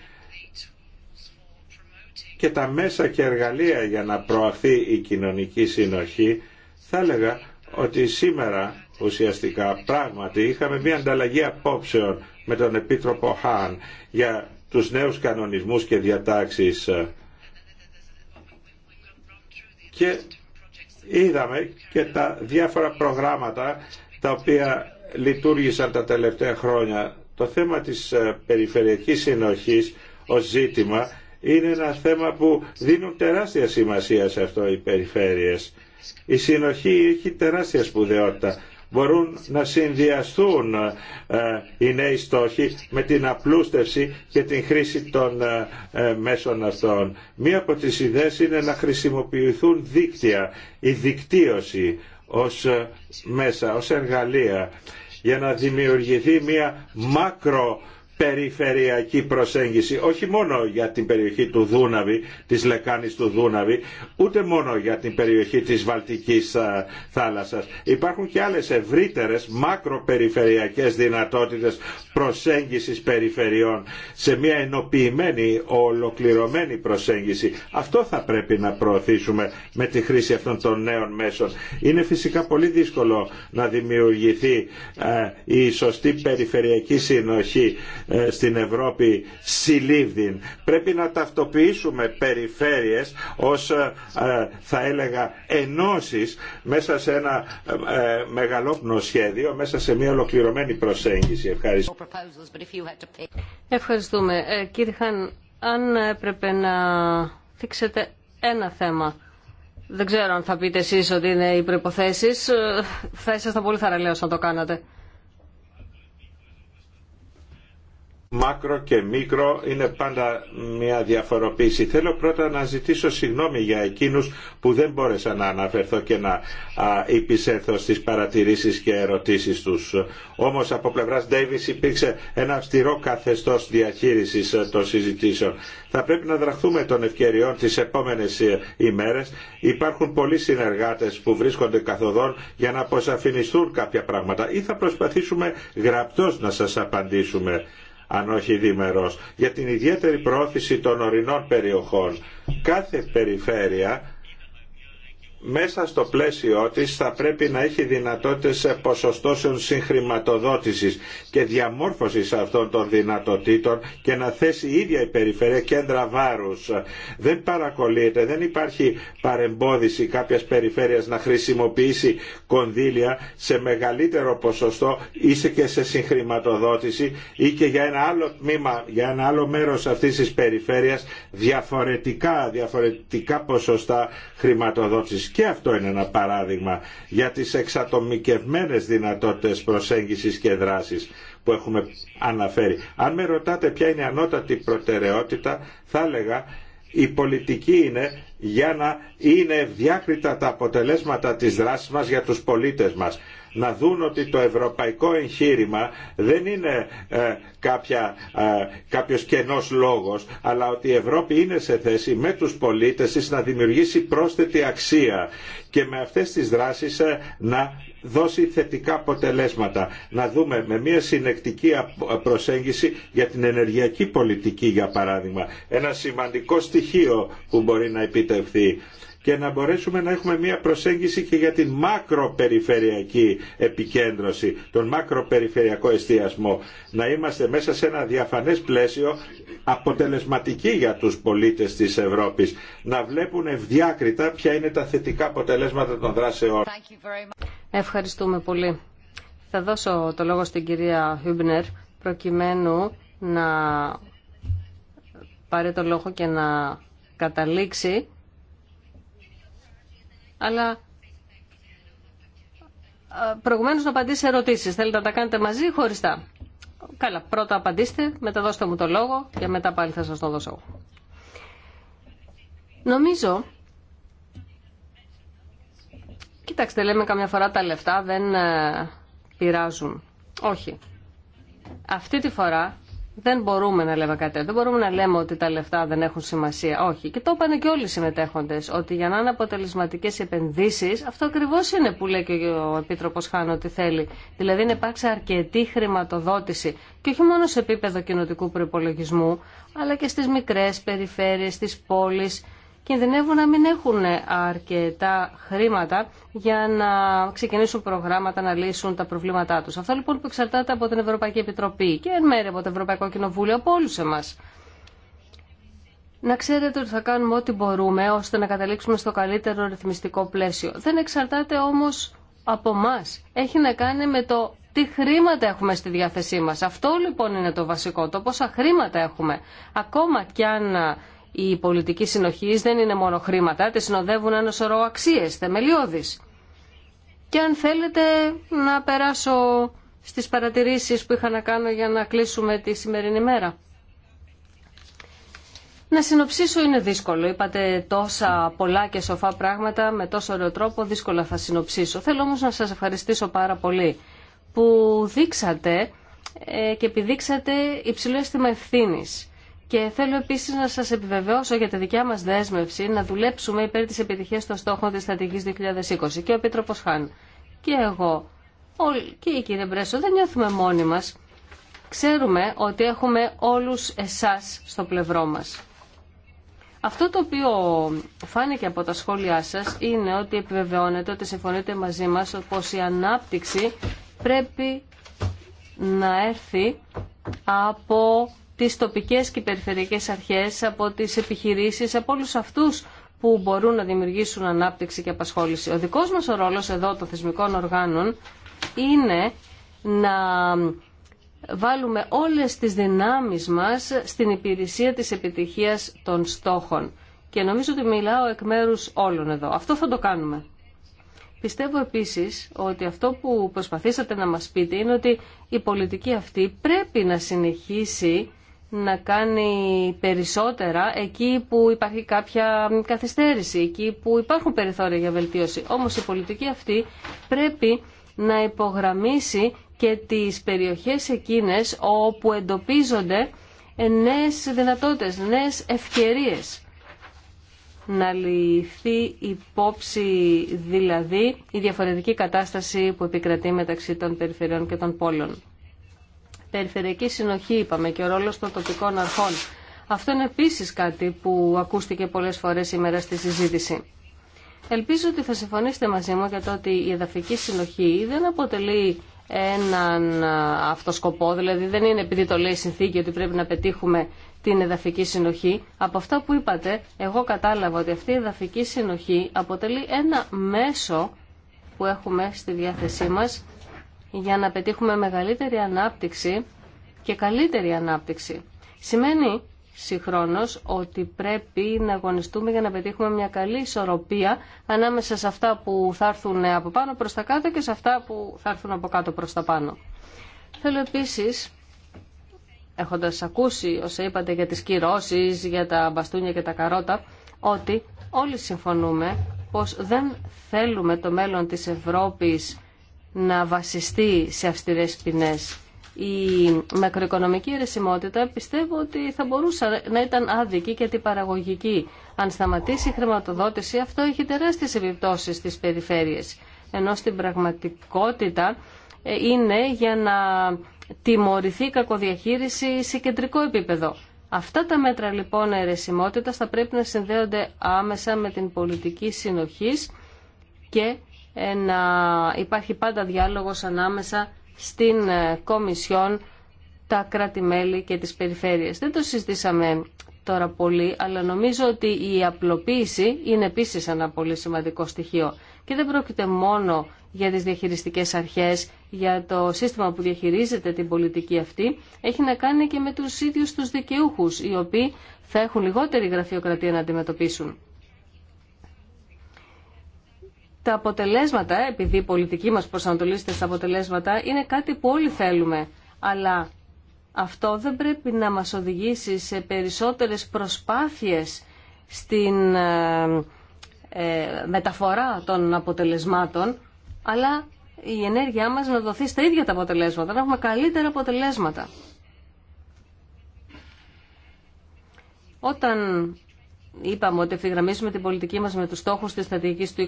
και τα μέσα και εργαλεία για να προωθεί η κοινωνική συνοχή θα έλεγα ότι σήμερα ουσιαστικά πράγματι είχαμε μια ανταλλαγή απόψεων με τον Επίτροπο Χάν για τους νέους κανονισμούς και διατάξεις και είδαμε και τα διάφορα προγράμματα τα οποία λειτουργήσαν τα τελευταία χρόνια. Το θέμα της ε, περιφερειακής συνοχής ως ζήτημα είναι ένα θέμα που δίνουν τεράστια σημασία σε αυτό οι περιφέρειες η συνοχή έχει τεράστια σπουδαιότητα. Μπορούν να συνδυαστούν ε, οι νέοι στόχοι με την απλούστευση και την χρήση των ε, ε, μέσων αυτών. Μία από τις ιδέες είναι να χρησιμοποιηθούν δίκτυα, η δικτύωση ως μέσα, ως εργαλεία για να δημιουργηθεί μία μάκρο περιφερειακή προσέγγιση όχι μόνο για την περιοχή του Δούναβη, της λεκάνης του Δούναβη, ούτε μόνο για την περιοχή της Βαλτικής θάλασσας. Υπάρχουν και άλλες ευρύτερες μακροπεριφερειακές δυνατότητες προσέγγισης περιφερειών σε μια ενοποιημένη, ολοκληρωμένη προσέγγιση. Αυτό θα πρέπει να προωθήσουμε με τη χρήση αυτών των νέων μέσων. Είναι φυσικά πολύ δύσκολο να δημιουργηθεί ε, η σωστή περιφερειακή συνοχή ε, στην Ευρώπη συλλήβδην. Πρέπει να ταυτοποιήσουμε περιφέρειες ως ε, ε, θα έλεγα ενώσεις μέσα σε ένα μεγαλόπνο σχέδιο, μέσα σε μια ολοκληρωμένη προσέγγιση. Ευχαριστώ. Ευχαριστούμε. κύριε Χαν, αν έπρεπε να δείξετε ένα θέμα, δεν ξέρω αν θα πείτε εσείς ότι είναι οι προϋποθέσεις, θα ήσασταν πολύ θαραλέως να το κάνατε. μάκρο και μικρο είναι πάντα μια διαφοροποίηση. Θέλω πρώτα να ζητήσω συγγνώμη για εκείνους που δεν μπόρεσα να αναφερθώ και να υπησέλθω στις παρατηρήσεις και ερωτήσεις τους. Όμως από πλευράς Ντέιβις υπήρξε ένα αυστηρό καθεστώς διαχείρισης ε, των συζητήσεων. Θα πρέπει να δραχθούμε των ευκαιριών τις επόμενες ε, ημέρες. Υπάρχουν πολλοί συνεργάτες που βρίσκονται καθοδόν για να αποσαφινιστούν κάποια πράγματα ή θα προσπαθήσουμε γραπτός να σας απαντήσουμε αν όχι διμερός, για την ιδιαίτερη πρόθεση των ορεινών περιοχών. Κάθε περιφέρεια μέσα στο πλαίσιο της θα πρέπει να έχει δυνατότητες ποσοστώσεων συγχρηματοδότησης και διαμόρφωσης αυτών των δυνατοτήτων και να θέσει ίδια η περιφέρεια κέντρα βάρους. Δεν παρακολείται, δεν υπάρχει παρεμπόδιση κάποιας περιφέρειας να χρησιμοποιήσει κονδύλια σε μεγαλύτερο ποσοστό ή και σε συγχρηματοδότηση ή και για ένα άλλο τμήμα, για ένα άλλο μέρος αυτής της περιφέρειας διαφορετικά, διαφορετικά ποσοστά χρηματοδότηση. Και αυτό είναι ένα παράδειγμα για τις εξατομικευμένες δυνατότητες προσέγγισης και δράσης που έχουμε αναφέρει. Αν με ρωτάτε ποια είναι η ανώτατη προτεραιότητα, θα έλεγα η πολιτική είναι για να είναι διάκριτα τα αποτελέσματα της δράσης μας για τους πολίτες μας να δουν ότι το ευρωπαϊκό εγχείρημα δεν είναι ε, κάποια, ε, κάποιος κενός λόγος, αλλά ότι η Ευρώπη είναι σε θέση με τους πολίτες της να δημιουργήσει πρόσθετη αξία και με αυτές τις δράσεις ε, να δώσει θετικά αποτελέσματα. Να δούμε με μια συνεκτική προσέγγιση για την ενεργειακή πολιτική, για παράδειγμα, ένα σημαντικό στοιχείο που μπορεί να επιτευχθεί και να μπορέσουμε να έχουμε μια προσέγγιση και για την μακροπεριφερειακή επικέντρωση, τον μακροπεριφερειακό εστιασμό. Να είμαστε μέσα σε ένα διαφανές πλαίσιο αποτελεσματική για τους πολίτες της Ευρώπης. Να βλέπουν ευδιάκριτα ποια είναι τα θετικά αποτελέσματα των δράσεών. Ευχαριστούμε πολύ. Θα δώσω το λόγο στην κυρία Χούμπνερ προκειμένου να πάρει το λόγο και να καταλήξει αλλά προηγουμένως να απαντήσει σε ερωτήσεις. Θέλετε να τα κάνετε μαζί ή χωριστά. Καλά, πρώτα απαντήστε, μετά δώστε μου το λόγο και μετά πάλι θα σας το δώσω. Νομίζω Κοιτάξτε, λέμε καμιά φορά τα λεφτά δεν ε, πειράζουν. Όχι. Αυτή τη φορά δεν μπορούμε να λέμε κάτι Δεν μπορούμε να λέμε ότι τα λεφτά δεν έχουν σημασία. Όχι. Και το είπαν και όλοι οι συμμετέχοντε ότι για να είναι αποτελεσματικέ επενδύσει, αυτό ακριβώ είναι που λέει και ο Επίτροπο Χάνο ότι θέλει. Δηλαδή να υπάρξει αρκετή χρηματοδότηση. Και όχι μόνο σε επίπεδο κοινοτικού προπολογισμού, αλλά και στι μικρέ περιφέρειε, στι πόλει, κινδυνεύουν να μην έχουν αρκετά χρήματα για να ξεκινήσουν προγράμματα να λύσουν τα προβλήματά τους. Αυτό λοιπόν που εξαρτάται από την Ευρωπαϊκή Επιτροπή και εν μέρει από το Ευρωπαϊκό Κοινοβούλιο, από όλους εμάς. Να ξέρετε ότι θα κάνουμε ό,τι μπορούμε ώστε να καταλήξουμε στο καλύτερο ρυθμιστικό πλαίσιο. Δεν εξαρτάται όμως από εμά. Έχει να κάνει με το τι χρήματα έχουμε στη διάθεσή μας. Αυτό λοιπόν είναι το βασικό, το πόσα χρήματα έχουμε. Ακόμα κι αν η πολιτική συνοχή δεν είναι μόνο χρήματα, τη συνοδεύουν ένα σωρό αξίες, θεμελιώδεις. Και αν θέλετε να περάσω στις παρατηρήσεις που είχα να κάνω για να κλείσουμε τη σημερινή μέρα. Να συνοψίσω είναι δύσκολο. Είπατε τόσα πολλά και σοφά πράγματα με τόσο ωραίο τρόπο, δύσκολα θα συνοψίσω. Θέλω όμως να σας ευχαριστήσω πάρα πολύ που δείξατε ε, και επιδείξατε υψηλό αίσθημα ευθύνης και θέλω επίση να σα επιβεβαιώσω για τη δικιά μα δέσμευση να δουλέψουμε υπέρ τη επιτυχία των στόχων τη στρατηγική 2020. Και ο Επίτροπο Χάν και εγώ και η κύριε Μπρέσο δεν νιώθουμε μόνοι μα. Ξέρουμε ότι έχουμε όλου εσά στο πλευρό μα. Αυτό το οποίο φάνηκε από τα σχόλιά σα είναι ότι επιβεβαιώνεται ότι συμφωνείτε μαζί μα πως η ανάπτυξη πρέπει να έρθει από τις τοπικές και περιφερειακές αρχές, από τις επιχειρήσεις, από όλους αυτούς που μπορούν να δημιουργήσουν ανάπτυξη και απασχόληση. Ο δικός μας ο ρόλος εδώ των θεσμικών οργάνων είναι να βάλουμε όλες τις δυνάμεις μας στην υπηρεσία της επιτυχίας των στόχων. Και νομίζω ότι μιλάω εκ μέρους όλων εδώ. Αυτό θα το κάνουμε. Πιστεύω επίσης ότι αυτό που προσπαθήσατε να μας πείτε είναι ότι η πολιτική αυτή πρέπει να συνεχίσει να κάνει περισσότερα εκεί που υπάρχει κάποια καθυστέρηση, εκεί που υπάρχουν περιθώρια για βελτίωση. Όμως η πολιτική αυτή πρέπει να υπογραμμίσει και τις περιοχές εκείνες όπου εντοπίζονται νέες δυνατότητες, νέες ευκαιρίες. Να ληφθεί υπόψη δηλαδή η διαφορετική κατάσταση που επικρατεί μεταξύ των περιφερειών και των πόλων περιφερειακή συνοχή, είπαμε, και ο ρόλος των τοπικών αρχών. Αυτό είναι επίση κάτι που ακούστηκε πολλές φορές σήμερα στη συζήτηση. Ελπίζω ότι θα συμφωνήσετε μαζί μου για το ότι η εδαφική συνοχή δεν αποτελεί έναν αυτοσκοπό, δηλαδή δεν είναι επειδή το λέει η συνθήκη ότι πρέπει να πετύχουμε την εδαφική συνοχή. Από αυτά που είπατε, εγώ κατάλαβα ότι αυτή η εδαφική συνοχή αποτελεί ένα μέσο που έχουμε στη διάθεσή μας για να πετύχουμε μεγαλύτερη ανάπτυξη και καλύτερη ανάπτυξη. Σημαίνει συγχρόνως ότι πρέπει να αγωνιστούμε για να πετύχουμε μια καλή ισορροπία ανάμεσα σε αυτά που θα έρθουν από πάνω προς τα κάτω και σε αυτά που θα έρθουν από κάτω προς τα πάνω. Θέλω επίσης, έχοντας ακούσει όσα είπατε για τις κυρώσεις, για τα μπαστούνια και τα καρότα, ότι όλοι συμφωνούμε πως δεν θέλουμε το μέλλον της Ευρώπης να βασιστεί σε αυστηρές ποινές. Η μακροοικονομική αιρεσιμότητα πιστεύω ότι θα μπορούσε να ήταν άδικη και παραγωγική. Αν σταματήσει η χρηματοδότηση αυτό έχει τεράστιες επιπτώσεις στις περιφέρειες. Ενώ στην πραγματικότητα ε, είναι για να τιμωρηθεί η κακοδιαχείριση σε κεντρικό επίπεδο. Αυτά τα μέτρα λοιπόν αιρεσιμότητας θα πρέπει να συνδέονται άμεσα με την πολιτική συνοχής και ε, να υπάρχει πάντα διάλογος ανάμεσα στην ε, Κομισιόν, τα κράτη-μέλη και τις περιφέρειες. Δεν το συζητήσαμε τώρα πολύ, αλλά νομίζω ότι η απλοποίηση είναι επίσης ένα πολύ σημαντικό στοιχείο. Και δεν πρόκειται μόνο για τις διαχειριστικές αρχές, για το σύστημα που διαχειρίζεται την πολιτική αυτή, έχει να κάνει και με τους ίδιους τους δικαιούχους, οι οποίοι θα έχουν λιγότερη γραφειοκρατία να αντιμετωπίσουν τα αποτελέσματα, επειδή η πολιτική μας προσανατολίζεται στα αποτελέσματα, είναι κάτι που όλοι θέλουμε. Αλλά αυτό δεν πρέπει να μας οδηγήσει σε περισσότερες προσπάθειες στην ε, ε, μεταφορά των αποτελεσμάτων, αλλά η ενέργειά μας να δοθεί στα ίδια τα αποτελέσματα, να έχουμε καλύτερα αποτελέσματα. Όταν είπαμε ότι ευθυγραμμίζουμε την πολιτική μας με τους στόχους της στρατηγικής του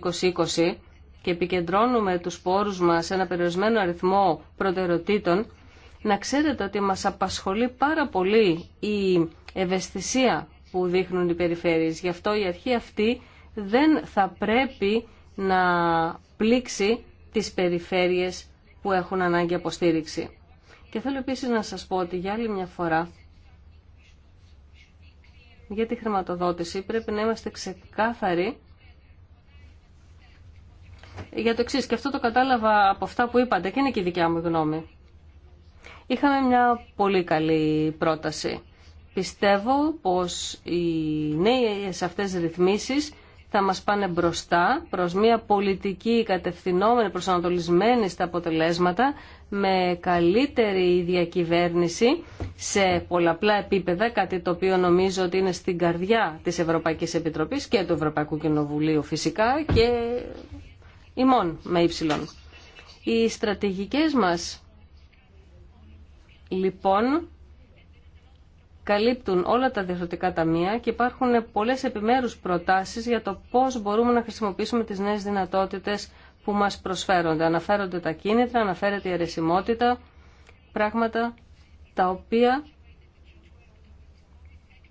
2020 και επικεντρώνουμε τους πόρους μας σε ένα περιορισμένο αριθμό προτεραιοτήτων, να ξέρετε ότι μας απασχολεί πάρα πολύ η ευαισθησία που δείχνουν οι περιφέρειες. Γι' αυτό η αρχή αυτή δεν θα πρέπει να πλήξει τις περιφέρειες που έχουν ανάγκη αποστήριξη. Και θέλω επίσης να σας πω ότι για άλλη μια φορά για τη χρηματοδότηση πρέπει να είμαστε ξεκάθαροι για το εξή. Και αυτό το κατάλαβα από αυτά που είπατε και είναι και η δικιά μου γνώμη. Είχαμε μια πολύ καλή πρόταση. Πιστεύω πως οι νέες αυτές ρυθμίσεις θα μας πάνε μπροστά προς μια πολιτική κατευθυνόμενη, προσανατολισμένη στα αποτελέσματα με καλύτερη διακυβέρνηση σε πολλαπλά επίπεδα, κάτι το οποίο νομίζω ότι είναι στην καρδιά της Ευρωπαϊκής Επιτροπής και του Ευρωπαϊκού Κοινοβουλίου φυσικά και ημών με ύψιλον. Οι στρατηγικές μας λοιπόν καλύπτουν όλα τα διευθυντικά ταμεία και υπάρχουν πολλές επιμέρους προτάσεις για το πώς μπορούμε να χρησιμοποιήσουμε τις νέες δυνατότητες που μας προσφέρονται. Αναφέρονται τα κίνητρα, αναφέρεται η αρεσιμότητα, πράγματα τα οποία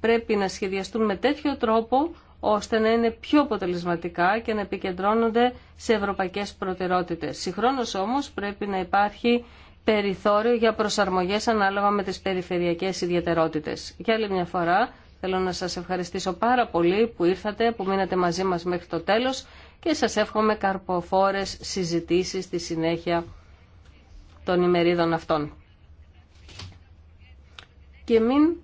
πρέπει να σχεδιαστούν με τέτοιο τρόπο ώστε να είναι πιο αποτελεσματικά και να επικεντρώνονται σε ευρωπαϊκές προτεραιότητες. Συγχρόνως όμως πρέπει να υπάρχει περιθώριο για προσαρμογές ανάλογα με τις περιφερειακές ιδιαιτερότητες. Για άλλη μια φορά θέλω να σας ευχαριστήσω πάρα πολύ που ήρθατε, που μείνατε μαζί μας μέχρι το τέλος και σας εύχομαι καρποφόρες συζητήσεις στη συνέχεια των ημερίδων αυτών. Και μην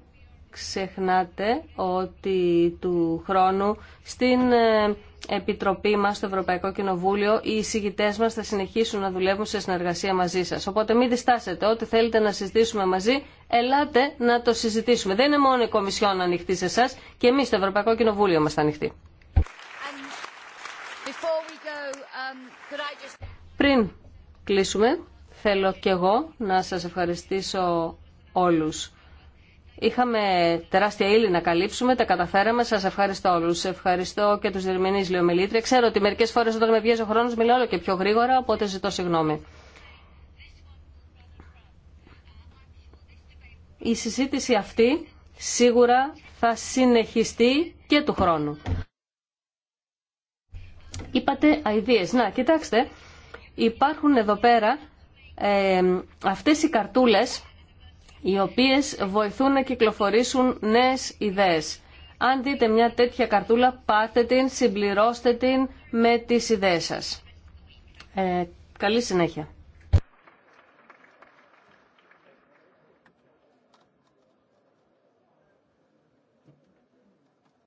ξεχνάτε ότι του χρόνου στην ε, Επιτροπή μας στο Ευρωπαϊκό Κοινοβούλιο οι εισηγητές μας θα συνεχίσουν να δουλεύουν σε συνεργασία μαζί σας. Οπότε μην διστάσετε. Ό,τι θέλετε να συζητήσουμε μαζί, ελάτε να το συζητήσουμε. Δεν είναι μόνο η Κομισιόν ανοιχτή σε εσά και εμείς στο Ευρωπαϊκό Κοινοβούλιο μας θα Πριν κλείσουμε, θέλω και εγώ να σας ευχαριστήσω όλους. Είχαμε τεράστια ύλη να καλύψουμε, τα καταφέραμε. Σα ευχαριστώ όλου. Ευχαριστώ και του διερμηνεί, λέω Ξέρω ότι μερικέ φορέ όταν με βγαίνει ο χρόνο μιλάω όλο και πιο γρήγορα, οπότε ζητώ συγγνώμη. Η συζήτηση αυτή σίγουρα θα συνεχιστεί και του χρόνου. Είπατε ideas. Να, κοιτάξτε, υπάρχουν εδώ πέρα ε, αυτές οι καρτούλες οι οποίες βοηθούν να κυκλοφορήσουν νέες ιδέες. Αν δείτε μια τέτοια καρτούλα, πάτε την, συμπληρώστε την με τις ιδέες σας. Ε, καλή συνέχεια.